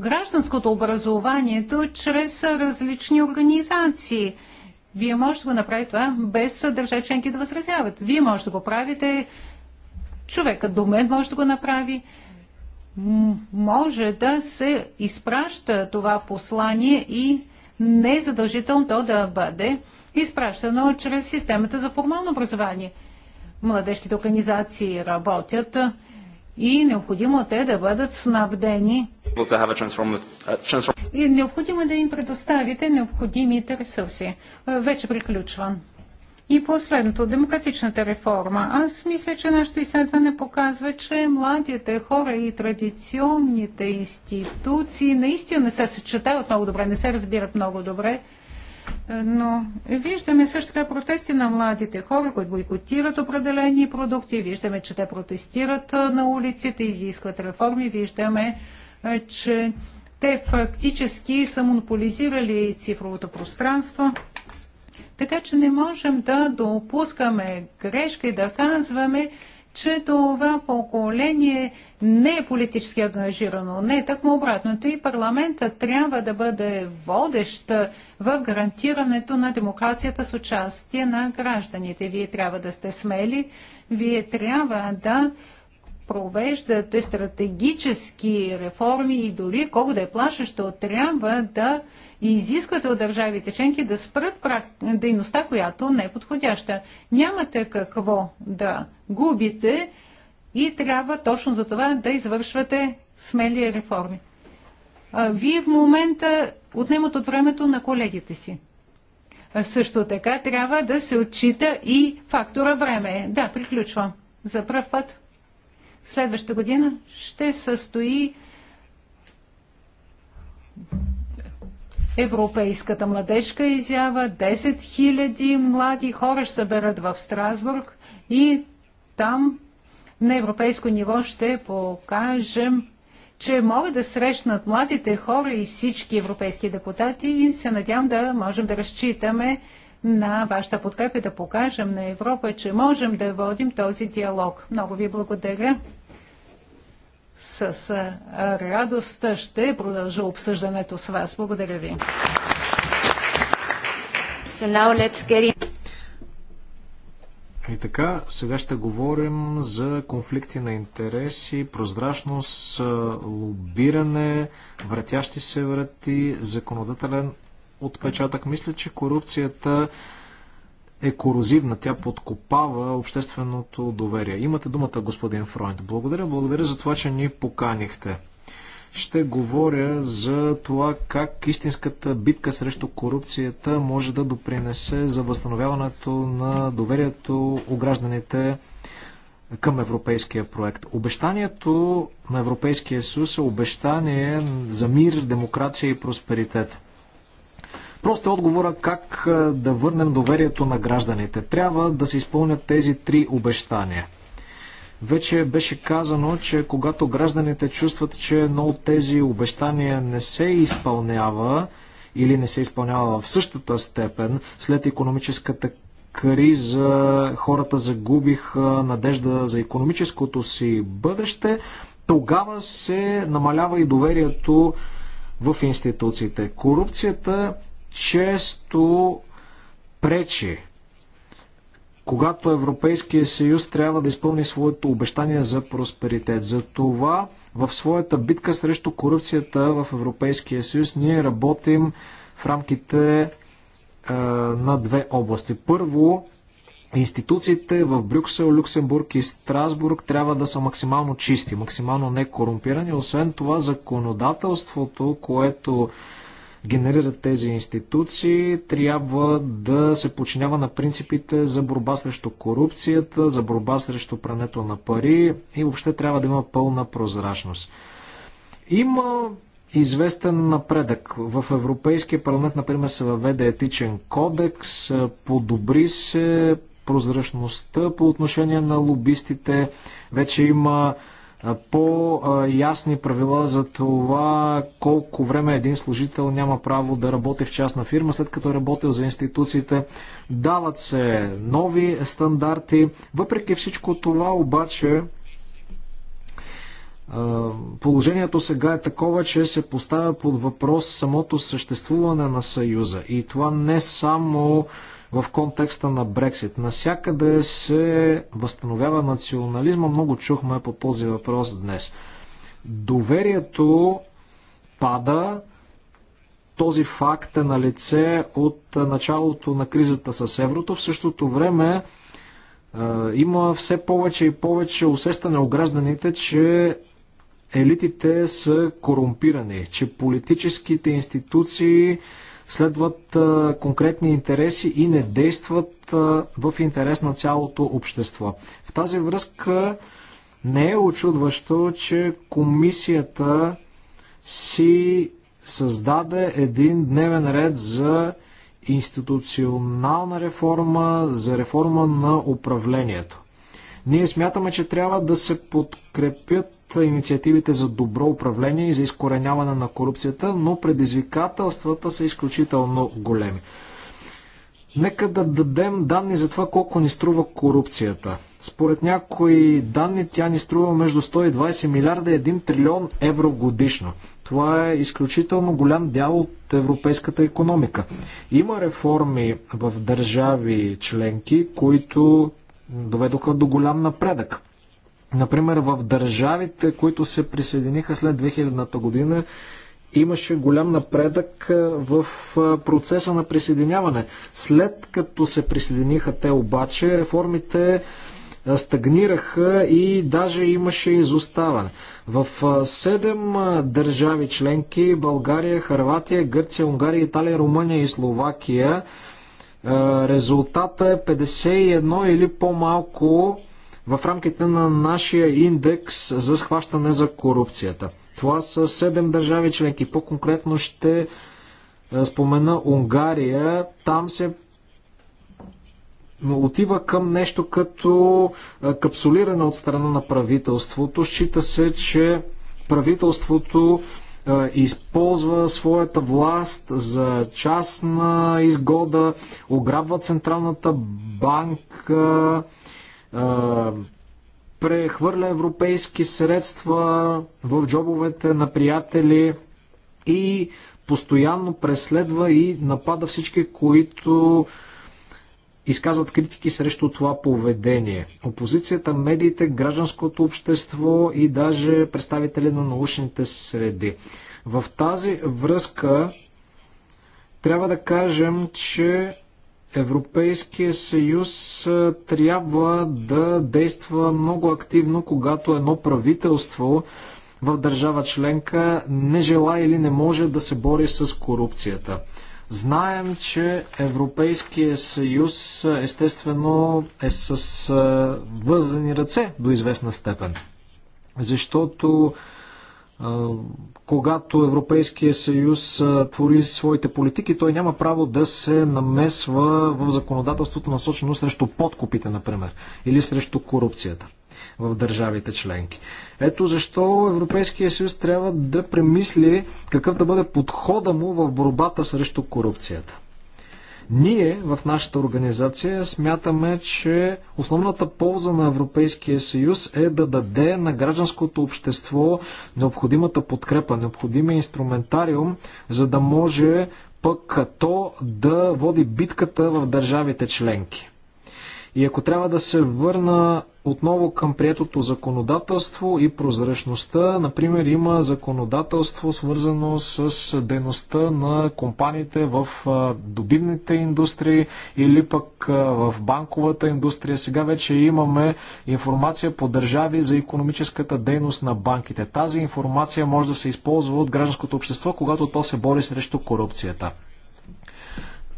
гражданското образованието чрез различни организации. Вие можете да го направите това без държави членки да възразяват. Вие можете да го правите, човекът до мен може да го направи може да се изпраща това послание и не е задължително то да бъде изпращано чрез системата за формално образование. Младежките организации работят и необходимо е те да бъдат снабдени и е необходимо да им предоставите необходимите ресурси. Вече приключвам. И последното, демократичната реформа. Аз мисля, че нашето изследване показва, че младите хора и традиционните институции наистина се съчетават много добре, не се разбират много добре. Но виждаме също така протести на младите хора, които бойкотират определени продукти. Виждаме, че те протестират на улиците, изискват реформи. Виждаме, че те фактически са монополизирали цифровото пространство. Така че не можем да допускаме грешки, да казваме, че това поколение не е политически ангажирано. Не, е такмо обратното. И парламента трябва да бъде водещ в гарантирането на демокрацията с участие на гражданите. Вие трябва да сте смели, вие трябва да провеждате стратегически реформи и дори колко да е плашещо, трябва да и изисквате от държавите членки да спрат дейността, която не е подходяща. Нямате какво да губите и трябва точно за това да извършвате смели реформи. вие в момента отнемат от времето на колегите си. също така трябва да се отчита и фактора време. Да, приключвам. За първ път следващата година ще състои Европейската младежка изява. 10 000 млади хора ще съберат в Страсбург и там на европейско ниво ще покажем, че могат да срещнат младите хора и всички европейски депутати и се надявам да можем да разчитаме на вашата подкрепа да покажем на Европа, че можем да водим този диалог. Много ви благодаря с радост ще продължа обсъждането с вас. Благодаря ви. И така, сега ще говорим за конфликти на интереси, прозрачност, лобиране, вратящи се врати, законодателен отпечатък. Мисля, че корупцията е корозивна, тя подкопава общественото доверие. Имате думата, господин Фройнт. Благодаря, благодаря за това, че ни поканихте. Ще говоря за това как истинската битка срещу корупцията може да допринесе за възстановяването на доверието у гражданите към европейския проект. Обещанието на Европейския съюз е обещание за мир, демокрация и просперитет. Просто е отговора как да върнем доверието на гражданите. Трябва да се изпълнят тези три обещания. Вече беше казано, че когато гражданите чувстват, че едно от тези обещания не се изпълнява или не се изпълнява в същата степен, след економическата криза хората загубиха надежда за економическото си бъдеще, тогава се намалява и доверието в институциите. Корупцията често пречи, когато Европейския съюз трябва да изпълни своето обещание за просперитет. За това в своята битка срещу корупцията в Европейския съюз ние работим в рамките е, на две области. Първо, институциите в Брюксел, Люксембург и Страсбург трябва да са максимално чисти, максимално некорумпирани. Освен това, законодателството, което генерират тези институции, трябва да се подчинява на принципите за борба срещу корупцията, за борба срещу прането на пари и въобще трябва да има пълна прозрачност. Има известен напредък. В Европейския парламент, например, се въведе етичен кодекс, подобри се прозрачността по отношение на лобистите, вече има по-ясни правила за това колко време един служител няма право да работи в частна фирма, след като е работил за институциите. Дават се нови стандарти. Въпреки всичко това обаче положението сега е такова, че се поставя под въпрос самото съществуване на Съюза. И това не само в контекста на Брексит. Насякъде се възстановява национализма. Много чухме по този въпрос днес. Доверието пада. Този факт е на лице от началото на кризата с еврото. В същото време е, има все повече и повече усещане у гражданите, че елитите са корумпирани, че политическите институции следват конкретни интереси и не действат в интерес на цялото общество. В тази връзка не е очудващо, че комисията си създаде един дневен ред за институционална реформа, за реформа на управлението. Ние смятаме, че трябва да се подкрепят инициативите за добро управление и за изкореняване на корупцията, но предизвикателствата са изключително големи. Нека да дадем данни за това колко ни струва корупцията. Според някои данни тя ни струва между 120 милиарда и 1 трилион евро годишно. Това е изключително голям дял от европейската економика. Има реформи в държави членки, които доведоха до голям напредък. Например, в държавите, които се присъединиха след 2000-та година, имаше голям напредък в процеса на присъединяване. След като се присъединиха те обаче, реформите стагнираха и даже имаше изоставане. В седем държави членки България, Харватия, Гърция, Унгария, Италия, Румъния и Словакия резултата е 51 или по-малко в рамките на нашия индекс за схващане за корупцията. Това са 7 държави членки. По-конкретно ще спомена Унгария. Там се отива към нещо като капсулиране от страна на правителството. Счита се, че правителството е, използва своята власт за частна изгода, ограбва Централната банка, е, прехвърля европейски средства в джобовете на приятели и постоянно преследва и напада всички, които изказват критики срещу това поведение. Опозицията, медиите, гражданското общество и даже представители на научните среди. В тази връзка трябва да кажем, че Европейския съюз трябва да действа много активно, когато едно правителство в държава членка не желая или не може да се бори с корупцията. Знаем, че Европейския съюз естествено е с е, вързани ръце до известна степен. Защото е, когато Европейския съюз е, твори своите политики, той няма право да се намесва в законодателството насочено срещу подкупите, например, или срещу корупцията в държавите членки. Ето защо Европейския съюз трябва да премисли какъв да бъде подхода му в борбата срещу корупцията. Ние в нашата организация смятаме, че основната полза на Европейския съюз е да даде на гражданското общество необходимата подкрепа, необходимия инструментариум, за да може пък то да води битката в държавите членки. И ако трябва да се върна отново към приетото законодателство и прозрачността. Например, има законодателство свързано с дейността на компаниите в добивните индустрии или пък в банковата индустрия. Сега вече имаме информация по държави за економическата дейност на банките. Тази информация може да се използва от гражданското общество, когато то се бори срещу корупцията.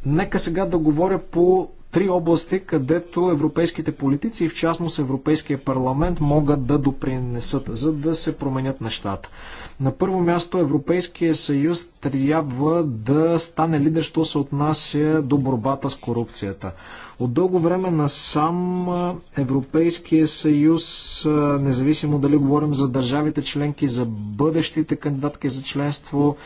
Нека сега да говоря по три области, където европейските политици и в частност Европейския парламент могат да допринесат, за да се променят нещата. На първо място Европейския съюз трябва да стане лидер, що се отнася до борбата с корупцията. От дълго време на сам Европейския съюз, независимо дали говорим за държавите членки, за бъдещите кандидатки за членство,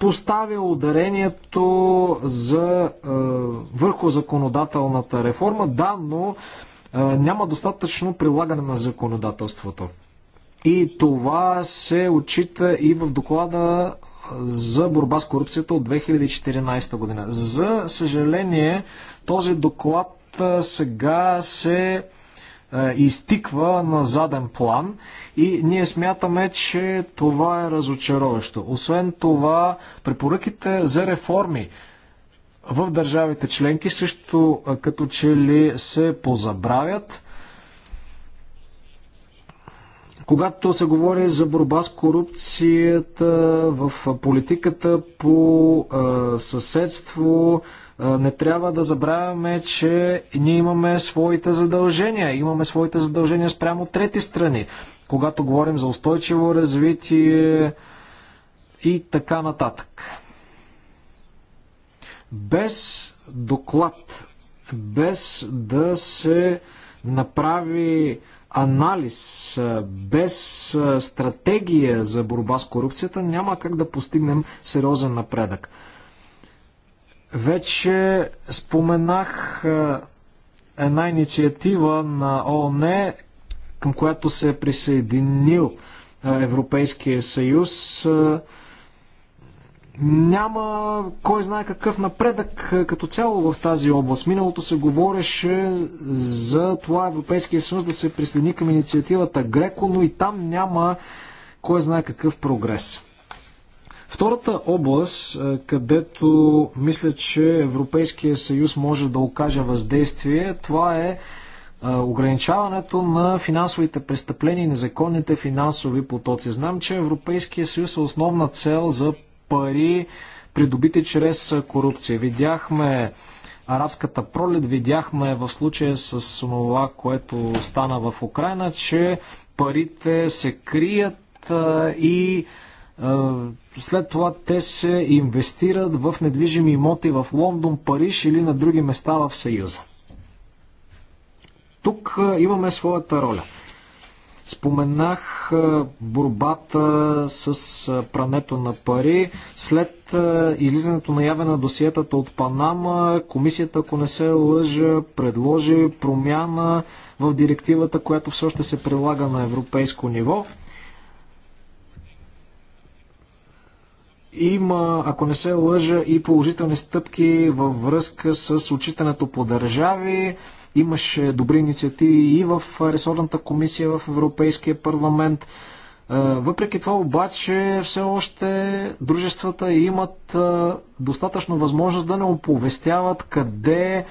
поставя ударението за, е, върху законодателната реформа, да, но е, няма достатъчно прилагане на законодателството. И това се отчита и в доклада е, за борба с корупцията от 2014 година. За съжаление, този доклад е, сега се е, изтиква на заден план и ние смятаме, че това е разочароващо. Освен това, препоръките за реформи в държавите членки също е, като че ли се позабравят. Когато се говори за борба с корупцията в политиката по е, съседство, не трябва да забравяме, че ние имаме своите задължения. Имаме своите задължения спрямо трети страни, когато говорим за устойчиво развитие и така нататък. Без доклад, без да се направи анализ, без стратегия за борба с корупцията, няма как да постигнем сериозен напредък. Вече споменах е, една инициатива на ООН, към която се е присъединил е, Европейския съюз. Е, няма кой знае какъв напредък като цяло в тази област. Миналото се говореше за това Европейския съюз да се присъедини към инициативата Греко, но и там няма кой знае какъв прогрес. Втората област, е, където мисля, че Европейския съюз може да окаже въздействие, това е, е ограничаването на финансовите престъпления и незаконните финансови потоци. Знам, че Европейския съюз е основна цел за пари, придобити чрез е, корупция. Видяхме арабската пролет, видяхме в случая с това, което стана в Украина, че парите се крият и след това те се инвестират в недвижими имоти в Лондон, Париж или на други места в Съюза. Тук имаме своята роля. Споменах борбата с прането на пари. След излизането на яве на досиетата от Панама, комисията, ако не се лъжа, предложи промяна в директивата, която все още се прилага на европейско ниво. Има, ако не се лъжа, и положителни стъпки във връзка с отчитането по държави. Имаше добри инициативи и в ресорната комисия в Европейския парламент. Е, въпреки това обаче все още дружествата имат е, достатъчно възможност да не оповестяват къде е,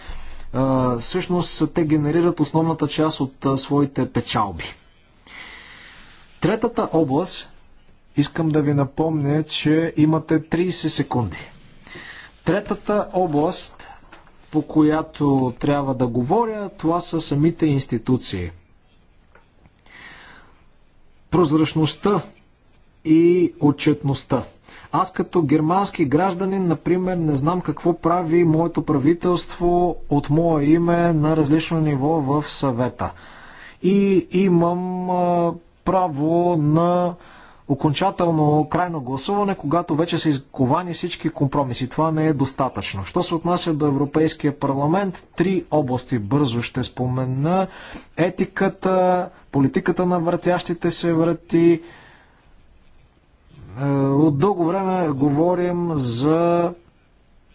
всъщност те генерират основната част от своите печалби. Третата област Искам да ви напомня, че имате 30 секунди. Третата област, по която трябва да говоря, това са самите институции. Прозрачността и отчетността. Аз като германски гражданин, например, не знам какво прави моето правителство от мое име на различно ниво в съвета. И имам а, право на окончателно крайно гласуване, когато вече са изковани всички компромиси. Това не е достатъчно. Що се отнася до Европейския парламент, три области бързо ще спомена. Етиката, политиката на въртящите се врати. Е, от дълго време говорим за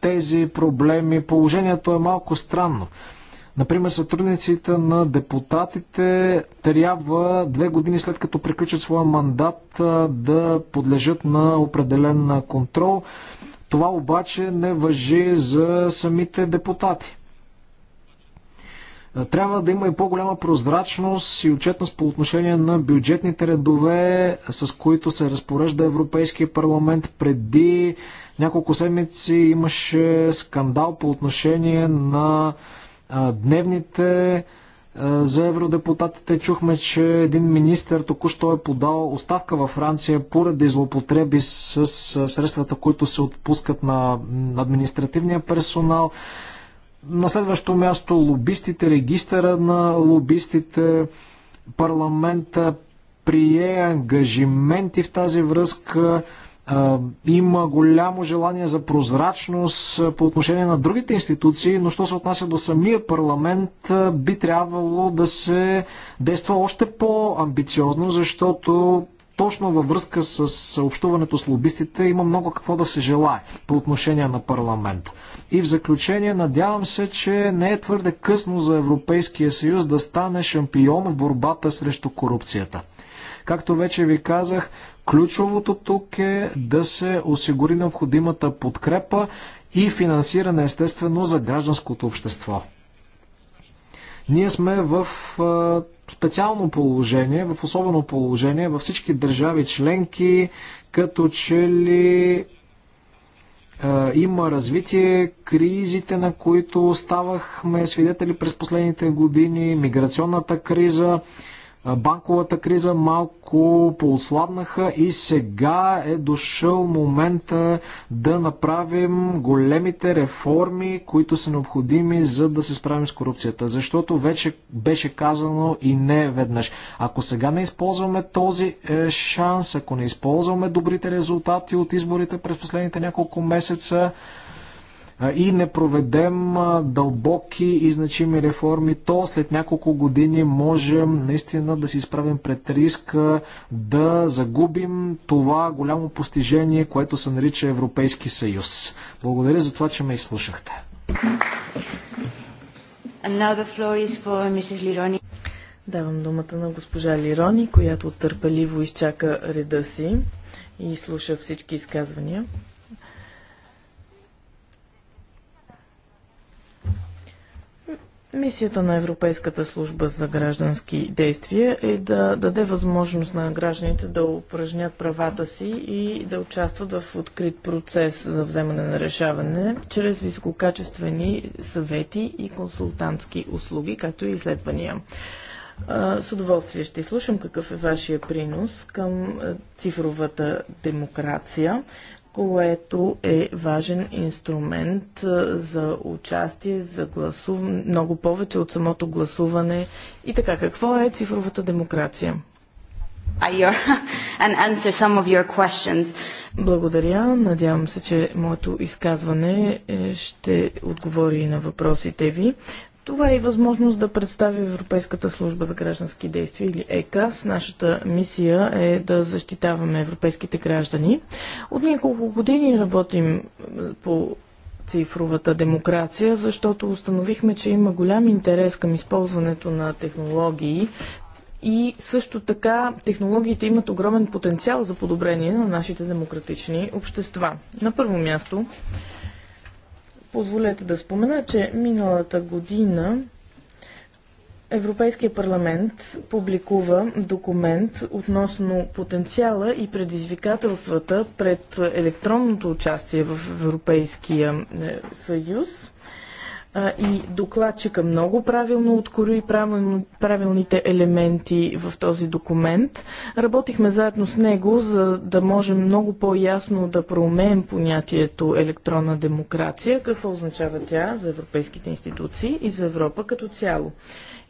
тези проблеми. Положението е малко странно. Например, сътрудниците на депутатите трябва две години след като приключат своя мандат да подлежат на определен контрол. Това обаче не въжи за самите депутати. Трябва да има и по-голяма прозрачност и отчетност по отношение на бюджетните редове, с които се разпорежда Европейския парламент. Преди няколко седмици имаше скандал по отношение на дневните за евродепутатите чухме, че един министр току-що е подал оставка във Франция поради злоупотреби с средствата, които се отпускат на административния персонал. На следващо място лобистите, регистъра на лобистите, парламента прие ангажименти в тази връзка. Има голямо желание за прозрачност по отношение на другите институции, но що се отнася до самия парламент, би трябвало да се действа още по-амбициозно, защото точно във връзка с общуването с лобистите има много какво да се желае по отношение на парламент. И в заключение надявам се, че не е твърде късно за Европейския съюз да стане шампион в борбата срещу корупцията. Както вече ви казах, Ключовото тук е да се осигури необходимата подкрепа и финансиране естествено за гражданското общество. Ние сме в специално положение, в особено положение във всички държави членки, като че ли има развитие, кризите, на които ставахме свидетели през последните години, миграционната криза, банковата криза малко поослабнаха и сега е дошъл момента да направим големите реформи, които са необходими за да се справим с корупцията. Защото вече беше казано и не веднъж. Ако сега не използваме този е, шанс, ако не използваме добрите резултати от изборите през последните няколко месеца, и не проведем дълбоки и значими реформи, то след няколко години можем наистина да се изправим пред риска да загубим това голямо постижение, което се нарича Европейски съюз. Благодаря за това, че ме изслушахте. Давам думата на госпожа Лирони, която търпеливо изчака реда си и слуша всички изказвания. Мисията на Европейската служба за граждански действия е да даде възможност на гражданите да упражнят правата си и да участват в открит процес за вземане на решаване чрез висококачествени съвети и консултантски услуги, както и изследвания. С удоволствие ще слушам какъв е вашия принос към цифровата демокрация което е важен инструмент за участие, за гласуване, много повече от самото гласуване. И така, какво е цифровата демокрация? Благодаря. Надявам се, че моето изказване е, ще отговори на въпросите ви. Това е и възможност да представи Европейската служба за граждански действия или ЕКАС. Нашата мисия е да защитаваме европейските граждани. От няколко години работим е, по цифровата демокрация, защото установихме, че има голям интерес към използването на технологии, и също така технологиите имат огромен потенциал за подобрение на нашите демократични общества. На първо място Позволете да спомена, че миналата година Европейския парламент публикува документ относно потенциала и предизвикателствата пред електронното участие в Европейския е, съюз и докладчика много правилно откори правилно, правилните елементи в този документ. Работихме заедно с него, за да можем много по-ясно да проумеем понятието електронна демокрация, какво означава тя за европейските институции и за Европа като цяло.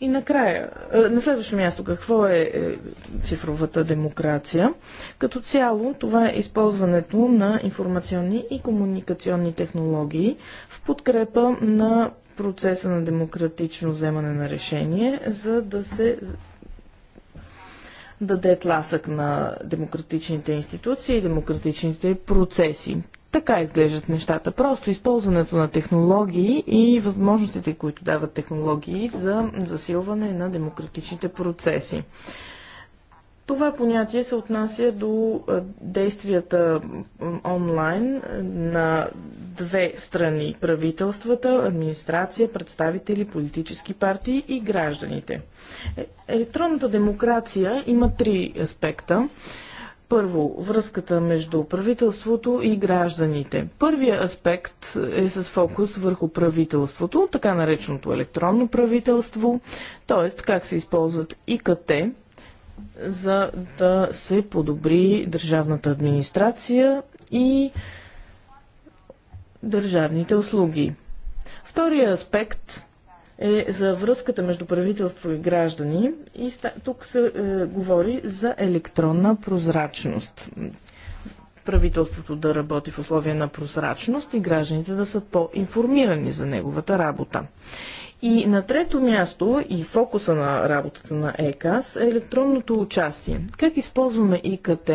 И накрая, е, на следващо място, какво е, е цифровата демокрация? Като цяло, това е използването на информационни и комуникационни технологии в подкрепа на процеса на демократично вземане на решение, за да се даде тласък на демократичните институции и демократичните процеси. Така изглеждат нещата. Просто използването на технологии и възможностите, които дават технологии за засилване на демократичните процеси. Това понятие се отнася до действията онлайн на две страни правителствата, администрация, представители, политически партии и гражданите. Е, електронната демокрация има три аспекта. Първо, връзката между правителството и гражданите. Първият аспект е с фокус върху правителството, така нареченото електронно правителство, т.е. как се използват ИКТ, за да се подобри държавната администрация и държавните услуги. Втория аспект е за връзката между правителство и граждани и тук се е, говори за електронна прозрачност. Правителството да работи в условия на прозрачност и гражданите да са по-информирани за неговата работа. И на трето място и фокуса на работата на ЕКАС е електронното участие. Как използваме ИКТ,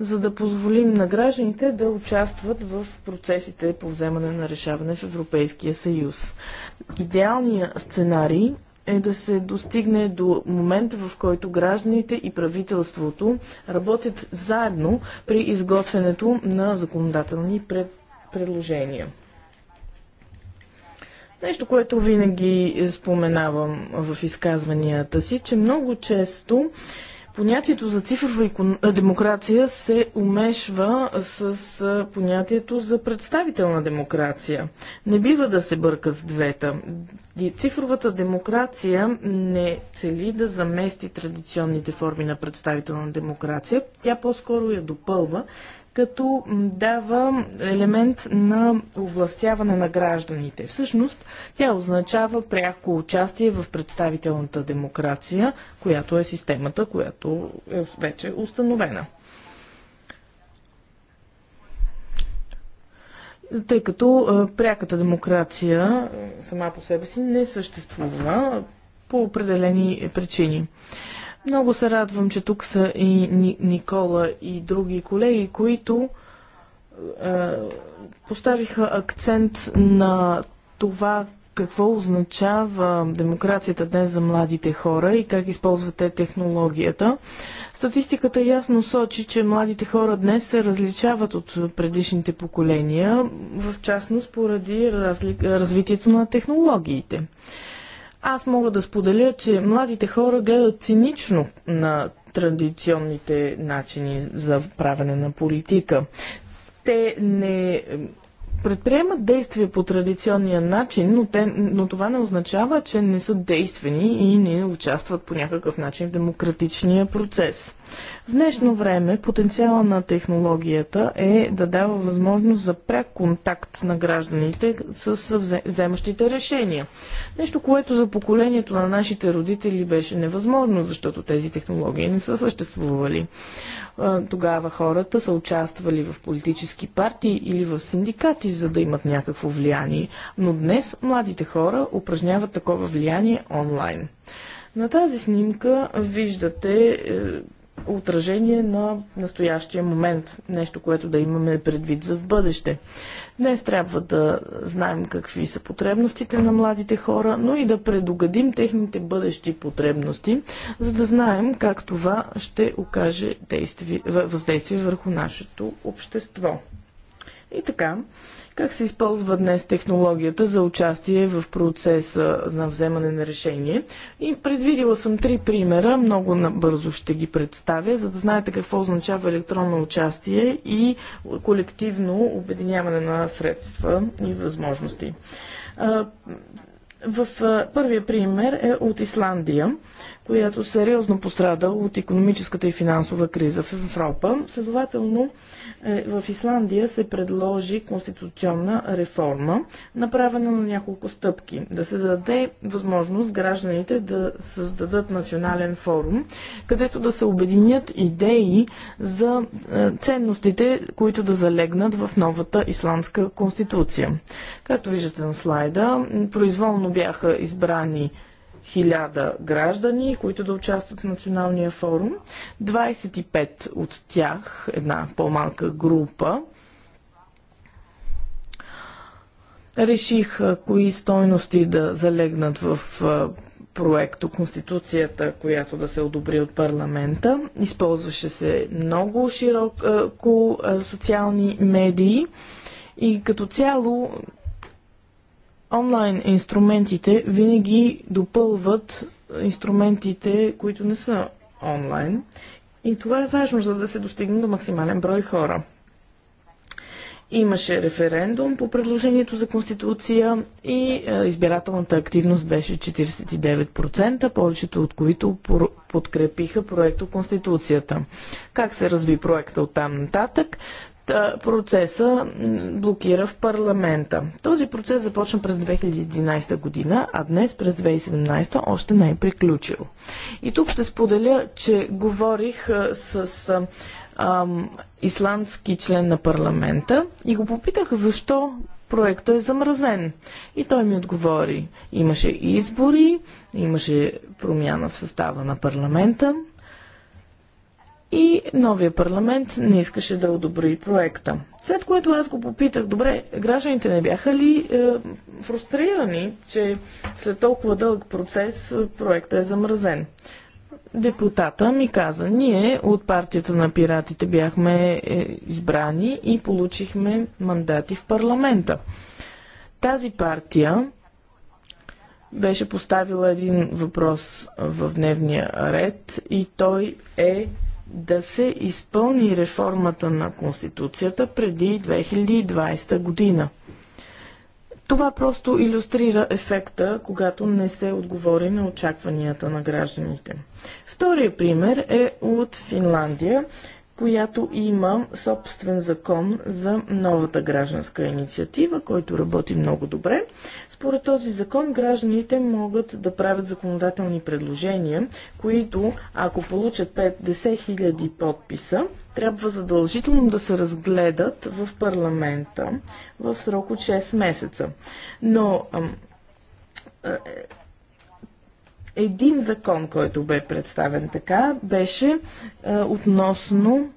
за да позволим на гражданите да участват в процесите по вземане на решаване в Европейския съюз? Идеалният сценарий е да се достигне до момента, в който гражданите и правителството работят заедно при изготвянето на законодателни предложения. Нещо, което винаги е, споменавам в изказванията си, че много често понятието за цифрова демокрация се умешва с понятието за представителна демокрация. Не бива да се бъркат двете. Цифровата демокрация не цели да замести традиционните форми на представителна демокрация, тя по-скоро я допълва, като дава елемент на овластяване на гражданите. Всъщност, тя означава пряко участие в представителната демокрация, която е системата, която е вече установена. Тъй като пряката демокрация сама по себе си не съществува по определени причини. Много се радвам, че тук са и Никола и други колеги, които е, поставиха акцент на това какво означава демокрацията днес за младите хора и как използвате технологията. Статистиката ясно сочи, че младите хора днес се различават от предишните поколения, в частност поради разли... развитието на технологиите. Аз мога да споделя, че младите хора гледат цинично на традиционните начини за правене на политика. Те не предприемат действия по традиционния начин, но, те, но това не означава, че не са действени и не участват по някакъв начин в демократичния процес. В днешно време потенциала на технологията е да дава възможност за пряк контакт на гражданите с вземащите решения. Нещо, което за поколението на нашите родители беше невъзможно, защото тези технологии не са съществували. Тогава хората са участвали в политически партии или в синдикати, за да имат някакво влияние. Но днес младите хора упражняват такова влияние онлайн. На тази снимка виждате е, отражение на настоящия момент. Нещо, което да имаме предвид за в бъдеще. Днес трябва да знаем какви са потребностите на младите хора, но и да предугадим техните бъдещи потребности, за да знаем как това ще окаже действие, въздействие върху нашето общество. И така, как се използва днес технологията за участие в процеса на вземане на решение? И предвидила съм три примера, много набързо ще ги представя, за да знаете какво означава електронно участие и колективно обединяване на средства и възможности. В първия пример е от Исландия, която сериозно пострада от економическата и финансова криза в Европа. Следователно, е, в Исландия се предложи конституционна реформа, направена на няколко стъпки. Да се даде възможност гражданите да създадат национален форум, където да се обединят идеи за е, ценностите, които да залегнат в новата исландска конституция. Както виждате на слайда, произволно бяха избрани 1000 граждани, които да участват в националния форум. 25 от тях, една по-малка група, реших кои стойности да залегнат в проекто Конституцията, която да се одобри от парламента. Използваше се много широко социални медии и като цяло онлайн инструментите винаги допълват инструментите, които не са онлайн. И това е важно, за да се достигне до максимален брой хора. Имаше референдум по предложението за Конституция и е, избирателната активност беше 49%, повечето от които подкрепиха проекто Конституцията. Как се разви проекта от там нататък? процеса блокира в парламента. Този процес започна през 2011 година, а днес през 2017 още не е приключил. И тук ще споделя, че говорих с ам, исландски член на парламента и го попитах защо проектът е замразен. И той ми отговори, имаше избори, имаше промяна в състава на парламента, и новия парламент не искаше да одобри проекта. След което аз го попитах, добре, гражданите не бяха ли е, фрустрирани, че след толкова дълъг процес е, проектът е замразен? Депутата ми каза, ние от партията на пиратите бяхме е, избрани и получихме мандати в парламента. Тази партия беше поставила един въпрос в дневния ред и той е да се изпълни реформата на Конституцията преди 2020 година. Това просто иллюстрира ефекта, когато не се отговори на очакванията на гражданите. Втория пример е от Финландия, която има собствен закон за новата гражданска инициатива, който работи много добре. Според този закон гражданите могат да правят законодателни предложения, които, ако получат 50 000 подписа, трябва задължително да се разгледат в парламента в срок от 6 месеца. Но един закон, който бе представен така, беше е, относно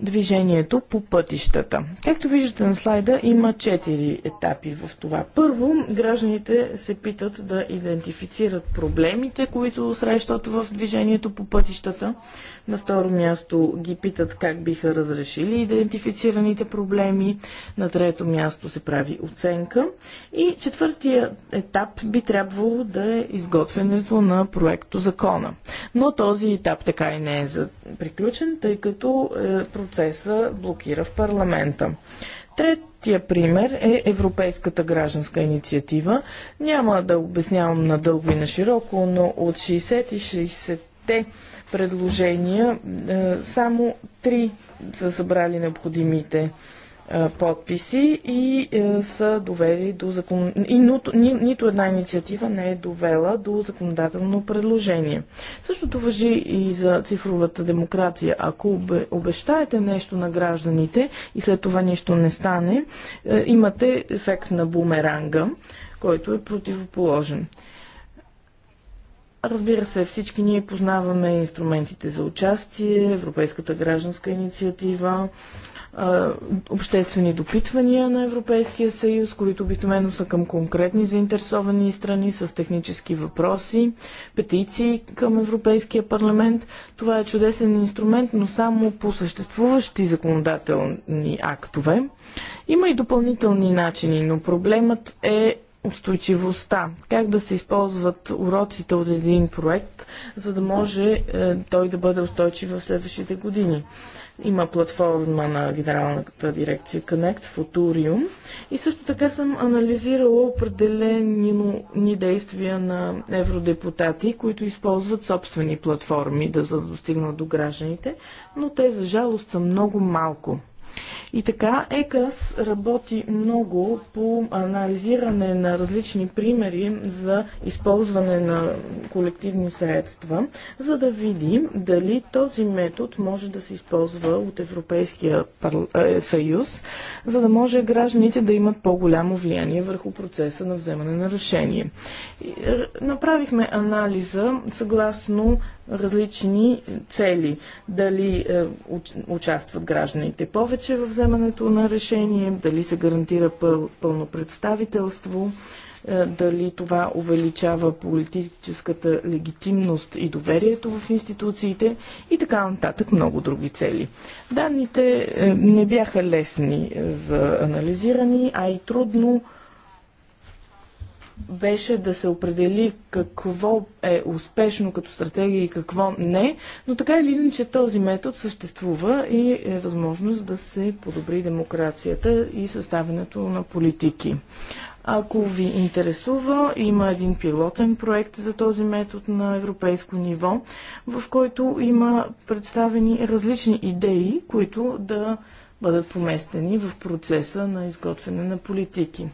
движението по пътищата. Както виждате на слайда, има четири етапи в това. Първо, гражданите се питат да идентифицират проблемите, които срещат в движението по пътищата. На второ място ги питат как биха разрешили идентифицираните проблеми. На трето място се прави оценка. И четвъртия етап би трябвало да е изготвянето на проекто закона. Но този етап така и не е приключен, тъй като е, процеса блокира в парламента. Третия пример е Европейската гражданска инициатива. Няма да обяснявам надълго и на широко, но от 60 и 60-те предложения. Е, само три са събрали необходимите е, подписи и е, са довели до закон... и нито, ни, нито една инициатива не е довела до законодателно предложение. Същото въжи и за цифровата демокрация. Ако обещаете нещо на гражданите и след това нищо не стане, имате ефект на бумеранга, който е противоположен. Разбира се, всички ние познаваме инструментите за участие, Европейската гражданска инициатива, обществени допитвания на Европейския съюз, които обикновено са към конкретни заинтересовани страни с технически въпроси, петиции към Европейския парламент. Това е чудесен инструмент, но само по съществуващи законодателни актове. Има и допълнителни начини, но проблемът е устойчивостта, как да се използват уроците от един проект, за да може е, той да бъде устойчив в следващите години. Има платформа на Генералната дирекция Connect, Futurium и също така съм анализирала определени ни действия на евродепутати, които използват собствени платформи да за достигнат до гражданите, но те за жалост са много малко. И така ЕКАС работи много по анализиране на различни примери за използване на колективни средства, за да видим дали този метод може да се използва от Европейския е, съюз, за да може гражданите да имат по-голямо влияние върху процеса на вземане на решение. Направихме анализа съгласно различни цели. Дали е, участват гражданите повече в вземането на решение, дали се гарантира пъл, пълно представителство, е, дали това увеличава политическата легитимност и доверието в институциите и така нататък много други цели. Данните е, не бяха лесни е, за анализирани, а и трудно беше да се определи какво е успешно като стратегия и какво не, но така или иначе този метод съществува и е възможност да се подобри демокрацията и съставянето на политики. Ако ви интересува, има един пилотен проект за този метод на европейско ниво, в който има представени различни идеи, които да бъдат поместени в процеса на изготвяне на политики.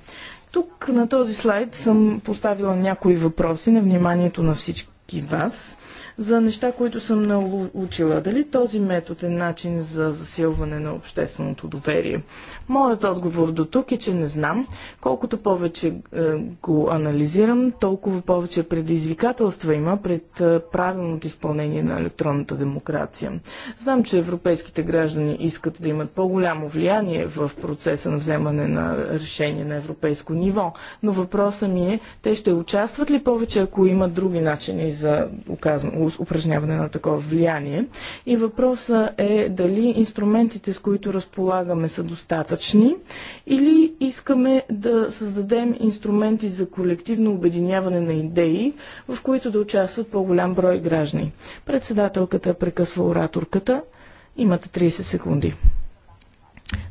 Тук на този слайд съм поставила някои въпроси на вниманието на всички вас за неща, които съм научила. Дали този метод е начин за засилване на общественото доверие? Моят отговор до тук е, че не знам. Колкото повече е, го анализирам, толкова повече предизвикателства има пред е, правилното изпълнение на електронната демокрация. Знам, че европейските граждани искат да имат по-голямо влияние в процеса на вземане на решение на европейско ниво, но въпросът ми е, те ще участват ли повече, ако имат други начини за оказване упражняване на такова влияние. И въпросът е дали инструментите, с които разполагаме, са достатъчни или искаме да създадем инструменти за колективно обединяване на идеи, в които да участват по-голям брой граждани. Председателката прекъсва ораторката. Имате 30 секунди.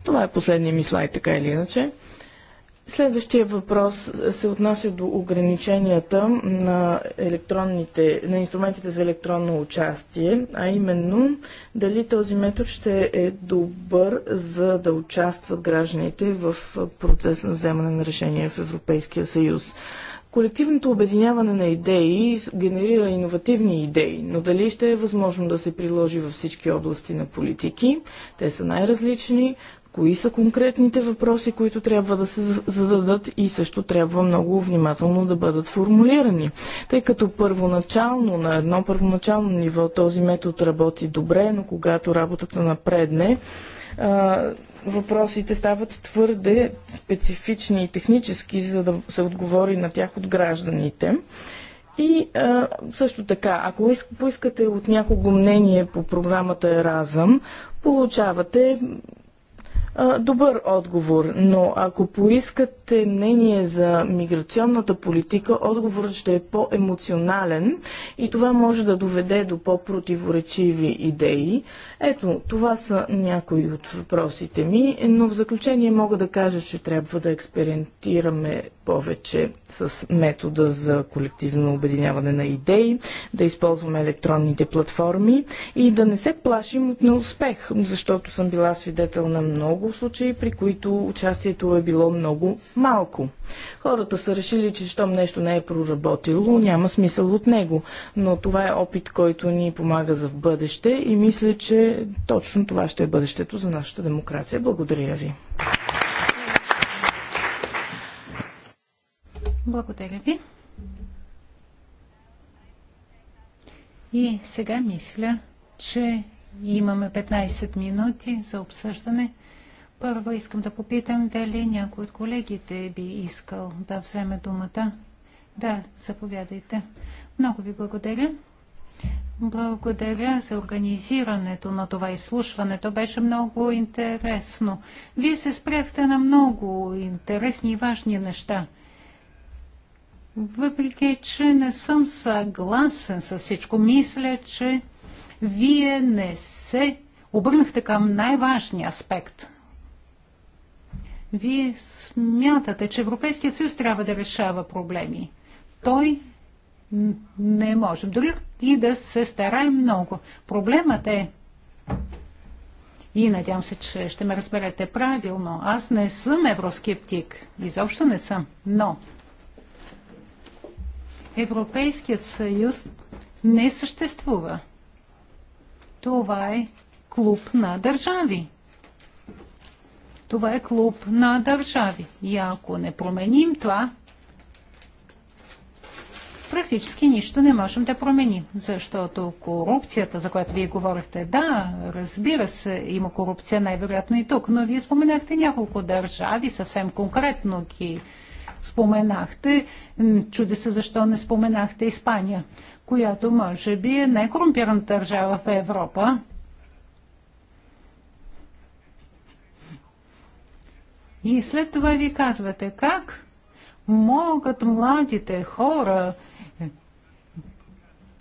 Това е последния ми слайд, така или иначе. Следващия въпрос се отнася до ограниченията на, електронните, на инструментите за електронно участие, а именно дали този метод ще е добър за да участват гражданите в процес на вземане на решения в Европейския съюз. Колективното обединяване на идеи генерира иновативни идеи, но дали ще е възможно да се приложи във всички области на политики, те са най-различни, кои са конкретните въпроси, които трябва да се зададат и също трябва много внимателно да бъдат формулирани. Тъй като първоначално, на едно първоначално ниво този метод работи добре, но когато работата напредне, въпросите стават твърде специфични и технически, за да се отговори на тях от гражданите. И а, също така, ако поискате от някого мнение по програмата Еразъм, получавате добър отговор, но ако поискате мнение за миграционната политика, отговорът ще е по-емоционален и това може да доведе до по-противоречиви идеи. Ето, това са някои от въпросите ми, но в заключение мога да кажа, че трябва да експериментираме повече с метода за колективно обединяване на идеи, да използваме електронните платформи и да не се плашим от неуспех, защото съм била свидетел на много случаи, при които участието е било много малко. Хората са решили, че щом нещо не е проработило, няма смисъл от него. Но това е опит, който ни помага за в бъдеще и мисля, че точно това ще е бъдещето за нашата демокрация. Благодаря ви. Благодаря ви. И сега мисля, че имаме 15 минути за обсъждане. Първо искам да попитам дали някой от колегите би искал да вземе думата. Да, заповядайте. Много ви благодаря. Благодаря за организирането на това изслушване. То беше много интересно. Вие се спряхте на много интересни и важни неща въпреки че не съм съгласен с всичко, мисля, че вие не се обърнахте към най-важния аспект. Вие смятате, че Европейският съюз трябва да решава проблеми. Той не може, Дори и да се стараем много. Проблемът е, и надявам се, че ще ме разберете правилно, аз не съм евроскептик. Изобщо не съм. Но Европейският съюз не съществува. Това е клуб на държави. Това е клуб на държави. И ако не променим това, практически нищо не можем да променим, защото корупцията, за която вие говорихте, да, разбира се, има корупция най-вероятно и тук, но вие споменахте няколко държави, съвсем конкретно ги споменахте. Чуди се защо не споменахте Испания, която може би е най корумпирана държава в Европа. И след това ви казвате как могат младите хора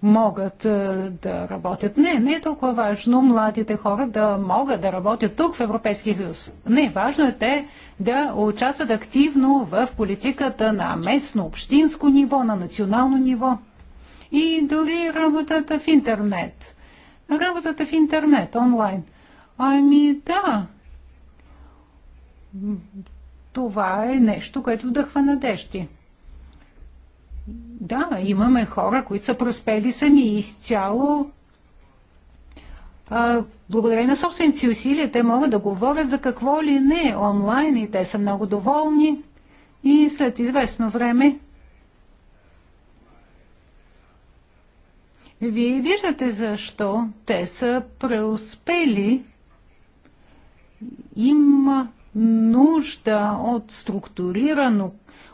могат е, да работят. Не, не е толкова важно младите хора да могат да работят тук в Европейския съюз. Не, важно е те да участват активно в политиката на местно, общинско ниво, на национално ниво и дори работата в интернет. Работата в интернет, онлайн. Ами да, това е нещо, което вдъхва надежди. Да, имаме хора, които са проспели сами изцяло. А, благодарение на собствените си усилия те могат да говорят за какво ли не онлайн и те са много доволни. И след известно време Вие виждате защо те са преуспели. Има нужда от структурирано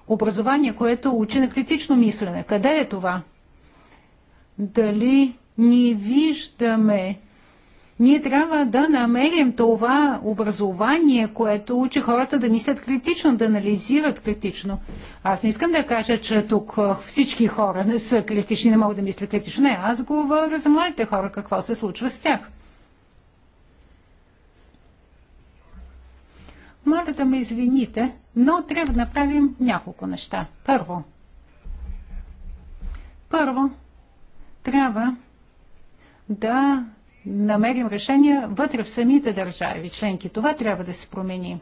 образование, което учи на критично мислене. Къде е това? Дали ни виждаме? Ние трябва да намерим това образование, което учи хората да мислят критично, да анализират критично. Аз не искам да кажа, че тук всички хора не са критични, не могат да мислят критично. Не, аз говоря за младите хора, какво се случва с тях. Моля да ме извините, но трябва да направим няколко неща. Първо, първо трябва да намерим решения вътре в самите държави членки. Това трябва да се промени.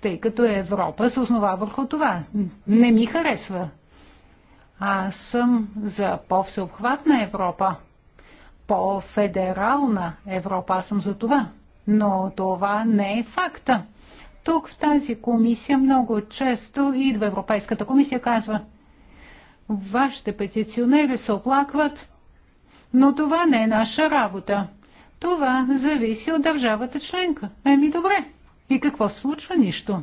Тъй като Европа се основа върху това. Не ми харесва. Аз съм за по-всеобхватна Европа, по-федерална Европа. Аз съм за това. Но това не е факта. Тук в тази комисия много често идва Европейската комисия казва Вашите петиционери се оплакват, но това не е наша работа. Това зависи от държавата членка. Еми добре. И какво случва? Нищо.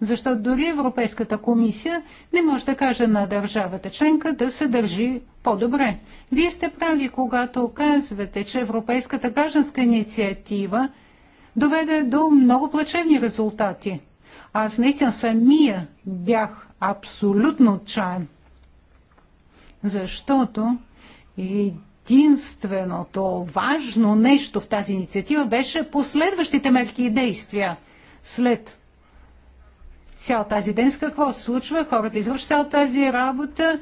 Защото дори Европейската комисия не може да каже на държавата членка да се държи по-добре. Вие сте прави, когато казвате, че Европейската гражданска инициатива – доведе до много плачевни резултати. Аз наистина самия бях абсолютно отчаян, защото единственото важно нещо в тази инициатива беше последващите мерки и действия след цял тази ден. С какво се случва? Хората извършват цял тази работа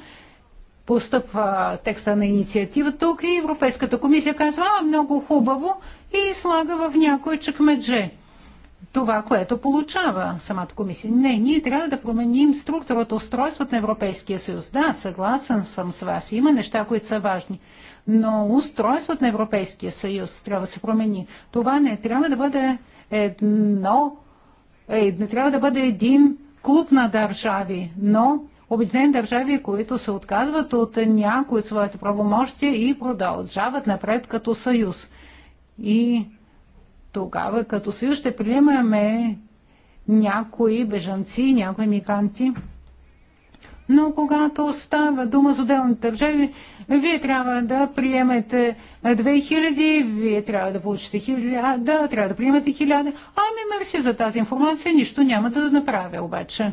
постъпва текста на инициатива тук и Европейската комисия казва, а, много хубаво и слага в някой чекмедже това, което получава самата комисия. Не, ние трябва да променим структурата, устройството на Европейския съюз. Да, съгласен съм с вас. Има неща, които са важни. Но устройството на Европейския съюз трябва да се промени. Това не трябва да бъде едно, е, не трябва да бъде един клуб на държави, но обединени държави, които се отказват от някои от своите правомощия и продължават напред като съюз. И тогава като съюз ще приемаме някои бежанци, някои мигранти. Но когато става дума за отделни държави, вие трябва да приемете 2000, вие трябва да получите 1000, трябва да приемете 1000. Ами мерси за тази информация, нищо няма да направя обаче.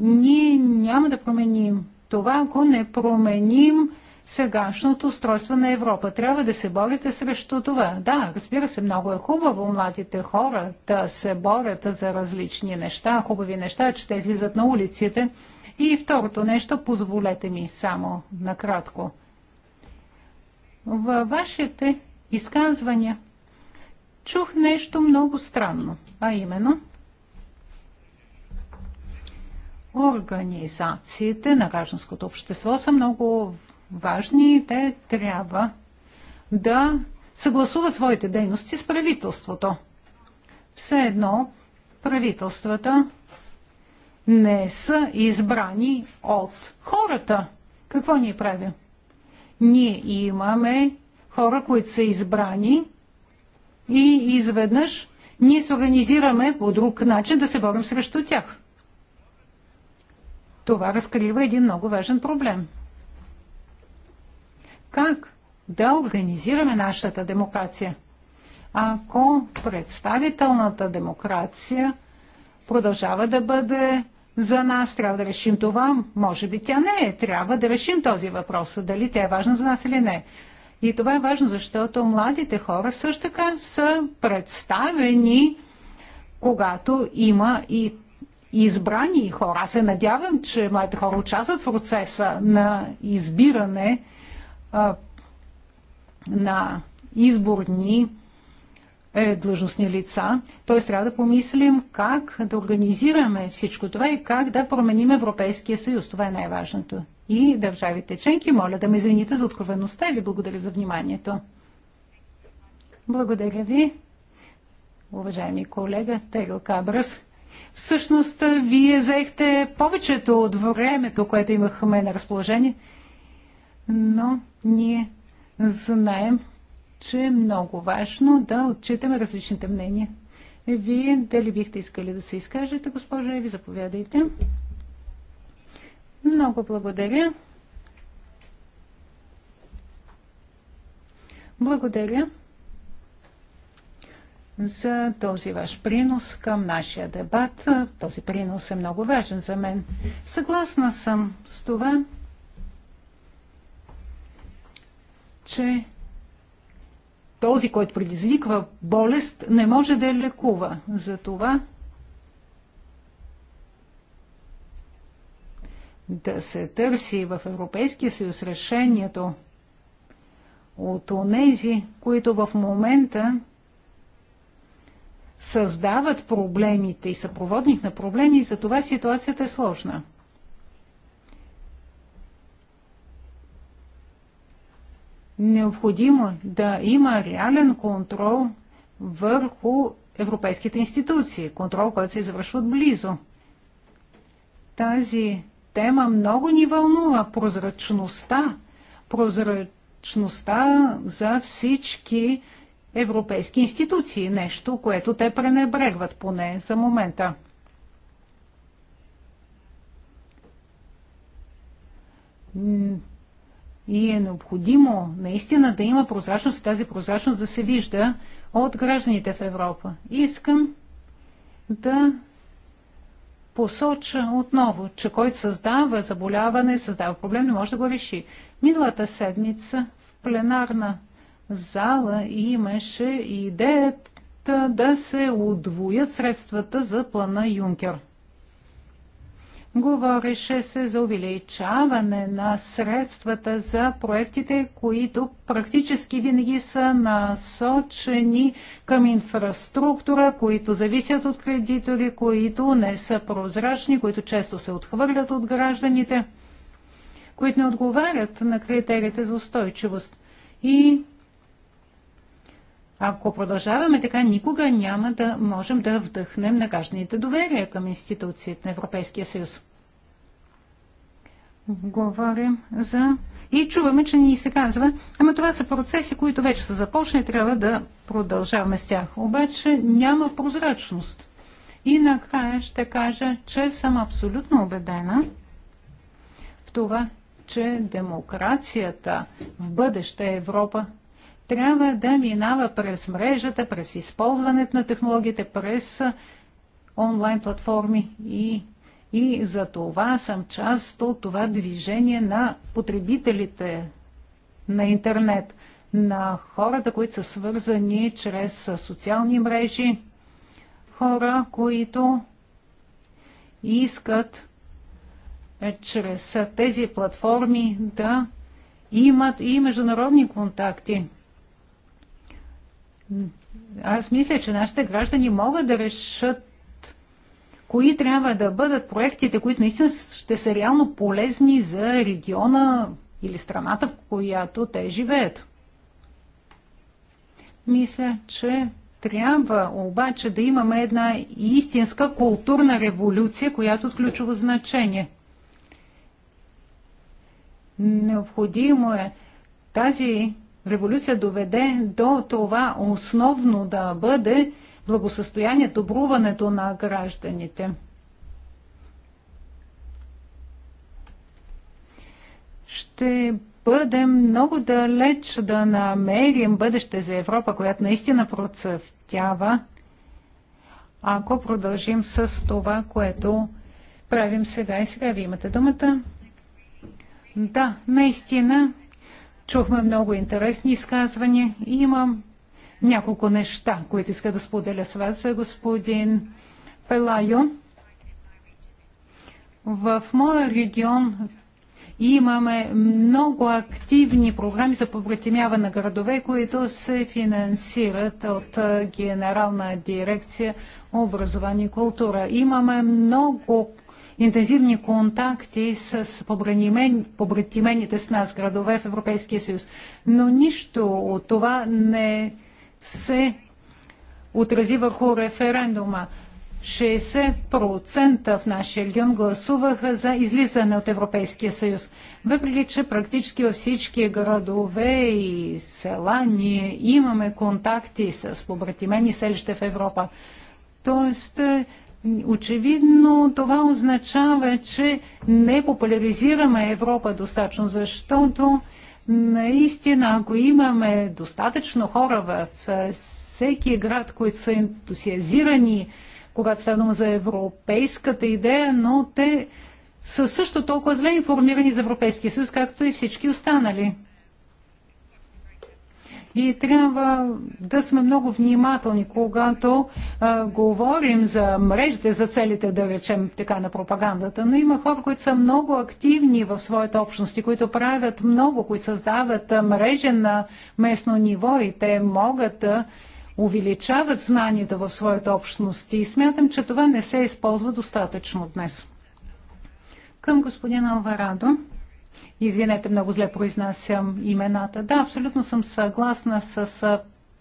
Ние няма да променим това, ако не променим сегашното устройство на Европа. Трябва да се борите срещу това. Да, разбира се, много е хубаво младите хора да се борят за различни неща, хубави неща, че те излизат на улиците. И второто нещо, позволете ми само накратко. Във вашите изказвания чух нещо много странно, а именно – Организациите на гражданското общество са много важни и те трябва да съгласуват своите дейности с правителството. Все едно правителствата не са избрани от хората. Какво ни правим? Ние имаме хора, които са избрани и изведнъж ние се организираме по друг начин да се борим срещу тях. Това разкрива един много важен проблем. Как да организираме нашата демокрация? Ако представителната демокрация продължава да бъде за нас, трябва да решим това. Може би тя не е. Трябва да решим този въпрос. Дали тя е важна за нас или не. И това е важно, защото младите хора също така са представени, когато има и избрани хора. Аз се надявам, че младите хора участват в процеса на избиране а, на изборни е, длъжностни лица. Т.е. трябва да помислим как да организираме всичко това и как да променим Европейския съюз. Това е най-важното. И държавите членки, моля да ме извините за откровеността и ви благодаря за вниманието. Благодаря ви, уважаеми колега Тегъл Кабръс. Всъщност, вие заехте повечето от времето, което имахме на разположение, но ние знаем, че е много важно да отчитаме различните мнения. Вие дали бихте искали да се изкажете, госпожа Еви, заповядайте. Много благодаря. Благодаря за този ваш принос към нашия дебат. Този принос е много важен за мен. Съгласна съм с това, че този, който предизвиква болест, не може да я лекува. Затова да се търси в Европейския съюз решението от онези, които в момента създават проблемите и съпроводник на проблеми, и за това ситуацията е сложна. Необходимо да има реален контрол върху европейските институции, контрол, който се извършва близо. Тази тема много ни вълнува прозрачността, прозрачността за всички европейски институции, нещо, което те пренебрегват поне за момента. И е необходимо наистина да има прозрачност и тази прозрачност да се вижда от гражданите в Европа. Искам да посоча отново, че който създава заболяване, създава проблем, не може да го реши. Миналата седмица в пленарна зала имаше идеята да се удвоят средствата за плана Юнкер. Говореше се за увеличаване на средствата за проектите, които практически винаги са насочени към инфраструктура, които зависят от кредитори, които не са прозрачни, които често се отхвърлят от гражданите, които не отговарят на критериите за устойчивост. И ако продължаваме така, никога няма да можем да вдъхнем на гражданите доверие към институциите на Европейския съюз. Говорим за... И чуваме, че ни се казва, ама това са процеси, които вече са започнали, трябва да продължаваме с тях. Обаче няма прозрачност. И накрая ще кажа, че съм абсолютно убедена в това, че демокрацията в бъдеща Европа трябва да минава през мрежата, през използването на технологиите, през онлайн платформи и, и за това съм част от това движение на потребителите на интернет, на хората, които са свързани чрез социални мрежи, хора, които искат чрез тези платформи да имат и международни контакти – аз мисля, че нашите граждани могат да решат кои трябва да бъдат проектите, които наистина ще са реално полезни за региона или страната, в която те живеят. Мисля, че трябва обаче да имаме една истинска културна революция, която от ключово значение. Необходимо е тази революция доведе до това основно да бъде благосъстояние, добруването на гражданите. Ще бъдем много далеч да намерим бъдеще за Европа, която наистина процъфтява, ако продължим с това, което правим сега и сега. Вие имате думата. Да, наистина Чухме много интересни изказвания. Имам няколко неща, които иска да споделя с вас. Господин Пелайо, в моя регион имаме много активни програми за побратимяване на градове, които се финансират от Генерална дирекция образование и култура. Имаме много интензивни контакти с побратимените с нас градове в Европейския съюз. Но нищо от това не се отрази върху референдума. 60% в нашия регион гласуваха за излизане от Европейския съюз. Въпреки, че практически във всички градове и села ние имаме контакти с побратимени селища в Европа. Тоест, Очевидно това означава, че не популяризираме Европа достатъчно, защото наистина, ако имаме достатъчно хора в всеки град, които са ентусиазирани, когато става дума за европейската идея, но те са също толкова зле информирани за Европейския съюз, както и всички останали. И трябва да сме много внимателни, когато а, говорим за мрежите, за целите, да речем така, на пропагандата. Но има хора, които са много активни в своите общности, които правят много, които създават мрежи на местно ниво и те могат да увеличават знанието в своите общности. И смятам, че това не се използва достатъчно днес. Към господин Алварадо. Извинете, много зле произнасям имената. Да, абсолютно съм съгласна с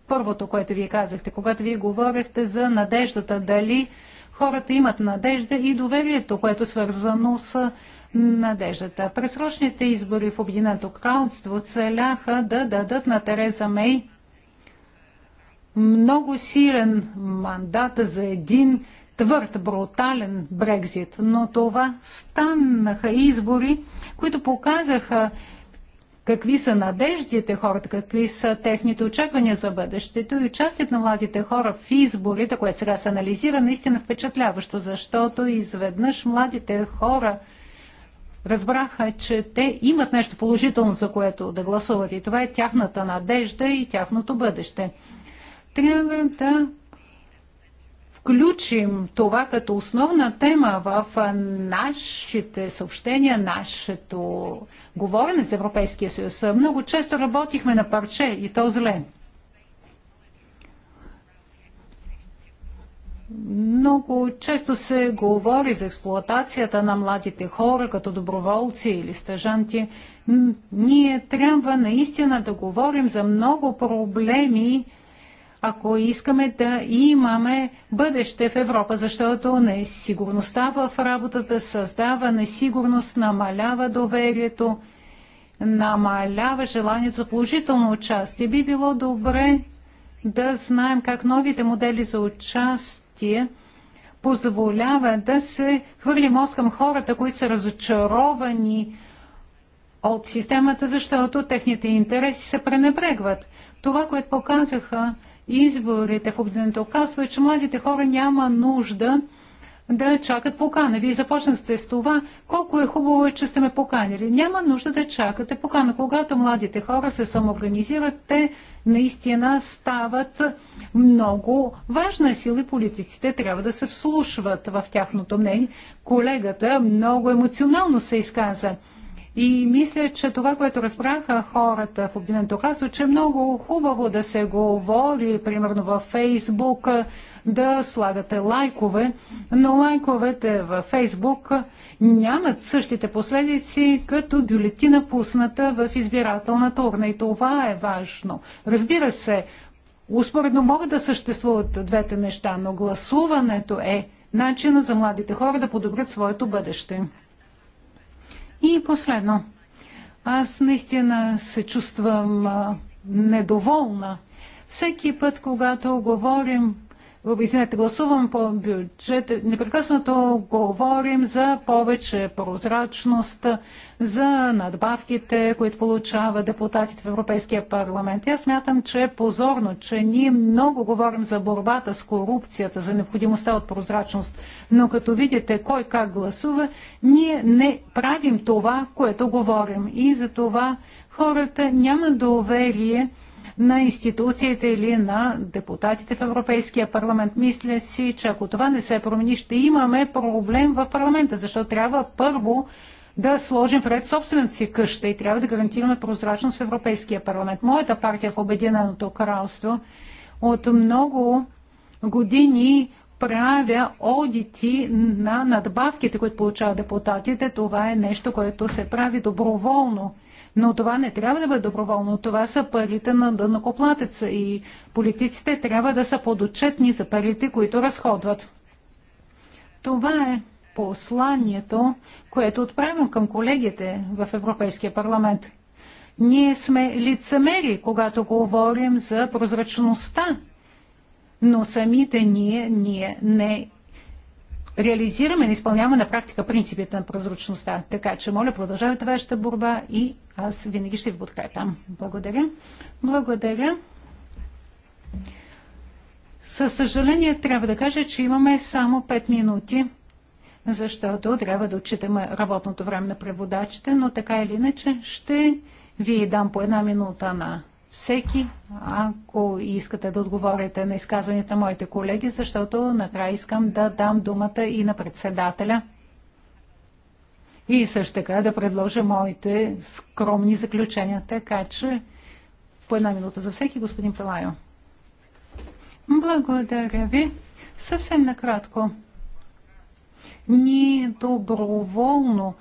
първото, което вие казахте, когато вие говорихте за надеждата, дали хората имат надежда и доверието, което е свързано с надеждата. Пресрочните избори в Обединеното кралство целяха да дадат на Тереза Мей много силен мандат за един твърд, брутален Брекзит, но това станаха избори, които показаха какви са надеждите хората, какви са техните очаквания за бъдещето и участието на младите хора в изборите, което сега се анализира, наистина впечатляващо, защото изведнъж младите хора разбраха, че те имат нещо положително, за което да гласуват и това е тяхната надежда и тяхното бъдеще. Трябва да включим това като основна тема в нашите съобщения, нашето говорене с Европейския съюз. Много често работихме на парче и то зле. Много често се говори за експлоатацията на младите хора като доброволци или стъжанти. Ние трябва наистина да говорим за много проблеми, ако искаме да имаме бъдеще в Европа, защото несигурността в работата създава несигурност, намалява доверието, намалява желанието за положително участие. Би било добре да знаем как новите модели за участие позволява да се хвърли мозък към хората, които са разочаровани от системата, защото техните интереси се пренебрегват. Това, което показаха изборите в Обединеното оказва, че младите хора няма нужда да чакат покана. Вие започнахте с това, колко е хубаво, че сте ме поканили. Няма нужда да чакате покана. Когато младите хора се самоорганизират, те наистина стават много важна сила и политиците трябва да се вслушват в тяхното мнение. Колегата много емоционално се изказа. И мисля, че това, което разбраха хората в Обединеното казва, че е много хубаво да се говори, примерно във Фейсбук, да слагате лайкове, но лайковете във Фейсбук нямат същите последици, като бюлетина пусната в избирателната урна. И това е важно. Разбира се, успоредно могат да съществуват двете неща, но гласуването е начина за младите хора да подобрят своето бъдеще. И последно, аз наистина се чувствам недоволна. Всеки път, когато говорим Извинете, гласувам по бюджет. Непрекъснато говорим за повече прозрачност, за надбавките, които получават депутатите в Европейския парламент. Аз смятам, че е позорно, че ние много говорим за борбата с корупцията, за необходимостта от прозрачност, но като видите кой как гласува, ние не правим това, което говорим. И за това хората нямат доверие на институциите или на депутатите в Европейския парламент. Мисля си, че ако това не се промени, ще имаме проблем в парламента, защото трябва първо да сложим вред собствената си къща и трябва да гарантираме прозрачност в Европейския парламент. Моята партия в Обединеното кралство от много години правя одити на надбавките, които получават депутатите. Това е нещо, което се прави доброволно. Но това не трябва да бъде доброволно. Това са парите на дънокоплатеца и политиците трябва да са подотчетни за парите, които разходват. Това е посланието, което отправям към колегите в Европейския парламент. Ние сме лицемери, когато говорим за прозрачността, но самите ние, ние не реализираме, не изпълняваме на практика принципите на прозрачността. Така че, моля, продължавайте вашата борба и аз винаги ще ви подкрепям. Благодаря. Благодаря. Със съжаление трябва да кажа, че имаме само 5 минути, защото трябва да отчитаме работното време на преводачите, но така или иначе ще ви дам по една минута на всеки, ако искате да отговорите на изказванията моите колеги, защото накрая искам да дам думата и на председателя. И също така да предложа моите скромни заключения. Така че по една минута за всеки, господин Пелайо. Благодаря ви. Съвсем накратко. Ние доброволно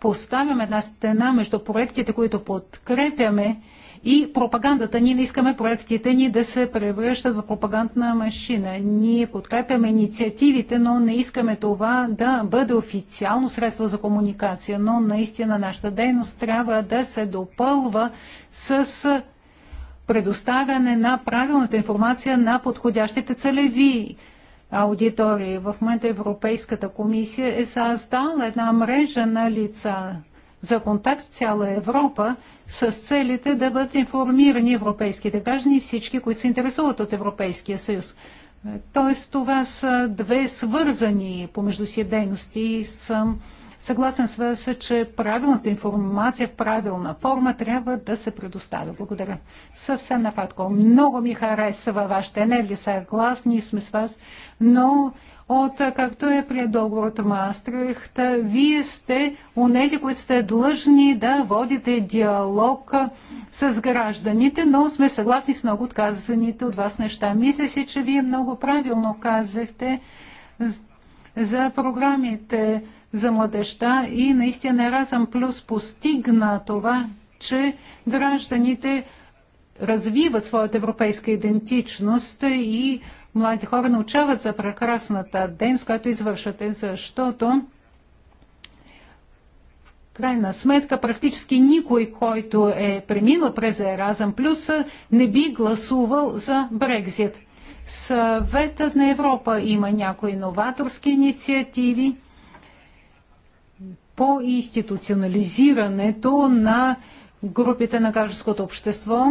поставяме една стена между проектите, които подкрепяме и пропагандата. Ние не искаме проектите ни да се превръщат в пропагандна машина. Ние подкрепяме инициативите, но не искаме това да бъде официално средство за комуникация. Но наистина нашата дейност трябва да се допълва с предоставяне на правилната информация на подходящите целеви аудитории. В момента Европейската комисия е създала една мрежа на лица за контакт с цяла Европа с целите да бъдат информирани европейските граждани и всички, които се интересуват от Европейския съюз. Тоест това са две свързани помежду си дейности и съм съгласен с вас, че правилната информация в правилна форма трябва да се предоставя. Благодаря. Съвсем нападко. Много ми харесва вашата енергия, съгласни сме с вас, но от както е при договорът Мастрихт. Вие сте нези, които сте длъжни да водите диалог с гражданите, но сме съгласни с много отказаните от вас неща. Мисля си, че вие много правилно казахте за програмите за младеща и наистина разъм, Плюс постигна това, че гражданите развиват своята европейска идентичност и младите хора научават за прекрасната дейност, която извършвате, защото в крайна сметка практически никой, който е преминал през Еразъм Плюс, не би гласувал за Брекзит. Съветът на Европа има някои новаторски инициативи по институционализирането на групите на гражданското общество,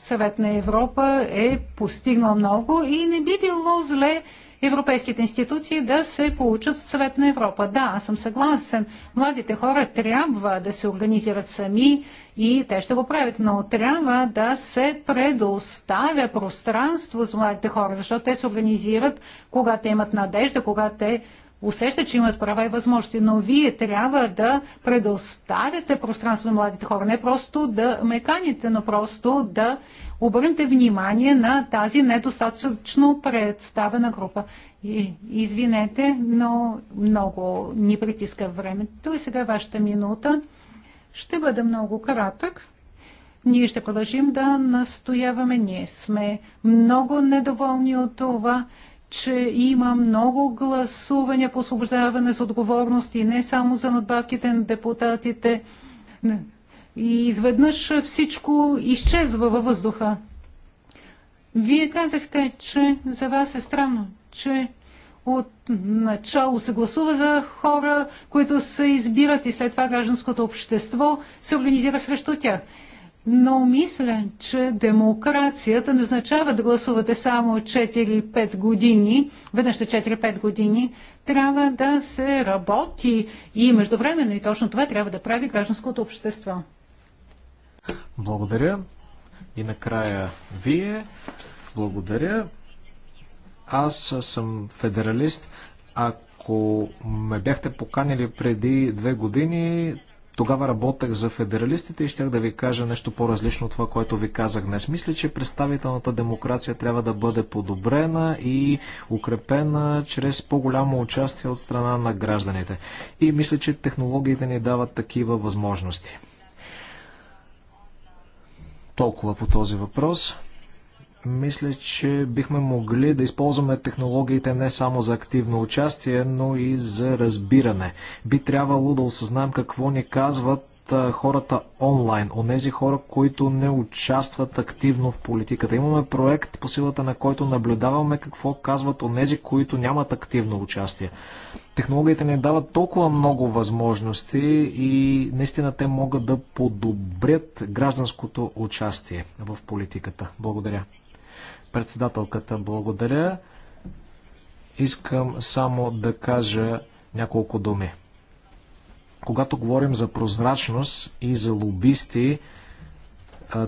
Съвет на Европа е постигнал много и не би било зле европейските институции да се получат от Съвет на Европа. Да, аз съм съгласен. Младите хора трябва да се организират сами и те ще го правят, но трябва да се предоставя пространство за младите хора, защото те се организират, когато имат надежда, когато те усещат, че имат права и възможности, но вие трябва да предоставяте пространство на младите хора. Не просто да меканите, но просто да обърнете внимание на тази недостатъчно представена група. И, извинете, но много ни притиска времето и сега е вашата минута. Ще бъде много кратък. Ние ще продължим да настояваме. Ние сме много недоволни от това, че има много гласуване по освобождаване с отговорност и не само за надбавките на депутатите. И изведнъж всичко изчезва във въздуха. Вие казахте, че за вас е странно, че от начало се гласува за хора, които се избират и след това гражданското общество се организира срещу тях но мисля, че демокрацията не означава да гласувате само 4-5 години, веднъж 4-5 години, трябва да се работи и междувременно и точно това трябва да прави гражданското общество. Благодаря. И накрая вие. Благодаря. Аз съм федералист. Ако ме бяхте поканили преди две години, тогава работех за федералистите и щях да ви кажа нещо по-различно от това, което ви казах днес. Мисля, че представителната демокрация трябва да бъде подобрена и укрепена чрез по-голямо участие от страна на гражданите. И мисля, че технологиите ни дават такива възможности. Толкова по този въпрос. Мисля, че бихме могли да използваме технологиите не само за активно участие, но и за разбиране. Би трябвало да осъзнаем какво ни казват хората онлайн, онези хора, които не участват активно в политиката. Имаме проект, по силата на който наблюдаваме какво казват онези, които нямат активно участие. Технологиите ни дават толкова много възможности и наистина те могат да подобрят гражданското участие в политиката. Благодаря. Председателката, благодаря. Искам само да кажа няколко думи. Когато говорим за прозрачност и за лобисти,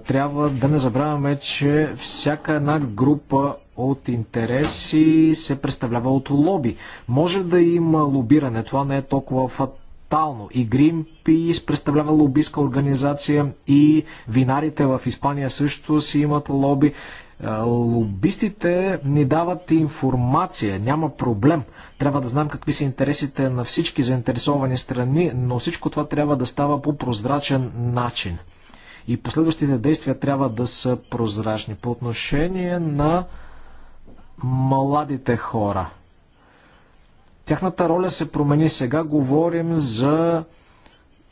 трябва да не забравяме, че всяка една група от интереси се представлява от лоби. Може да има лобиране, това не е толкова фатално. И Greenpeace представлява лобистка организация, и винарите в Испания също си имат лоби. Лобистите ни дават информация, няма проблем. Трябва да знам какви са интересите на всички заинтересовани страни, но всичко това трябва да става по прозрачен начин. И последващите действия трябва да са прозрачни. По отношение на младите хора. Тяхната роля се промени. Сега говорим за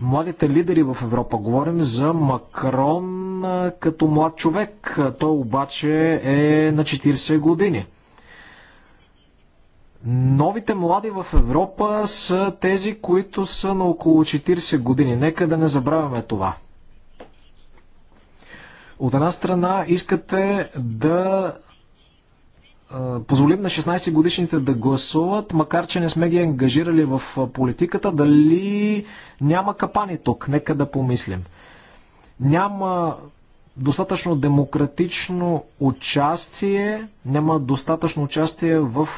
младите лидери в Европа. Говорим за Макрон като млад човек. Той обаче е на 40 години. Новите млади в Европа са тези, които са на около 40 години. Нека да не забравяме това. От една страна искате да позволим на 16 годишните да гласуват, макар че не сме ги ангажирали в политиката, дали няма капани тук? Нека да помислим. Няма достатъчно демократично участие, няма достатъчно участие в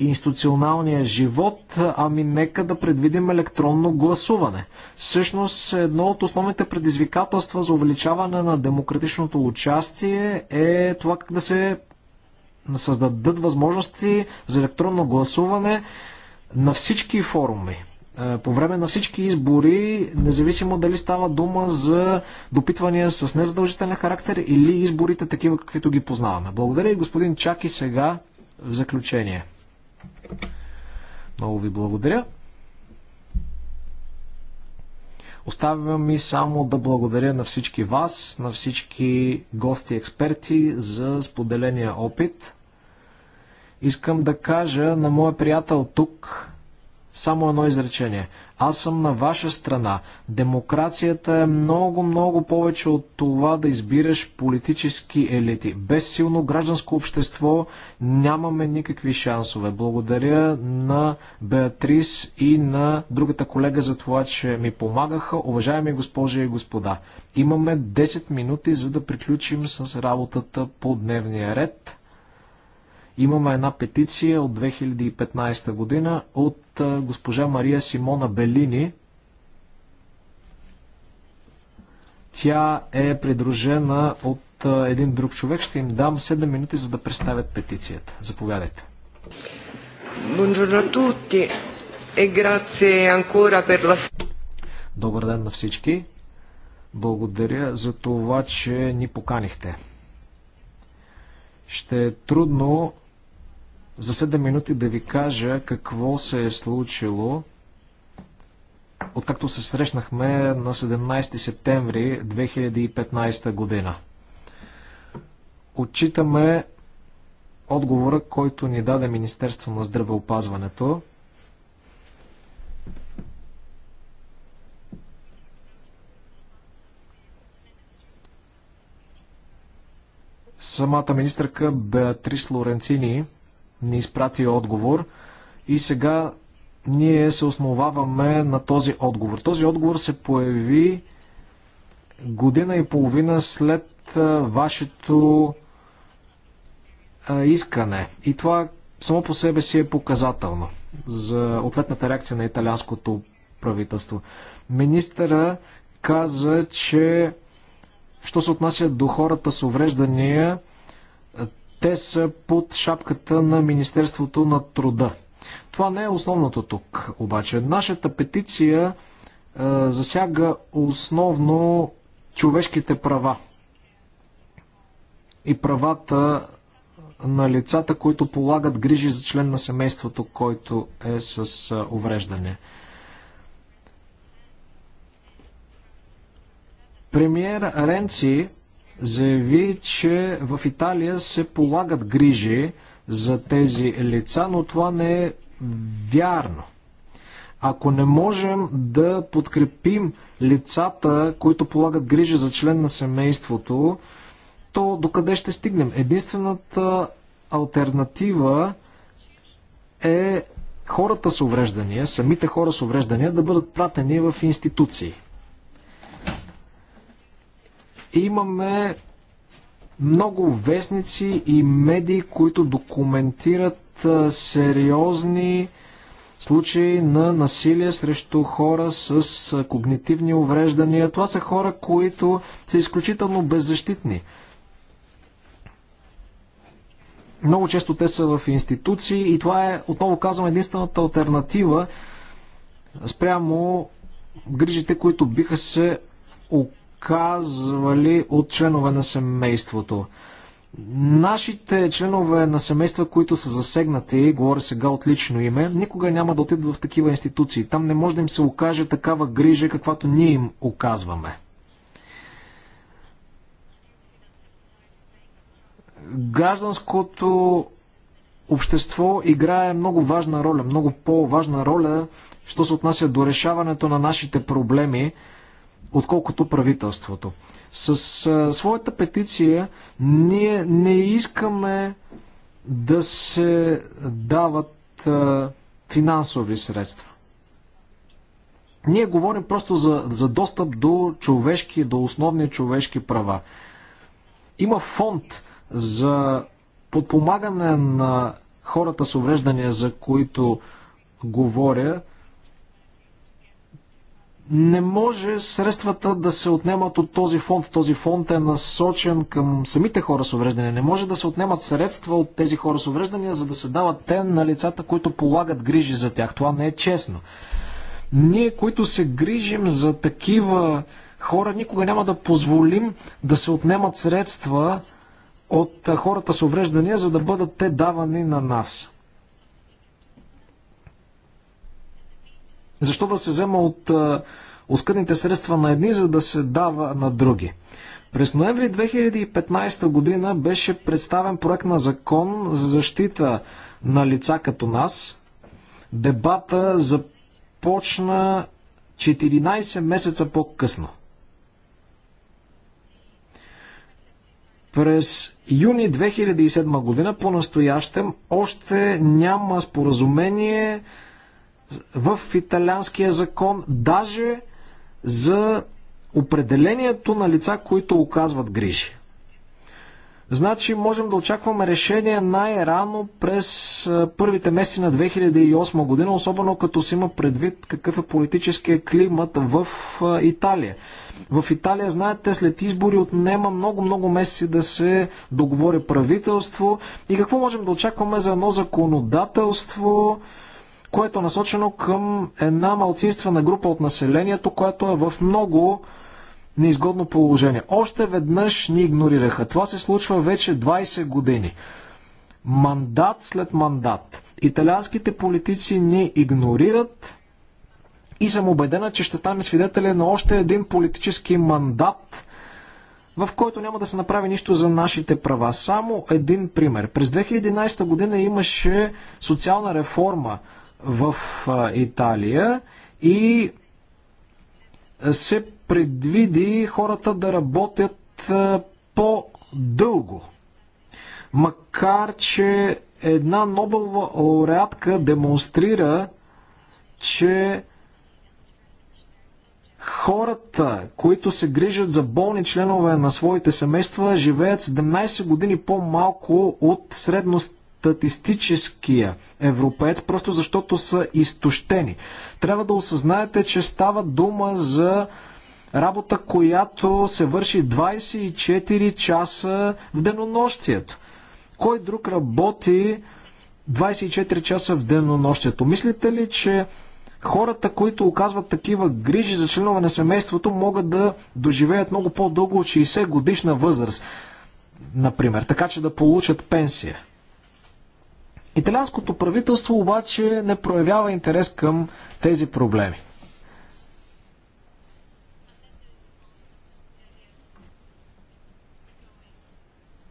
институционалния живот, ами нека да предвидим електронно гласуване. Всъщност, едно от основните предизвикателства за увеличаване на демократичното участие е това как да се създадат възможности за електронно гласуване на всички форуми е, по време на всички избори, независимо дали става дума за допитвания с незадължителен характер или изборите такива, каквито ги познаваме. Благодаря и господин Чаки сега в заключение. Много ви благодаря. Оставя ми само да благодаря на всички вас, на всички гости и експерти за споделения опит. Искам да кажа на моя приятел тук само едно изречение. Аз съм на ваша страна. Демокрацията е много, много повече от това да избираш политически елити. Без силно гражданско общество нямаме никакви шансове. Благодаря на Беатрис и на другата колега за това, че ми помагаха. Уважаеми госпожи и господа, имаме 10 минути, за да приключим с работата по дневния ред. Имаме една петиция от 2015 година от госпожа Мария Симона Белини. Тя е придружена от един друг човек. Ще им дам 7 минути, за да представят петицията. Заповядайте. E Добър ден на всички. Благодаря за това, че ни поканихте. Ще е трудно за 7 минути да ви кажа какво се е случило откакто се срещнахме на 17 септември 2015 година. Отчитаме отговора, който ни даде Министерство на здравеопазването. Самата министърка Беатрис Лоренцини ни изпрати отговор и сега ние се основаваме на този отговор. Този отговор се появи година и половина след вашето искане. И това само по себе си е показателно за ответната реакция на италианското правителство. Министъра каза, че що се отнася до хората с увреждания, те са под шапката на Министерството на труда. Това не е основното тук, обаче. Нашата петиция е, засяга основно човешките права и правата на лицата, които полагат грижи за член на семейството, който е с е, увреждане. Премьер Ренци заяви, че в Италия се полагат грижи за тези лица, но това не е вярно. Ако не можем да подкрепим лицата, които полагат грижи за член на семейството, то докъде ще стигнем? Единствената альтернатива е хората с увреждания, самите хора с увреждания да бъдат пратени в институции – Имаме много вестници и медии, които документират сериозни случаи на насилие срещу хора с когнитивни увреждания. Това са хора, които са изключително беззащитни. Много често те са в институции и това е, отново казвам, единствената альтернатива спрямо грижите, които биха се казвали от членове на семейството. Нашите членове на семейства, които са засегнати, говоря сега от лично име, никога няма да отидат в такива институции. Там не може да им се окаже такава грижа, каквато ние им оказваме. Гражданското общество играе много важна роля, много по-важна роля, що се отнася до решаването на нашите проблеми отколкото правителството. С а, своята петиция ние не искаме да се дават а, финансови средства. Ние говорим просто за, за достъп до човешки, до основни човешки права. Има фонд за подпомагане на хората с увреждания, за които говоря, не може средствата да се отнемат от този фонд. Този фонд е насочен към самите хора с увреждания. Не може да се отнемат средства от тези хора с увреждания, за да се дават те на лицата, които полагат грижи за тях. Това не е честно. Ние, които се грижим за такива хора, никога няма да позволим да се отнемат средства от хората с увреждания, за да бъдат те давани на нас. Защо да се взема от оскъдните средства на едни, за да се дава на други? През ноември 2015 година беше представен проект на закон за защита на лица като нас. Дебата започна 14 месеца по-късно. През юни 2007 година по-настоящем още няма споразумение в италианския закон, даже за определението на лица, които оказват грижи. Значи можем да очакваме решение най-рано през първите месеци на 2008 година, особено като се има предвид какъв е политическия климат в Италия. В Италия, знаете, след избори отнема много-много месеци да се договори правителство. И какво можем да очакваме за едно законодателство, което е насочено към една малцинствена група от населението, която е в много неизгодно положение. Още веднъж ни игнорираха. Това се случва вече 20 години. Мандат след мандат. Италианските политици ни игнорират и съм убедена, че ще станем свидетели на още един политически мандат, в който няма да се направи нищо за нашите права. Само един пример. През 2011 година имаше социална реформа в Италия и се предвиди хората да работят по-дълго. Макар, че една Нобелова лауреатка демонстрира, че хората, които се грижат за болни членове на своите семейства, живеят 17 години по-малко от средност статистическия европеец, просто защото са изтощени. Трябва да осъзнаете, че става дума за работа, която се върши 24 часа в денонощието. Кой друг работи 24 часа в денонощието? Мислите ли, че хората, които оказват такива грижи за членове на семейството, могат да доживеят много по-дълго от 60 годишна възраст, например, така че да получат пенсия? Италианското правителство обаче не проявява интерес към тези проблеми.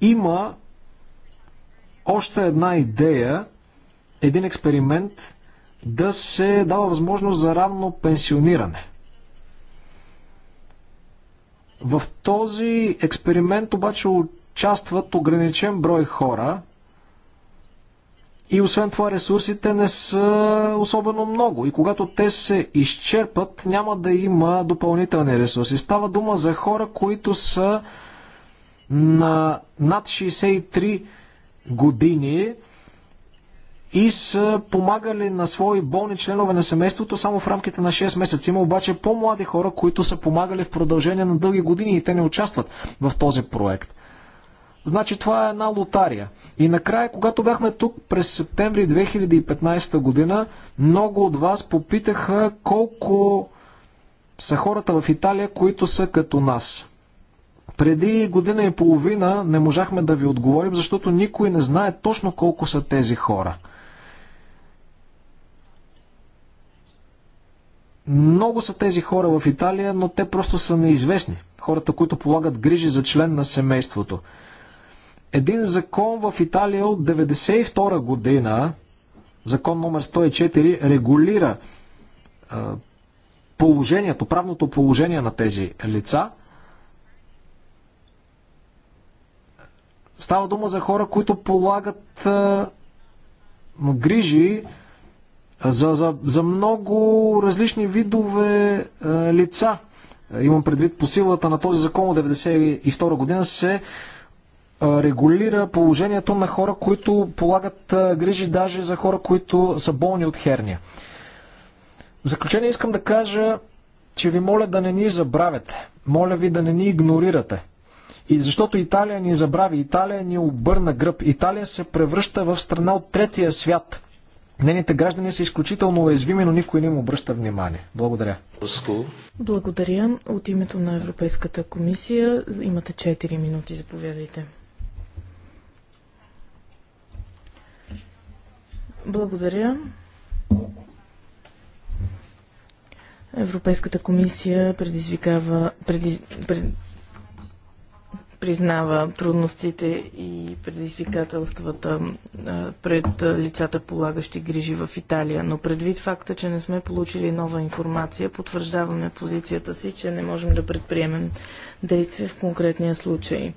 Има още една идея, един експеримент да се дава възможност за равно пенсиониране. В този експеримент обаче участват ограничен брой хора – и освен това ресурсите не са особено много. И когато те се изчерпат, няма да има допълнителни ресурси. Става дума за хора, които са на над 63 години и са помагали на свои болни членове на семейството само в рамките на 6 месеца. Има обаче по-млади хора, които са помагали в продължение на дълги години и те не участват в този проект. Значи това е една лотария. И накрая, когато бяхме тук през септември 2015 година, много от вас попитаха колко са хората в Италия, които са като нас. Преди година и половина не можахме да ви отговорим, защото никой не знае точно колко са тези хора. Много са тези хора в Италия, но те просто са неизвестни. Хората, които полагат грижи за член на семейството един закон в Италия от 1992 година, закон номер 104, регулира положението, правното положение на тези лица. Става дума за хора, които полагат грижи за, за, за много различни видове лица. Имам предвид по силата на този закон от 1992 година се регулира положението на хора, които полагат грижи даже за хора, които са болни от херния. В заключение искам да кажа, че ви моля да не ни забравяте. Моля ви да не ни игнорирате. И защото Италия ни забрави, Италия ни обърна гръб, Италия се превръща в страна от третия свят. Нените граждани са изключително уязвими, но никой не им обръща внимание. Благодаря. Благодаря. От името на Европейската комисия имате 4 минути. Заповядайте. Благодаря. Европейската комисия предизвикава, преди, пред, признава трудностите и предизвикателствата пред лицата полагащи грижи в Италия, но предвид факта, че не сме получили нова информация, потвърждаваме позицията си, че не можем да предприемем действия в конкретния случай.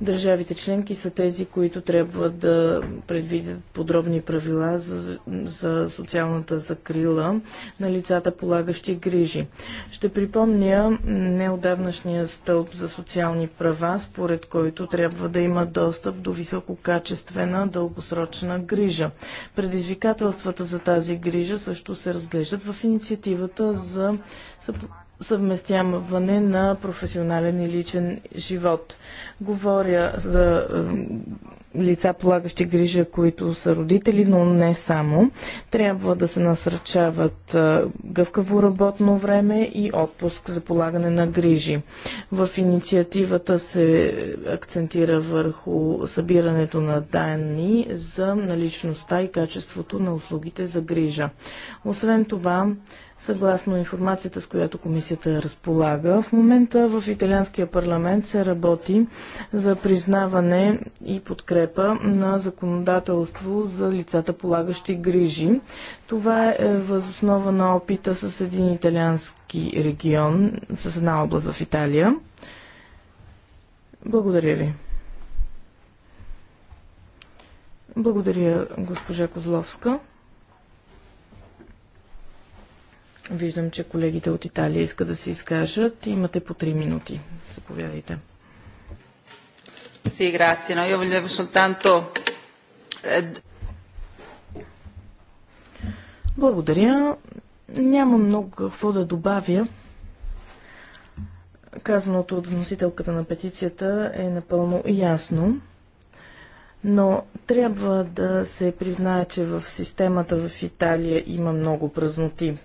Държавите членки са тези, които трябва да предвидят подробни правила за, за социалната закрила на лицата, полагащи грижи. Ще припомня неодавнашния стълб за социални права, според който трябва да има достъп до висококачествена дългосрочна грижа. Предизвикателствата за тази грижа също се разглеждат в инициативата за съвместяване на професионален и личен живот. Говоря за лица, полагащи грижа, които са родители, но не само. Трябва да се насърчават е, гъвкаво работно време и отпуск за полагане на грижи. В инициативата се акцентира върху събирането на данни за наличността и качеството на услугите за грижа. Освен това, Съгласно информацията, с която комисията разполага, в момента в Италианския парламент се работи за признаване и подкрепа на законодателство за лицата полагащи грижи. Това е възоснова на опита с един италиански регион, с една област в Италия. Благодаря ви. Благодаря, госпожа Козловска. Виждам, че колегите от Италия искат да се изкажат. Имате по 3 минути. Заповядайте. Sì, grazie. No, io volevo soltanto... Eh, Благодаря. Няма много какво да добавя. Казаното от вносителката на петицията е напълно ясно. Но трябва да се признае, че в системата в Италия има много празноти.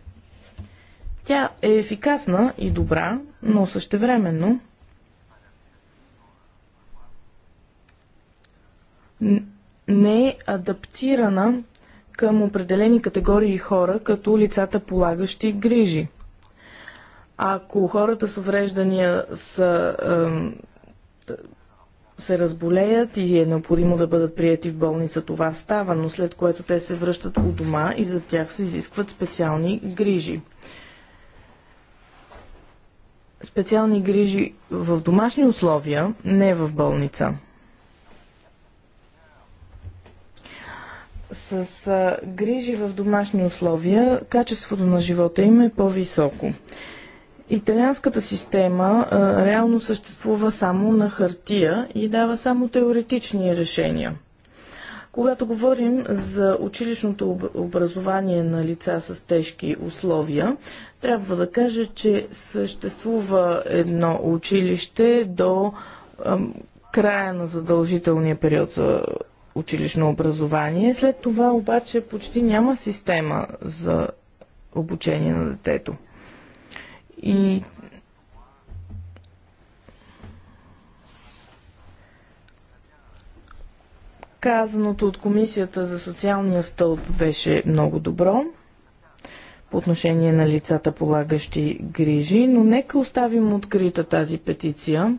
Тя е ефикасна и добра, но същевременно не е адаптирана към определени категории хора, като лицата полагащи грижи. Ако хората с увреждания са, е, се разболеят и е необходимо да бъдат прияти в болница, това става, но след което те се връщат у дома и за тях се изискват специални грижи специални грижи в домашни условия, не в болница. с а, грижи в домашни условия, качеството на живота им е по-високо. Италианската система а, реално съществува само на хартия и дава само теоретични решения. Когато говорим за училищното образование на лица с тежки условия, трябва да кажа, че съществува едно училище до ам, края на задължителния период за училищно образование. След това обаче почти няма система за обучение на детето. И казаното от Комисията за социалния стълб беше много добро по отношение на лицата полагащи грижи, но нека оставим открита тази петиция,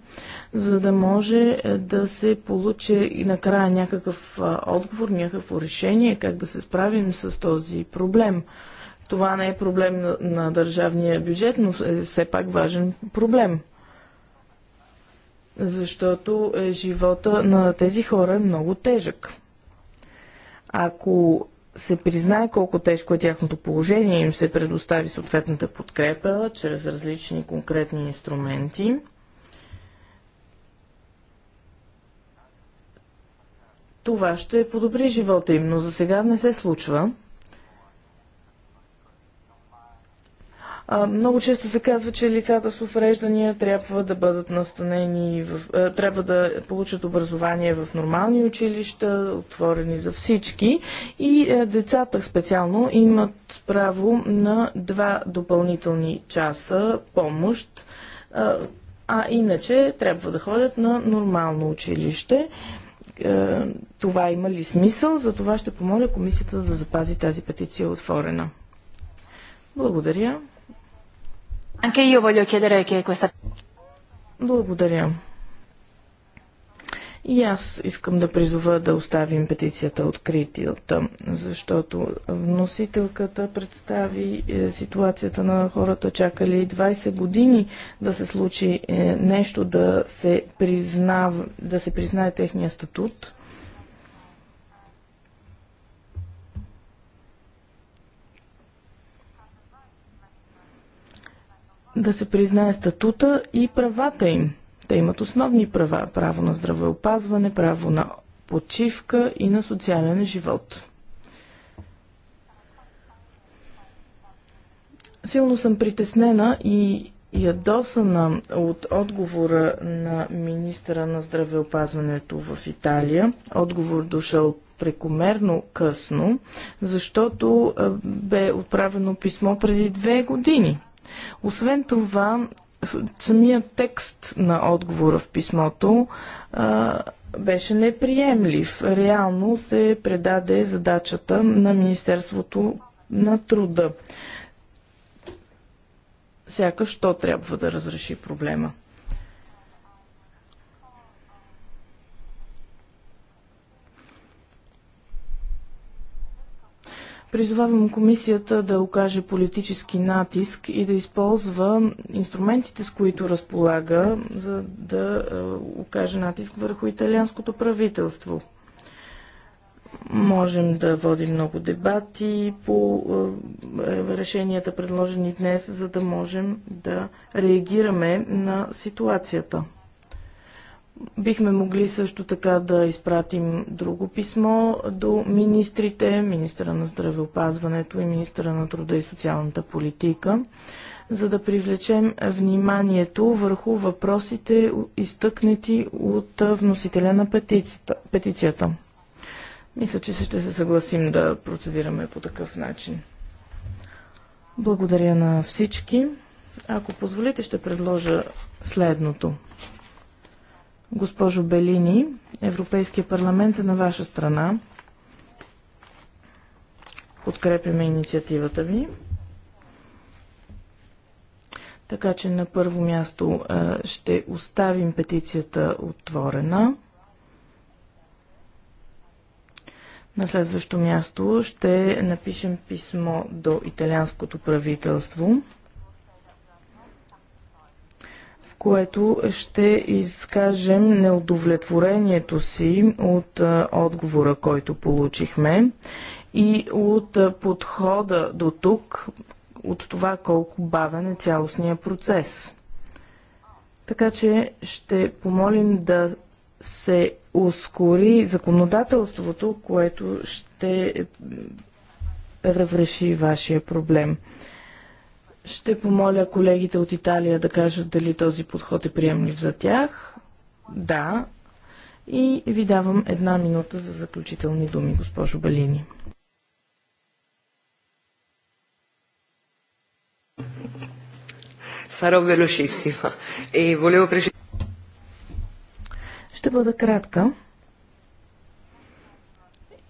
за да може е, да се получи и накрая някакъв отговор, някакво решение как да се справим с този проблем. Това не е проблем на, на държавния бюджет, но е все пак важен проблем. Защото е, живота на тези хора е много тежък. Ако се признае колко тежко е тяхното положение и им се предостави съответната подкрепа чрез различни конкретни инструменти. Това ще подобри живота им, но за сега не се случва. А, много често се казва, че лицата с увреждания трябва да бъдат настанени, в, трябва да получат образование в нормални училища, отворени за всички. И децата специално имат право на два допълнителни часа помощ. А, а иначе трябва да ходят на нормално училище това има ли смисъл, за това ще помоля комисията да запази тази петиция отворена. Благодаря. Anche io voglio chiedere che questa... Благодаря. И аз искам да призова да оставим петицията откритията, защото вносителката представи е, ситуацията на хората, чакали 20 години да се случи е, нещо, да се, признава, да се признае техния статут. да се признае статута и правата им. Те имат основни права право на здравеопазване, право на почивка и на социален живот. Силно съм притеснена и ядосана от отговора на министра на здравеопазването в Италия. Отговор дошъл прекомерно късно, защото бе отправено писмо преди две години – освен това, самият текст на отговора в писмото а, беше неприемлив. Реално се предаде задачата на Министерството на труда. Сякаш то трябва да разреши проблема. Призовавам комисията да окаже политически натиск и да използва инструментите, с които разполага, за да е, окаже натиск върху италианското правителство. Можем да водим много дебати по е, е, решенията, предложени днес, за да можем да реагираме на ситуацията. Бихме могли също така да изпратим друго писмо до министрите, министра на здравеопазването и министра на труда и социалната политика, за да привлечем вниманието върху въпросите, изтъкнати от вносителя на петицията. петицията. Мисля, че ще се съгласим да процедираме по такъв начин. Благодаря на всички. Ако позволите, ще предложа следното. Госпожо Белини, Европейския парламент е на ваша страна. Подкрепяме инициативата ви. Така че на първо място ще оставим петицията отворена. На следващо място ще напишем писмо до италианското правителство. което ще изкажем неудовлетворението си от отговора, който получихме и от подхода до тук, от това колко бавен е цялостния процес. Така че ще помолим да се ускори законодателството, което ще разреши вашия проблем. Ще помоля колегите от Италия да кажат дали този подход е приемлив за тях. Да. И ви давам една минута за заключителни думи, госпожо Балини. velocissima. E volevo Ще бъда кратка.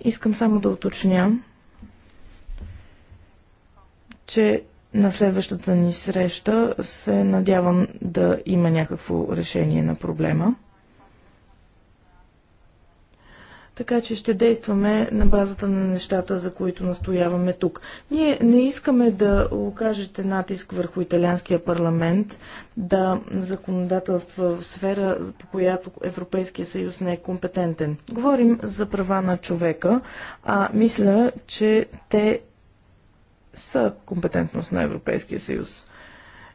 Искам само да уточня, че на следващата ни среща се надявам да има някакво решение на проблема. Така че ще действаме на базата на нещата, за които настояваме тук. Ние не искаме да окажете натиск върху италианския парламент да законодателства в сфера, по която Европейския съюз не е компетентен. Говорим за права на човека, а мисля, че те са компетентност на Европейския съюз.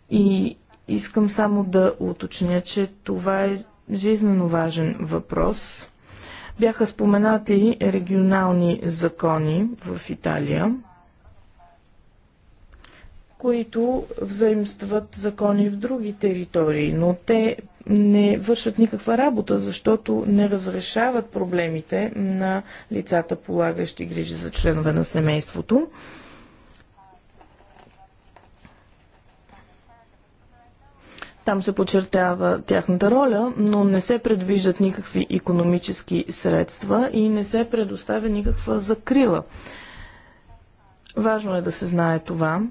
И искам само да уточня, че това е жизненно важен въпрос. Бяха споменати регионални закони в Италия, които взаимстват закони в други територии, но те не вършат никаква работа, защото не разрешават проблемите на лицата, полагащи грижи за членове на семейството. Там се подчертава тяхната роля, но не се предвиждат никакви економически средства и не се предоставя никаква закрила. Важно е да се знае това.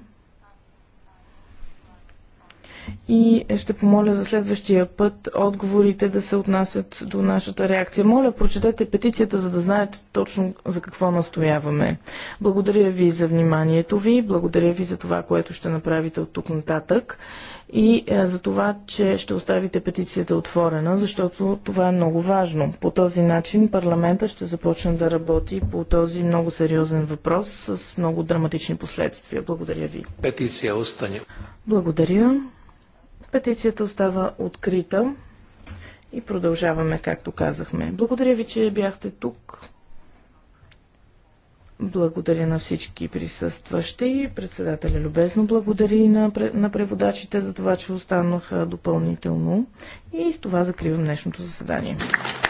И ще помоля за следващия път отговорите да се отнасят до нашата реакция. Моля, прочетете петицията, за да знаете точно за какво настояваме. Благодаря ви за вниманието ви, благодаря ви за това, което ще направите от тук нататък и е, за това, че ще оставите петицията отворена, защото това е много важно. По този начин парламента ще започне да работи по този много сериозен въпрос с много драматични последствия. Благодаря ви. Петиция остане. Благодаря. Петицията остава открита и продължаваме, както казахме. Благодаря ви, че бяхте тук. Благодаря на всички присъстващи. Председателя любезно благодари на, на преводачите за това, че останаха допълнително. И с това закривам днешното заседание.